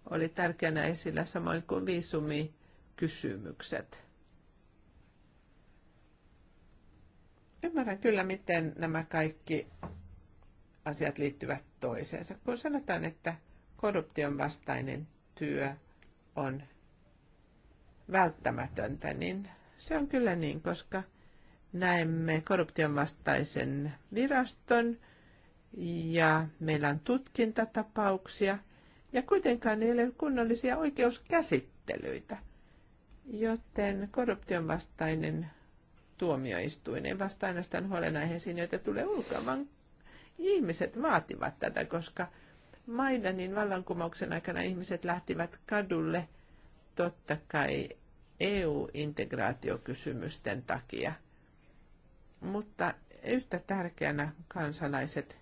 oli tärkeänä esillä, samoin kuin viisumikysymykset. Ymmärrän kyllä, miten nämä kaikki asiat liittyvät toiseensa. Kun sanotaan, että korruption vastainen työ on välttämätöntä, niin se on kyllä niin, koska näemme korruption vastaisen viraston ja meillä on tutkintatapauksia – ja kuitenkaan ei ole kunnollisia oikeuskäsittelyitä, joten korruption vastainen tuomioistuin ei vastaa ainoastaan huolenaiheisiin, joita tulee ulkoa, vaan ihmiset vaativat tätä, koska Maidanin vallankumouksen aikana ihmiset lähtivät kadulle totta kai EU-integraatiokysymysten takia. Mutta yhtä tärkeänä kansalaiset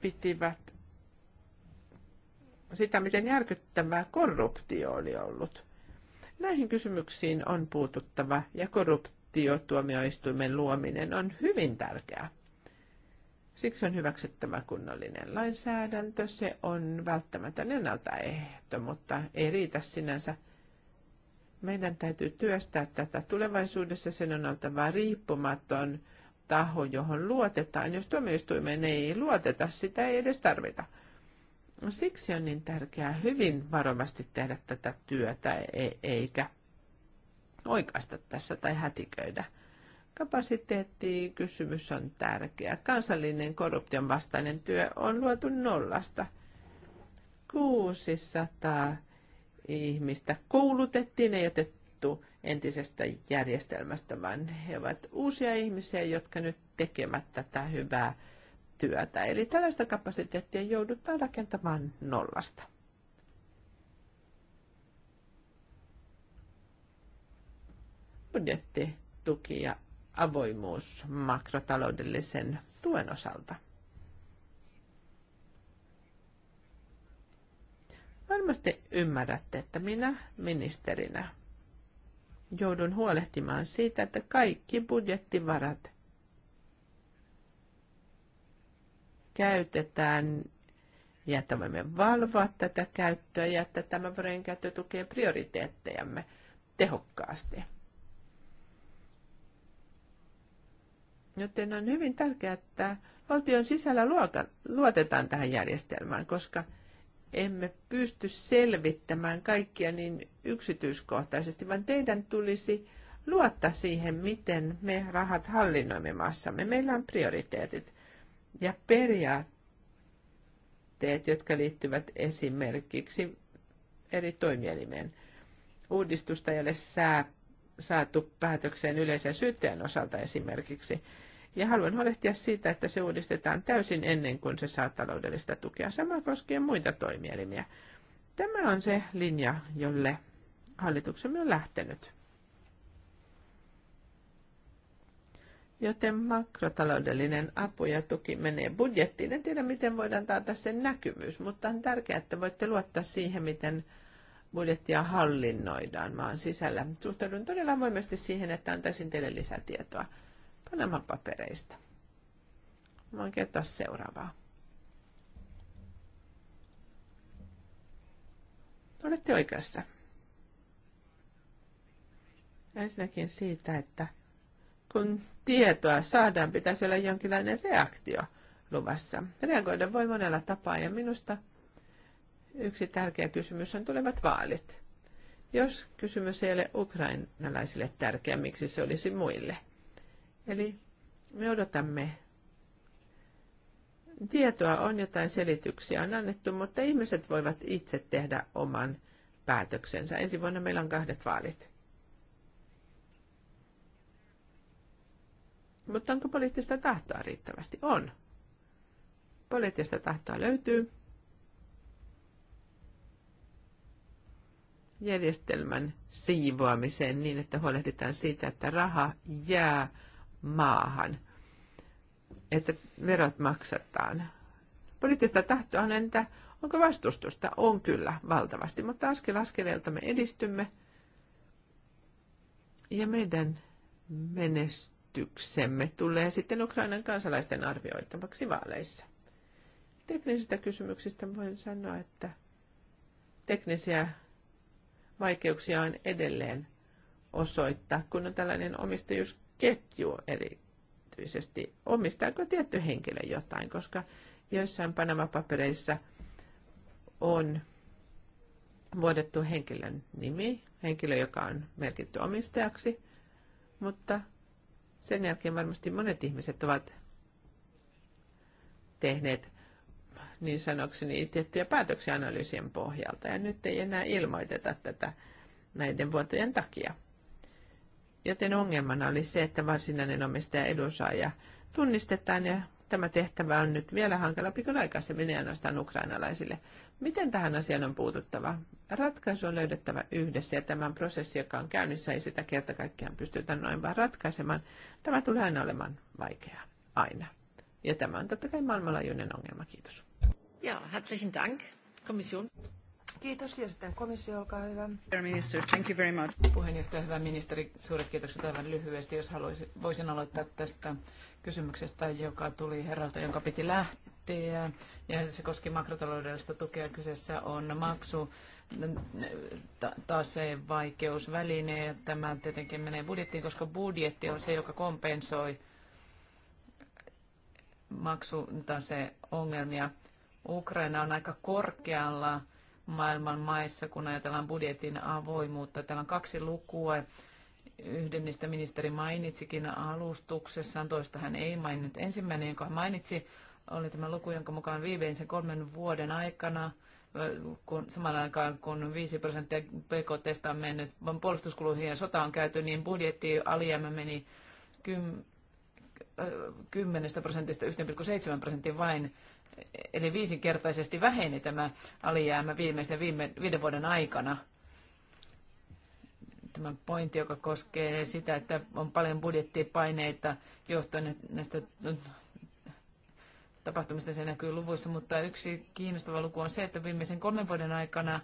pitivät sitä, miten järkyttävää korruptio oli ollut. Näihin kysymyksiin on puututtava ja korruptiotuomioistuimen luominen on hyvin tärkeää. Siksi on hyväksyttävä kunnollinen lainsäädäntö. Se on välttämätön ennaltaehto, mutta ei riitä sinänsä. Meidän täytyy työstää tätä. Tulevaisuudessa sen on oltava riippumaton taho, johon luotetaan. Jos tuomioistuimeen ei luoteta, sitä ei edes tarvita. No siksi on niin tärkeää hyvin varovasti tehdä tätä työtä e- eikä oikaista tässä tai hätiköidä. Kapasiteettikysymys on tärkeä. Kansallinen korruption vastainen työ on luotu nollasta. 600 ihmistä koulutettiin, ei otettu entisestä järjestelmästä, vaan he ovat uusia ihmisiä, jotka nyt tekevät tätä hyvää työtä. Eli tällaista kapasiteettia joudutaan rakentamaan nollasta. Budjettituki ja avoimuus makrotaloudellisen tuen osalta. Varmasti ymmärrätte, että minä ministerinä joudun huolehtimaan siitä, että kaikki budjettivarat – käytetään ja että voimme valvoa tätä käyttöä ja että tämä varojen käyttö tukee prioriteettejamme tehokkaasti. Joten on hyvin tärkeää, että valtion sisällä luotetaan tähän järjestelmään, koska emme pysty selvittämään kaikkia niin yksityiskohtaisesti, vaan teidän tulisi luottaa siihen, miten me rahat hallinnoimme maassamme. Meillä on prioriteetit ja periaatteet, jotka liittyvät esimerkiksi eri toimielimeen. Uudistusta ei ole sää, saatu päätökseen yleisen syytteen osalta esimerkiksi. Ja haluan huolehtia siitä, että se uudistetaan täysin ennen kuin se saa taloudellista tukea. Sama koskee muita toimielimiä. Tämä on se linja, jolle hallituksemme on lähtenyt. Joten makrotaloudellinen apu ja tuki menee budjettiin. En tiedä, miten voidaan taata sen näkyvyys, mutta on tärkeää, että voitte luottaa siihen, miten budjettia hallinnoidaan maan sisällä. Suhtaudun todella voimasti siihen, että antaisin teille lisätietoa Panaman papereista. Voin kertoa seuraavaa. Olette oikeassa. Ensinnäkin siitä, että kun tietoa saadaan, pitäisi olla jonkinlainen reaktio luvassa. Reagoida voi monella tapaa ja minusta yksi tärkeä kysymys on tulevat vaalit. Jos kysymys ei ole ukrainalaisille tärkeä, miksi se olisi muille? Eli me odotamme. Tietoa on jotain selityksiä on annettu, mutta ihmiset voivat itse tehdä oman päätöksensä. Ensi vuonna meillä on kahdet vaalit. Mutta onko poliittista tahtoa riittävästi? On. Poliittista tahtoa löytyy. Järjestelmän siivoamiseen niin, että huolehditaan siitä, että raha jää maahan, että verot maksetaan. Poliittista tahtoa on entä Onko vastustusta? On kyllä valtavasti, mutta askel askeleelta me edistymme. Ja meidän menestys äänestyksemme tulee sitten Ukrainan kansalaisten arvioitavaksi vaaleissa. Teknisistä kysymyksistä voin sanoa, että teknisiä vaikeuksia on edelleen osoittaa, kun on tällainen omistajuusketju erityisesti. Omistaako tietty henkilö jotain, koska joissain Panama-papereissa on vuodettu henkilön nimi, henkilö, joka on merkitty omistajaksi, mutta sen jälkeen varmasti monet ihmiset ovat tehneet niin sanokseni tiettyjä päätöksiä analyysien pohjalta, ja nyt ei enää ilmoiteta tätä näiden vuotojen takia. Joten ongelmana oli se, että varsinainen omistaja edunsaaja tunnistetaan ja Tämä tehtävä on nyt vielä hankalampi kuin aikaisemmin, ei ainoastaan ukrainalaisille. Miten tähän asiaan on puututtava? Ratkaisu on löydettävä yhdessä ja tämän prosessi, joka on käynnissä, ei sitä kerta kaikkiaan pystytä noin vaan ratkaisemaan. Tämä tulee aina olemaan vaikeaa, aina. Ja tämä on totta kai maailmanlaajuinen ongelma. Kiitos. Ja, herzlichen Dank. Komission. Kiitos ja sitten komissio, olkaa hyvä. Minister, thank you very much. Puheenjohtaja, hyvä ministeri, suuret kiitokset aivan lyhyesti, jos haluaisin, voisin aloittaa tästä kysymyksestä, joka tuli herralta, jonka piti lähteä. Ja se koski makrotaloudellista tukea. Kyseessä on maksu taseen vaikeusväline ja tämä tietenkin menee budjettiin, koska budjetti on se, joka kompensoi maksutaseongelmia. Ukraina on aika korkealla maailman maissa, kun ajatellaan budjetin avoimuutta. Täällä on kaksi lukua. Yhden niistä ministeri mainitsikin alustuksessaan, toista hän ei maininnut. Ensimmäinen, jonka hän mainitsi, oli tämä luku, jonka mukaan viimeisen kolmen vuoden aikana kun, samalla aikaan kun 5 prosenttia BKT on mennyt puolustuskuluihin ja sota on käyty, niin budjetti alijäämä meni 10 prosentista 1,7 prosenttia vain eli viisinkertaisesti väheni tämä alijäämä viimeisen viime, viiden vuoden aikana. Tämä pointti, joka koskee sitä, että on paljon budjettipaineita johtuen näistä tapahtumista, se näkyy luvuissa, mutta yksi kiinnostava luku on se, että viimeisen kolmen vuoden aikana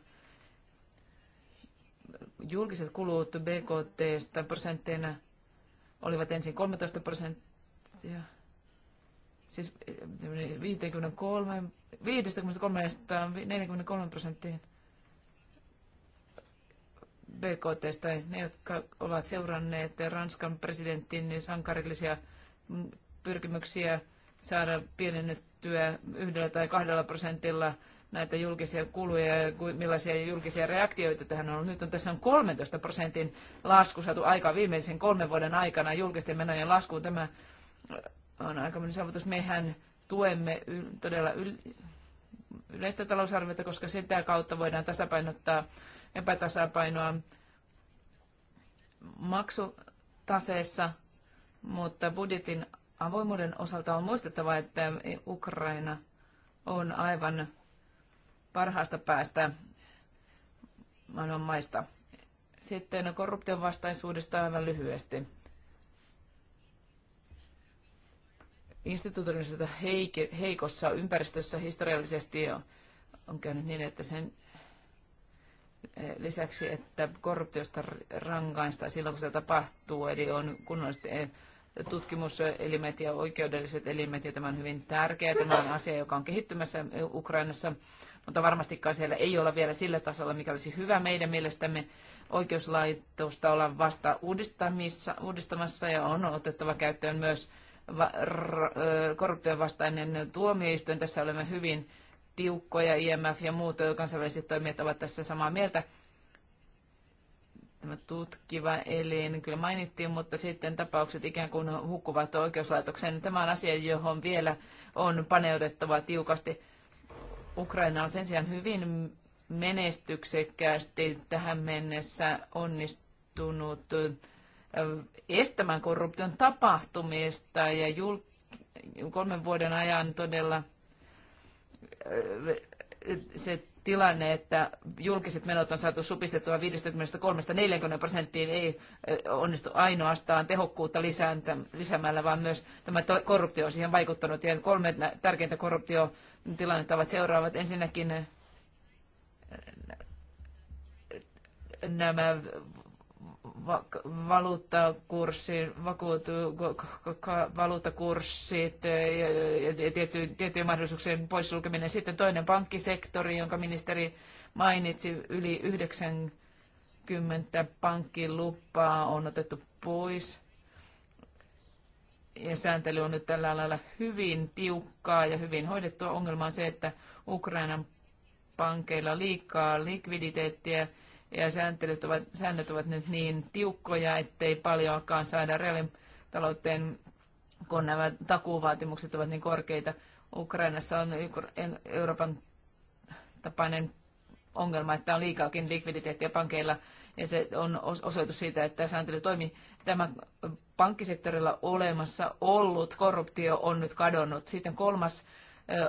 julkiset kulut BKT prosentteina olivat ensin 13 prosenttia siis 53, eh, 53-43 prosenttiin tai Ne, jotka ovat seuranneet Ranskan presidentin niin sankarillisia pyrkimyksiä saada pienennettyä yhdellä tai kahdella prosentilla näitä julkisia kuluja ja millaisia julkisia reaktioita tähän on ollut. Nyt on tässä on 13 prosentin lasku saatu aika viimeisen kolmen vuoden aikana julkisten menojen laskuun. Tämä on aikamoinen saavutus. Mehän tuemme todella yleistä talousarviota, koska sitä kautta voidaan tasapainottaa epätasapainoa maksutaseessa, mutta budjetin avoimuuden osalta on muistettava, että Ukraina on aivan parhaasta päästä maailman maista. Sitten korruption vastaisuudesta aivan lyhyesti. instituutioista heikossa ympäristössä historiallisesti on käynyt niin, että sen eh, lisäksi, että korruptiosta rangaista, silloin, kun se tapahtuu, eli on kunnolliset eh, tutkimuselimet ja oikeudelliset elimet, ja tämä on hyvin tärkeä. Tämä on asia, joka on kehittymässä eh, Ukrainassa, mutta varmastikaan siellä ei olla vielä sillä tasolla, mikä olisi hyvä meidän mielestämme. Oikeuslaitosta olla vasta uudistamassa ja on otettava käyttöön myös korruption vastainen tuomioistuin. Tässä olemme hyvin tiukkoja. IMF ja muut kansainväliset toimijat ovat tässä samaa mieltä. Tämä tutkiva elin kyllä mainittiin, mutta sitten tapaukset ikään kuin hukkuvat oikeuslaitokseen. Tämä on asia, johon vielä on paneudettava tiukasti. Ukraina on sen sijaan hyvin menestyksekkäästi tähän mennessä onnistunut estämään korruption tapahtumista ja jul- kolmen vuoden ajan todella se tilanne, että julkiset menot on saatu supistettua 53-40 prosenttiin, ei onnistu ainoastaan tehokkuutta lisäämällä, vaan myös tämä korruptio on siihen vaikuttanut. Ja kolme tärkeintä korruptiotilannetta ovat seuraavat. Ensinnäkin nämä valuuttakurssin, vakuut, valuuttakurssit ja, ja tietty, tiettyjen mahdollisuuksien poissulkeminen. Sitten toinen pankkisektori, jonka ministeri mainitsi, yli 90 pankkilupaa on otettu pois. Ja sääntely on nyt tällä lailla hyvin tiukkaa ja hyvin hoidettua. Ongelma on se, että Ukrainan pankeilla on liikaa likviditeettiä ja sääntelyt ovat, säännöt ovat nyt niin tiukkoja, ettei paljoakaan saada reaalitalouteen, kun nämä takuuvaatimukset ovat niin korkeita. Ukrainassa on Euroopan tapainen ongelma, että on liikaakin likviditeettiä pankeilla, ja se on osoitus siitä, että sääntely toimii. Tämä pankkisektorilla olemassa ollut korruptio on nyt kadonnut. Sitten kolmas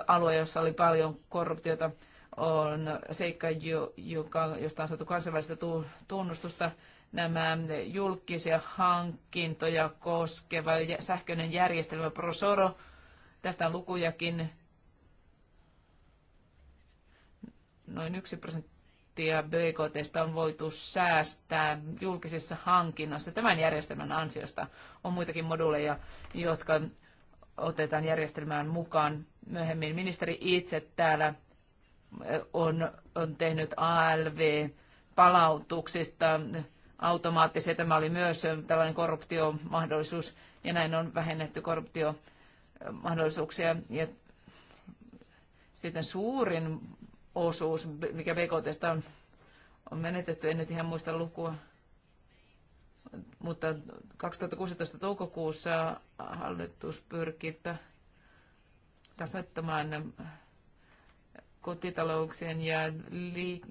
alue, jossa oli paljon korruptiota, on seikka, joka, josta on saatu kansainvälistä tunnustusta. Nämä julkisia hankintoja koskeva sähköinen järjestelmä Prosoro. Tästä on lukujakin noin 1 prosenttia BKT on voitu säästää julkisissa hankinnassa. Tämän järjestelmän ansiosta on muitakin moduuleja, jotka otetaan järjestelmään mukaan myöhemmin. Ministeri itse täällä on, on tehnyt ALV-palautuksista automaattisesti, Tämä oli myös tällainen korruptiomahdollisuus ja näin on vähennetty korruptiomahdollisuuksia. Ja sitten suurin osuus, mikä BKTstä on, on menetetty, en nyt ihan muista lukua, mutta 2016 toukokuussa hallitus pyrkii tasoittamaan kotitalouksien ja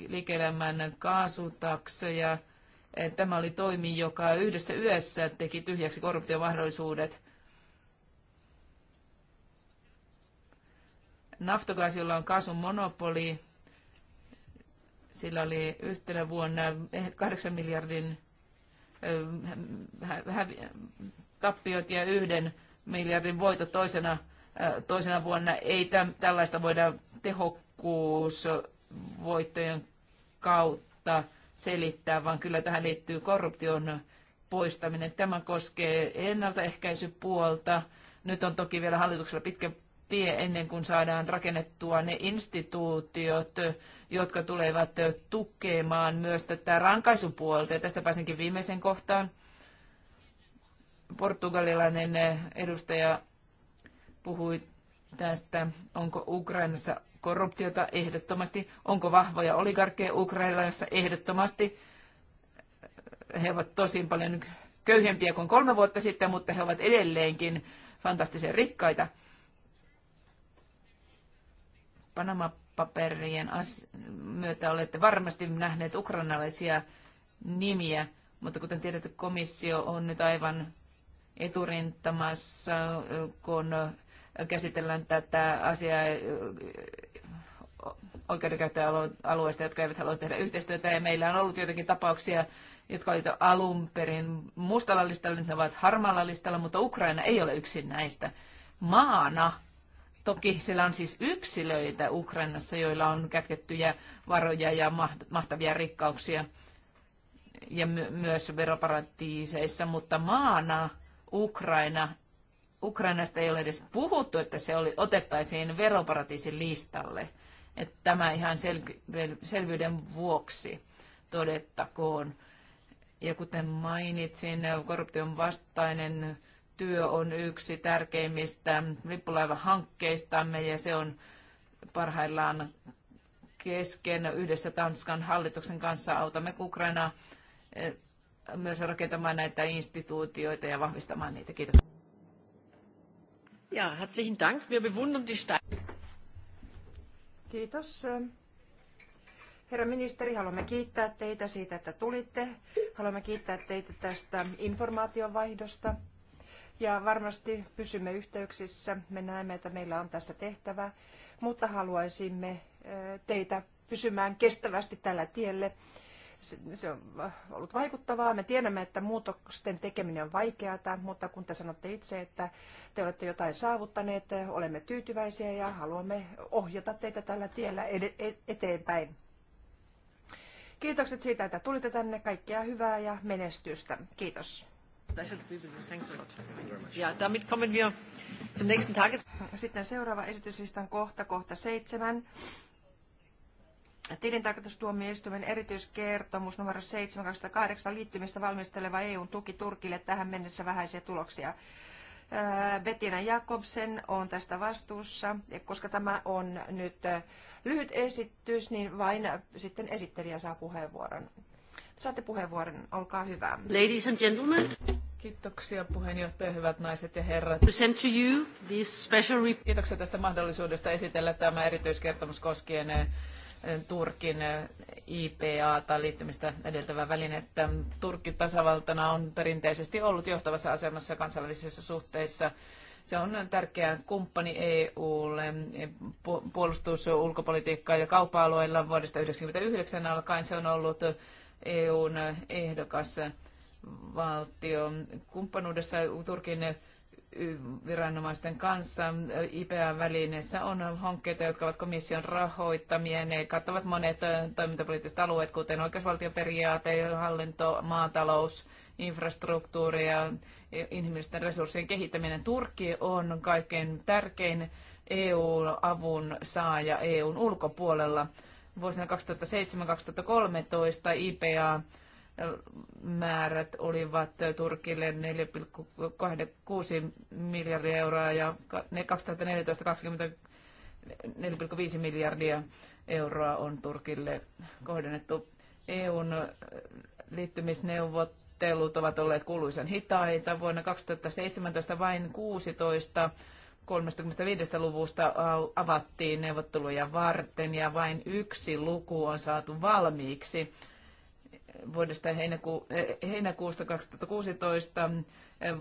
liike-elämän kaasutakseja. Eh, tämä oli toimi, joka yhdessä yössä teki tyhjäksi korruptiomahdollisuudet. Naftogas, jolla on kaasun monopoli, sillä oli yhtenä vuonna 8 eh, miljardin eh, tappiot ja yhden miljardin voitot toisena, toisena vuonna. Ei täm, tällaista voida tehokkaasti tehokkuus voittojen kautta selittää, vaan kyllä tähän liittyy korruption poistaminen. Tämä koskee ennaltaehkäisypuolta. Nyt on toki vielä hallituksella pitkä tie ennen kuin saadaan rakennettua ne instituutiot, jotka tulevat tukemaan myös tätä rankaisupuolta. Ja tästä pääsenkin viimeisen kohtaan. Portugalilainen edustaja puhui tästä, onko Ukrainassa korruptiota ehdottomasti, onko vahvoja oligarkkeja Ukrainassa ehdottomasti. He ovat tosin paljon köyhempiä kuin kolme vuotta sitten, mutta he ovat edelleenkin fantastisen rikkaita. Panama-paperien myötä olette varmasti nähneet ukrainalaisia nimiä, mutta kuten tiedätte, komissio on nyt aivan eturintamassa, kun käsitellään tätä asiaa oikeudenkäyttöalueista, jotka eivät halua tehdä yhteistyötä. Ja meillä on ollut joitakin tapauksia, jotka olivat alun perin mustalla listalla, nyt ne ovat harmaalla listalla, mutta Ukraina ei ole yksin näistä. Maana Toki siellä on siis yksilöitä Ukrainassa, joilla on kätkettyjä varoja ja mahtavia rikkauksia ja my- myös veroparatiiseissa, mutta maana Ukraina Ukrainasta ei ole edes puhuttu, että se oli, otettaisiin veroparatiisin listalle. Että tämä ihan sel- selvyyden vuoksi todettakoon. Ja kuten mainitsin, korruption vastainen työ on yksi tärkeimmistä lippulaivahankkeistamme ja se on parhaillaan kesken yhdessä Tanskan hallituksen kanssa. Autamme Ukrainaa eh, myös rakentamaan näitä instituutioita ja vahvistamaan niitä. Kiitos. Ja, herzlichen Dank. Wir bewundern die Kiitos. Herra ministeri, haluamme kiittää teitä siitä, että tulitte. Haluamme kiittää teitä tästä informaationvaihdosta. Ja varmasti pysymme yhteyksissä. Me näemme, että meillä on tässä tehtävä, mutta haluaisimme eh, teitä pysymään kestävästi tällä tielle se on ollut vaikuttavaa. Me tiedämme, että muutosten tekeminen on vaikeaa, mutta kun te sanotte itse, että te olette jotain saavuttaneet, olemme tyytyväisiä ja haluamme ohjata teitä tällä tiellä eteenpäin. Kiitokset siitä, että tulitte tänne. Kaikkea hyvää ja menestystä. Kiitos. Sitten seuraava esityslistan kohta, kohta seitsemän. Tilintarkastustuomioistuimen erityiskertomus numero 728 liittymistä valmisteleva EUn tuki Turkille tähän mennessä vähäisiä tuloksia. Bettina Jakobsen on tästä vastuussa. Ja koska tämä on nyt lyhyt esitys, niin vain sitten esittelijä saa puheenvuoron. Saatte puheenvuoron, olkaa hyvä. Ladies and gentlemen. Kiitoksia puheenjohtaja, hyvät naiset ja herrat. Present to you this special Kiitoksia tästä mahdollisuudesta esitellä tämä erityiskertomus koskien Turkin IPA tai liittymistä väline, välinettä. Turkki tasavaltana on perinteisesti ollut johtavassa asemassa kansainvälisissä suhteissa. Se on tärkeä kumppani EUlle puolustus-, ulkopolitiikkaa ja kauppa-alueilla vuodesta 1999 alkaen. Se on ollut EUn ehdokas valtio. Kumppanuudessa Turkin viranomaisten kanssa. IPA-välineessä on hankkeita, jotka ovat komission rahoittamia. Ne kattavat monet toimintapoliittiset alueet, kuten oikeusvaltioperiaate, hallinto, maatalous, infrastruktuuri ja inhimillisten resurssien kehittäminen. Turkki on kaikkein tärkein EU-avun saaja EUn ulkopuolella. Vuosina 2007-2013 IPA määrät olivat Turkille 4,6 miljardia euroa ja 2014 4,5 miljardia euroa on Turkille kohdennettu. EUn äh, liittymisneuvottelut ovat olleet kuuluisen hitaita. Vuonna 2017 vain 16 35 luvusta avattiin neuvotteluja varten ja vain yksi luku on saatu valmiiksi vuodesta heinäku, heinäkuusta 2016 eh,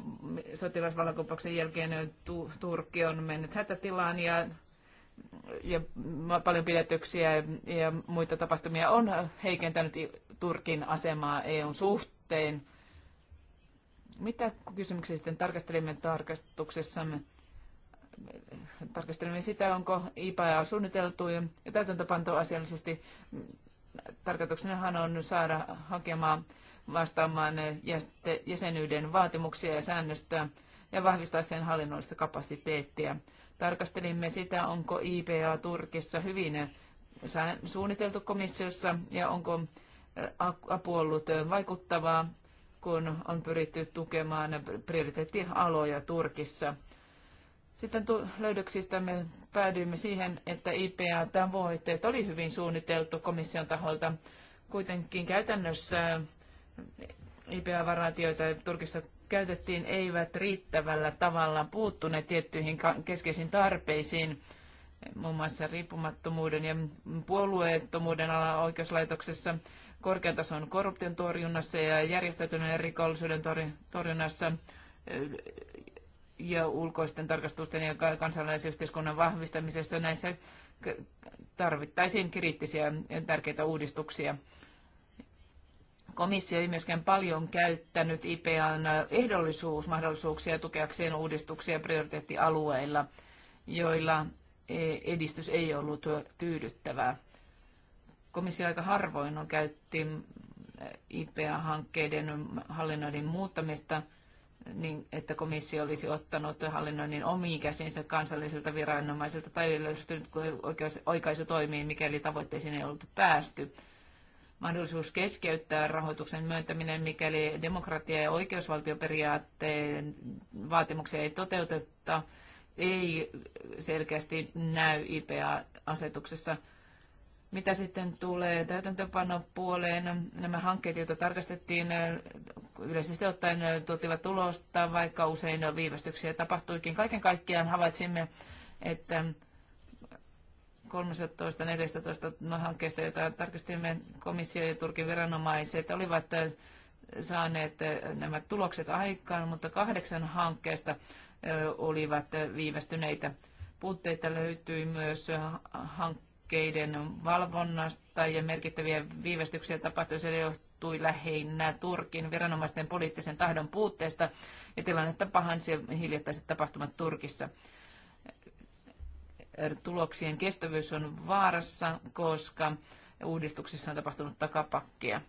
sotilasvallankumouksen jälkeen eh, tu, Turkki on mennyt hätätilaan ja, ja paljon pidätyksiä ja muita tapahtumia on heikentänyt Turkin asemaa EUn suhteen. Mitä kysymyksiä sitten tarkastelimme tarkastuksessamme? tarkastelimme sitä, onko IPA suunniteltu ja täytäntöpanto asiallisesti. Tarkoituksenahan on saada hakemaan vastaamaan jäsenyyden vaatimuksia ja säännöstöä ja vahvistaa sen hallinnollista kapasiteettia. Tarkastelimme sitä, onko IPA Turkissa hyvin suunniteltu komissiossa ja onko apu ollut vaikuttavaa, kun on pyritty tukemaan prioriteettialoja Turkissa. Sitten löydöksistämme päädyimme siihen, että IPA-tavoitteet oli hyvin suunniteltu komission taholta. Kuitenkin käytännössä IPA-varaatioita Turkissa käytettiin eivät riittävällä tavalla puuttuneet tiettyihin keskeisiin tarpeisiin, muun muassa riippumattomuuden ja puolueettomuuden ala oikeuslaitoksessa, korkean tason korruption torjunnassa ja järjestäytyneen rikollisuuden torjunnassa, ja ulkoisten tarkastusten ja yhteiskunnan vahvistamisessa näissä tarvittaisiin kriittisiä tärkeitä uudistuksia. Komissio ei myöskään paljon käyttänyt IPAn ehdollisuusmahdollisuuksia tukeakseen uudistuksia prioriteettialueilla, joilla e- edistys ei ollut tyydyttävää. Komissio aika harvoin on käytti IPA-hankkeiden hallinnoiden muuttamista – niin että komissio olisi ottanut hallinnoinnin omiin käsinsä kansallisilta viranomaisilta tai löystynyt oikeus, oikaisutoimiin, mikäli tavoitteisiin ei ollut päästy. Mahdollisuus keskeyttää rahoituksen myöntäminen, mikäli demokratia- ja oikeusvaltioperiaatteen vaatimuksia ei toteuteta, ei selkeästi näy IPA-asetuksessa – mitä sitten tulee puoleen nämä hankkeet, joita tarkastettiin, yleisesti ottaen tuottivat tulosta, vaikka usein viivästyksiä tapahtuikin. Kaiken kaikkiaan havaitsimme, että 13-14 hankkeesta, joita tarkastimme komissio ja Turkin viranomaiset, olivat saaneet nämä tulokset aikaan, mutta kahdeksan hankkeesta olivat viivästyneitä. Puutteita löytyi myös hankkeista hankkeiden valvonnasta ja merkittäviä viivästyksiä tapahtui. Se johtui lähinnä Turkin viranomaisten poliittisen tahdon puutteesta ja tilannetta pahansi hiljattaiset tapahtumat Turkissa. Tuloksien kestävyys on vaarassa, koska uudistuksissa on tapahtunut takapakkia.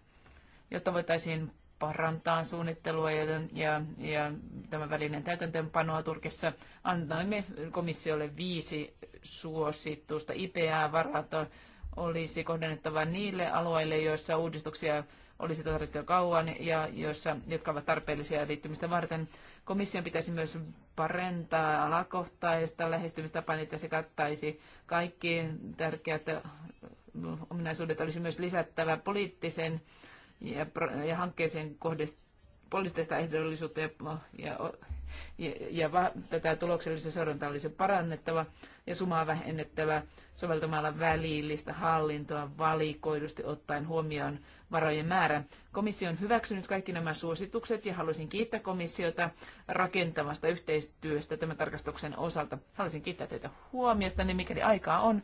Jotta voitaisiin parantaa suunnittelua ja, ja, ja tämän välinen täytäntöönpanoa Turkissa. Antoimme komissiolle viisi suositusta. IPA-varat olisi kohdennettava niille alueille, joissa uudistuksia olisi tarvittu jo kauan ja joissa, jotka ovat tarpeellisia liittymistä varten. Komission pitäisi myös parentaa alakohtaista lähestymistapaa, niin että se kattaisi kaikki tärkeät ominaisuudet. Olisi myös lisättävä poliittisen ja, ja hankkeeseen kohdistuu poliittista ehdollisuutta ja, ja, ja, ja va, tätä tuloksellista seurantaa olisi parannettava ja sumaa vähennettävä soveltamalla välillistä hallintoa valikoidusti ottaen huomioon varojen määrä. Komissio on hyväksynyt kaikki nämä suositukset ja haluaisin kiittää komissiota rakentavasta yhteistyöstä tämän tarkastuksen osalta. Haluaisin kiittää teitä huomiosta, niin mikäli aikaa on,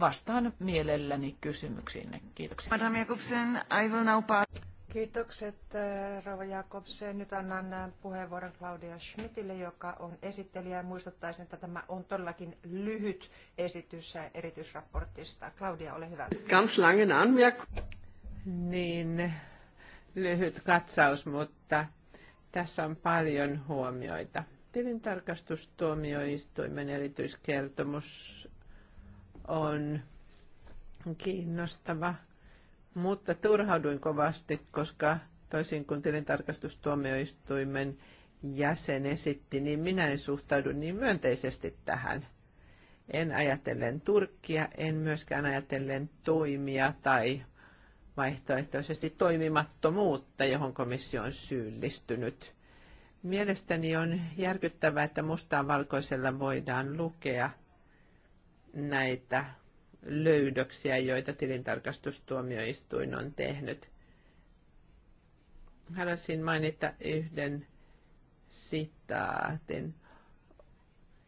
vastaan mielelläni kysymyksiinne. Kiitoksia. Madame Jakobsen, I will now pass. Kiitokset äh, Rova Jakobsen. Nyt annan äh, puheenvuoron Claudia Schmidtille, joka on esittelijä. Muistuttaisin, että tämä on todellakin lyhyt esitys erityisraportista. Claudia, ole hyvä. Ganz langen anmerk- Niin, lyhyt katsaus, mutta tässä on paljon huomioita. Tilintarkastustuomioistuimen erityiskertomus on kiinnostava, mutta turhauduin kovasti, koska toisin kuin tilintarkastustuomioistuimen jäsen esitti, niin minä en suhtaudu niin myönteisesti tähän. En ajatellen Turkkia, en myöskään ajatellen toimia tai vaihtoehtoisesti toimimattomuutta, johon komissio on syyllistynyt. Mielestäni on järkyttävää, että mustaa valkoisella voidaan lukea, näitä löydöksiä, joita tilintarkastustuomioistuin on tehnyt. Haluaisin mainita yhden sitaatin.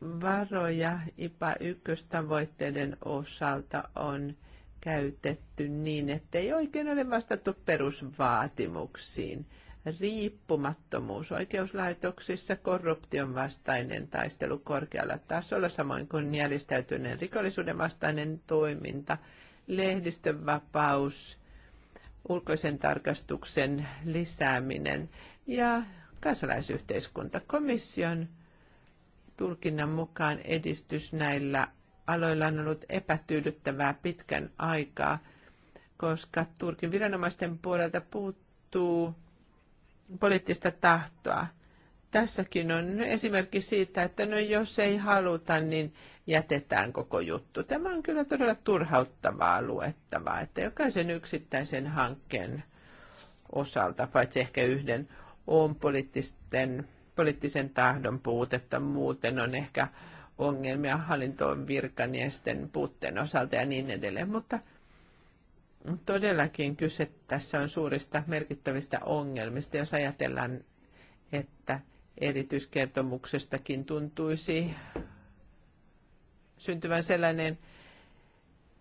Varoja IPA 1 tavoitteiden osalta on käytetty niin, ettei oikein ole vastattu perusvaatimuksiin – riippumattomuus oikeuslaitoksissa, korruption vastainen taistelu korkealla tasolla, samoin kuin järjestäytyneen rikollisuuden vastainen toiminta, lehdistön vapaus, ulkoisen tarkastuksen lisääminen ja kansalaisyhteiskunta. Komission tulkinnan mukaan edistys näillä aloilla on ollut epätyydyttävää pitkän aikaa, koska Turkin viranomaisten puolelta puuttuu poliittista tahtoa. Tässäkin on esimerkki siitä, että no jos ei haluta, niin jätetään koko juttu. Tämä on kyllä todella turhauttavaa luettavaa, että jokaisen yksittäisen hankkeen osalta, paitsi ehkä yhden, on poliittisten, poliittisen tahdon puutetta. Muuten on ehkä ongelmia hallintoon virkamiesten puutteen osalta ja niin edelleen. Mutta todellakin kyse tässä on suurista merkittävistä ongelmista, jos ajatellaan, että erityiskertomuksestakin tuntuisi syntyvän sellainen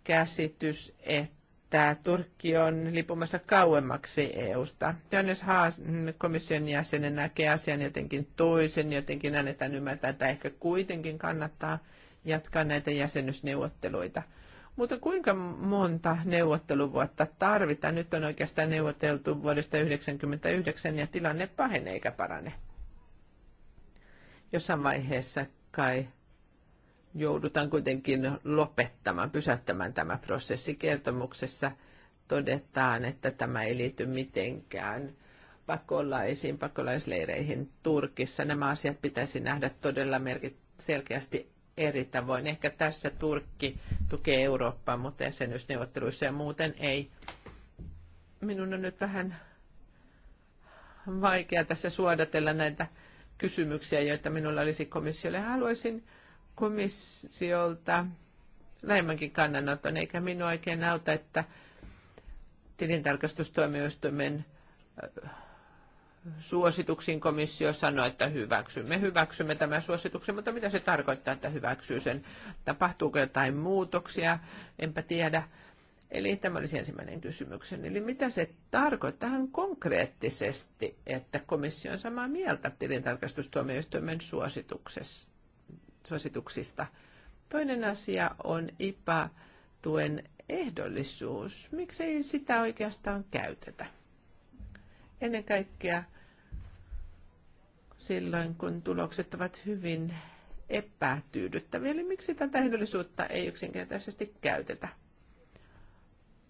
käsitys, että Turkki on lipumassa kauemmaksi EUsta. Johannes Haas, mm, komission jäsenen, näkee asian jotenkin toisen, jotenkin annetaan ymmärtää, että ehkä kuitenkin kannattaa jatkaa näitä jäsenyysneuvotteluita – mutta kuinka monta neuvotteluvuotta tarvitaan? Nyt on oikeastaan neuvoteltu vuodesta 1999 ja tilanne pahenee eikä parane. Jossain vaiheessa kai joudutaan kuitenkin lopettamaan, pysäyttämään tämä prosessi. Kertomuksessa todetaan, että tämä ei liity mitenkään pakolaisiin, pakolaisleireihin Turkissa. Nämä asiat pitäisi nähdä todella merkit- selkeästi eri tavoin. Ehkä tässä Turkki tukee Eurooppaa, mutta jäsenyysneuvotteluissa ja muuten ei. Minun on nyt vähän vaikea tässä suodatella näitä kysymyksiä, joita minulla olisi komissiolle. Haluaisin komissiolta lähemmänkin kannanoton, eikä minua oikein auta, että tilintarkastustuomioistuimen suosituksiin komissio sanoi, että hyväksymme, hyväksymme tämän suosituksen, mutta mitä se tarkoittaa, että hyväksyy sen? Tapahtuuko jotain muutoksia? Enpä tiedä. Eli tämä olisi ensimmäinen kysymykseni. Eli mitä se tarkoittaa konkreettisesti, että komissio on samaa mieltä tilintarkastustuomioistuimen suosituksista? Toinen asia on IPA-tuen ehdollisuus. Miksei sitä oikeastaan käytetä? Ennen kaikkea silloin, kun tulokset ovat hyvin epätyydyttäviä. Eli miksi tätä ehdollisuutta ei yksinkertaisesti käytetä?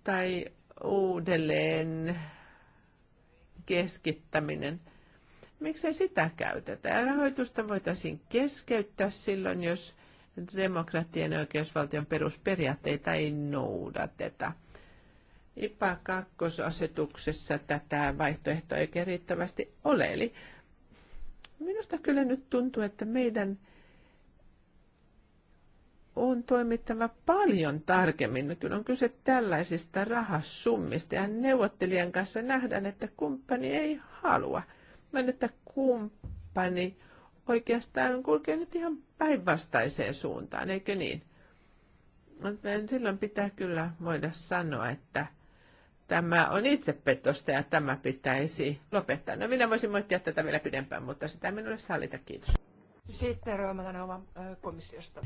Tai uudelleen keskittäminen. Miksei sitä käytetä? Rahoitusta voitaisiin keskeyttää silloin, jos demokratian ja oikeusvaltion perusperiaatteita ei noudateta. IPA 2 tätä vaihtoehtoa ei riittävästi ole, eli Minusta kyllä nyt tuntuu, että meidän on toimittava paljon tarkemmin, no, kun on kyse tällaisista rahasummista. Ja neuvottelijan kanssa nähdään, että kumppani ei halua, vaan että kumppani oikeastaan kulkee nyt ihan päinvastaiseen suuntaan, eikö niin? Mutta silloin pitää kyllä voida sanoa, että – tämä on itsepetosta ja tämä pitäisi lopettaa. No minä voisin moittia tätä vielä pidempään, mutta sitä minulle sallita. Kiitos. Sitten Roomalan oma komissiosta.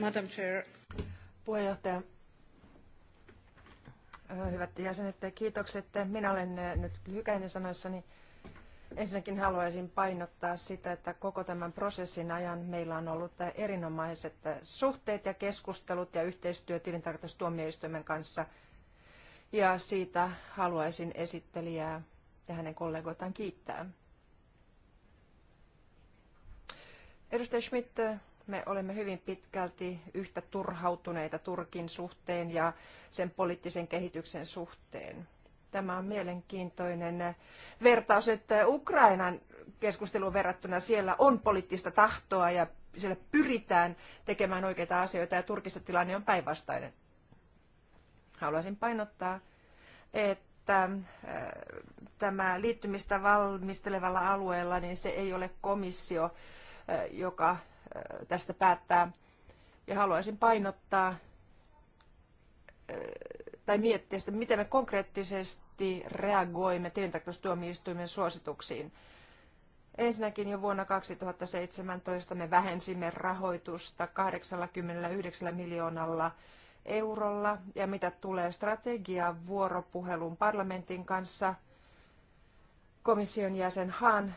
Madam Chair. Puheenjohtaja. Hyvät jäsenet, kiitokset. Minä olen nyt lyhykäinen sanoissani. Ensinnäkin haluaisin painottaa sitä, että koko tämän prosessin ajan meillä on ollut erinomaiset suhteet ja keskustelut ja yhteistyö tilintarkastustuomioistuimen kanssa – ja siitä haluaisin esittelijää ja hänen kollegoitaan kiittää. Edustaja Schmidt, me olemme hyvin pitkälti yhtä turhautuneita Turkin suhteen ja sen poliittisen kehityksen suhteen. Tämä on mielenkiintoinen vertaus, että Ukrainan keskusteluun verrattuna siellä on poliittista tahtoa ja siellä pyritään tekemään oikeita asioita ja Turkissa tilanne on päinvastainen. Haluaisin painottaa, että äh, tämä liittymistä valmistelevalla alueella, niin se ei ole komissio, äh, joka äh, tästä päättää. Ja haluaisin painottaa tai miettiä sitä, miten me konkreettisesti reagoimme tilintarkastustuomioistuimen suosituksiin. Ensinnäkin jo vuonna 2017 me vähensimme rahoitusta 89 miljoonalla eurolla ja mitä tulee strategiaan vuoropuheluun parlamentin kanssa, komission jäsen Han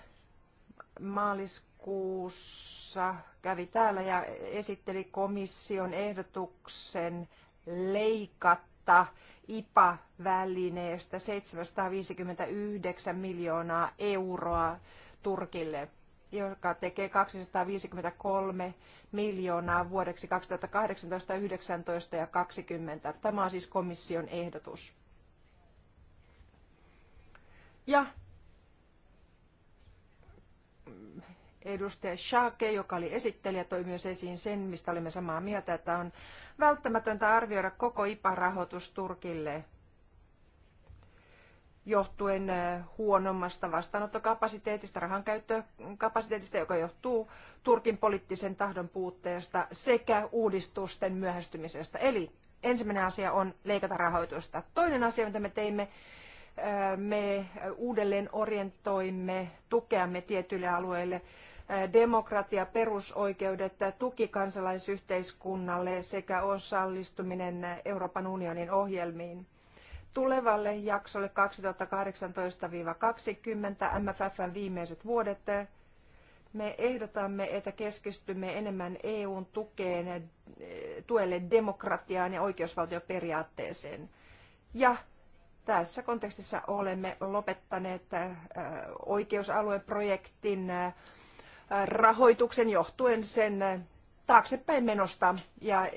maaliskuussa kävi täällä ja esitteli komission ehdotuksen leikata IPA-välineestä 759 miljoonaa euroa Turkille – joka tekee 253 miljoonaa vuodeksi 2018, 19 ja 20. Tämä on siis komission ehdotus. Ja edustaja Schake, joka oli esittelijä, toi myös esiin sen, mistä olimme samaa mieltä, että on välttämätöntä arvioida koko IPA-rahoitus Turkille johtuen äh, huonommasta vastaanottokapasiteetista, rahankäyttökapasiteetista, joka johtuu Turkin poliittisen tahdon puutteesta sekä uudistusten myöhästymisestä. Eli ensimmäinen asia on leikata rahoitusta. Toinen asia, mitä me teimme, äh, me uudelleen orientoimme tukeamme tietyille alueille äh, demokratia, perusoikeudet, tuki kansalaisyhteiskunnalle sekä osallistuminen Euroopan unionin ohjelmiin – tulevalle jaksolle 2018-2020 MFFn viimeiset vuodet. Me ehdotamme, että keskistymme enemmän EUn tukeen, eh, tuelle demokratiaan ja oikeusvaltioperiaatteeseen. Ja tässä kontekstissa olemme lopettaneet eh, oikeusalueen projektin eh, rahoituksen johtuen sen taaksepäin menosta ja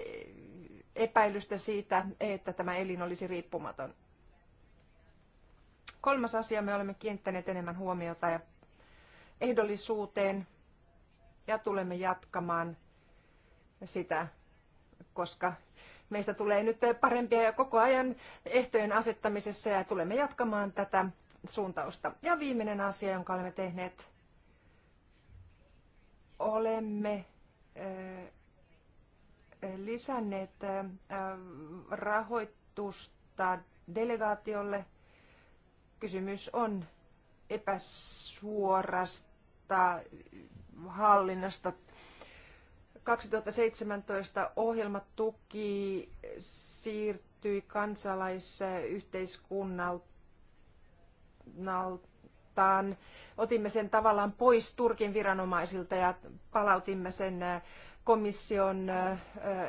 epäilystä siitä, että tämä elin olisi riippumaton. Kolmas asia, me olemme kiinnittäneet enemmän huomiota ja ehdollisuuteen ja tulemme jatkamaan sitä, koska meistä tulee nyt parempia ja koko ajan ehtojen asettamisessa ja tulemme jatkamaan tätä suuntausta. Ja viimeinen asia, jonka olemme tehneet, olemme eh, lisänneet eh, rahoitusta delegaatiolle kysymys on epäsuorasta hallinnasta. 2017 ohjelmatuki siirtyi kansalaisyhteiskunnaltaan. Otimme sen tavallaan pois Turkin viranomaisilta ja palautimme sen komission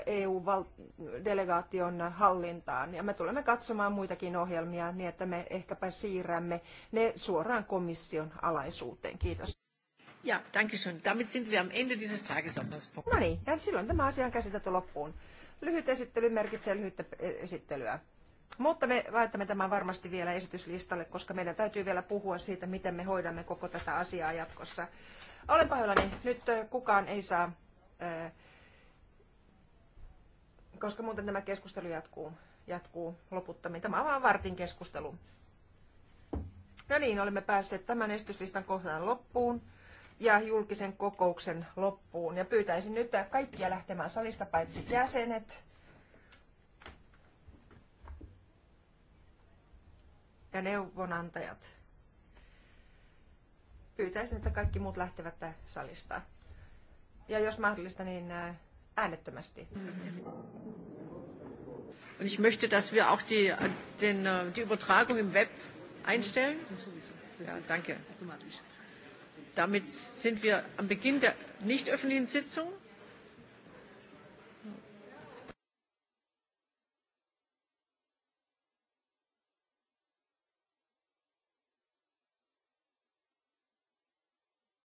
EU-delegaation hallintaan. Ja me tulemme katsomaan muitakin ohjelmia niin, että me ehkäpä siirrämme ne suoraan komission alaisuuteen. Kiitos. Ja, danke schön. Damit sind wir am Ende dieses Tagesordnungspunktes. No niin, ja silloin tämä asia on käsitelty loppuun. Lyhyt esittely merkitsee lyhyttä e, esittelyä. Mutta me laitamme tämän varmasti vielä esityslistalle, koska meidän täytyy vielä puhua siitä, miten me hoidamme koko tätä asiaa jatkossa. Olen pahoillani, nyt kukaan ei saa koska muuten tämä keskustelu jatkuu, jatkuu loputtomiin. Tämä on vain vartin keskustelu. No niin, olemme päässeet tämän estyslistan kohdan loppuun ja julkisen kokouksen loppuun. Ja pyytäisin nyt kaikkia lähtemään salista, paitsi jäsenet. ja neuvonantajat. Pyytäisin, että kaikki muut lähtevät salista ja jos mahdollista, niin äh, äänettömästi. Und ich möchte, dass wir auch die, äh, den, äh, die Übertragung im Web einstellen. Ja, danke. Damit sind wir am Beginn der nicht öffentlichen Sitzung.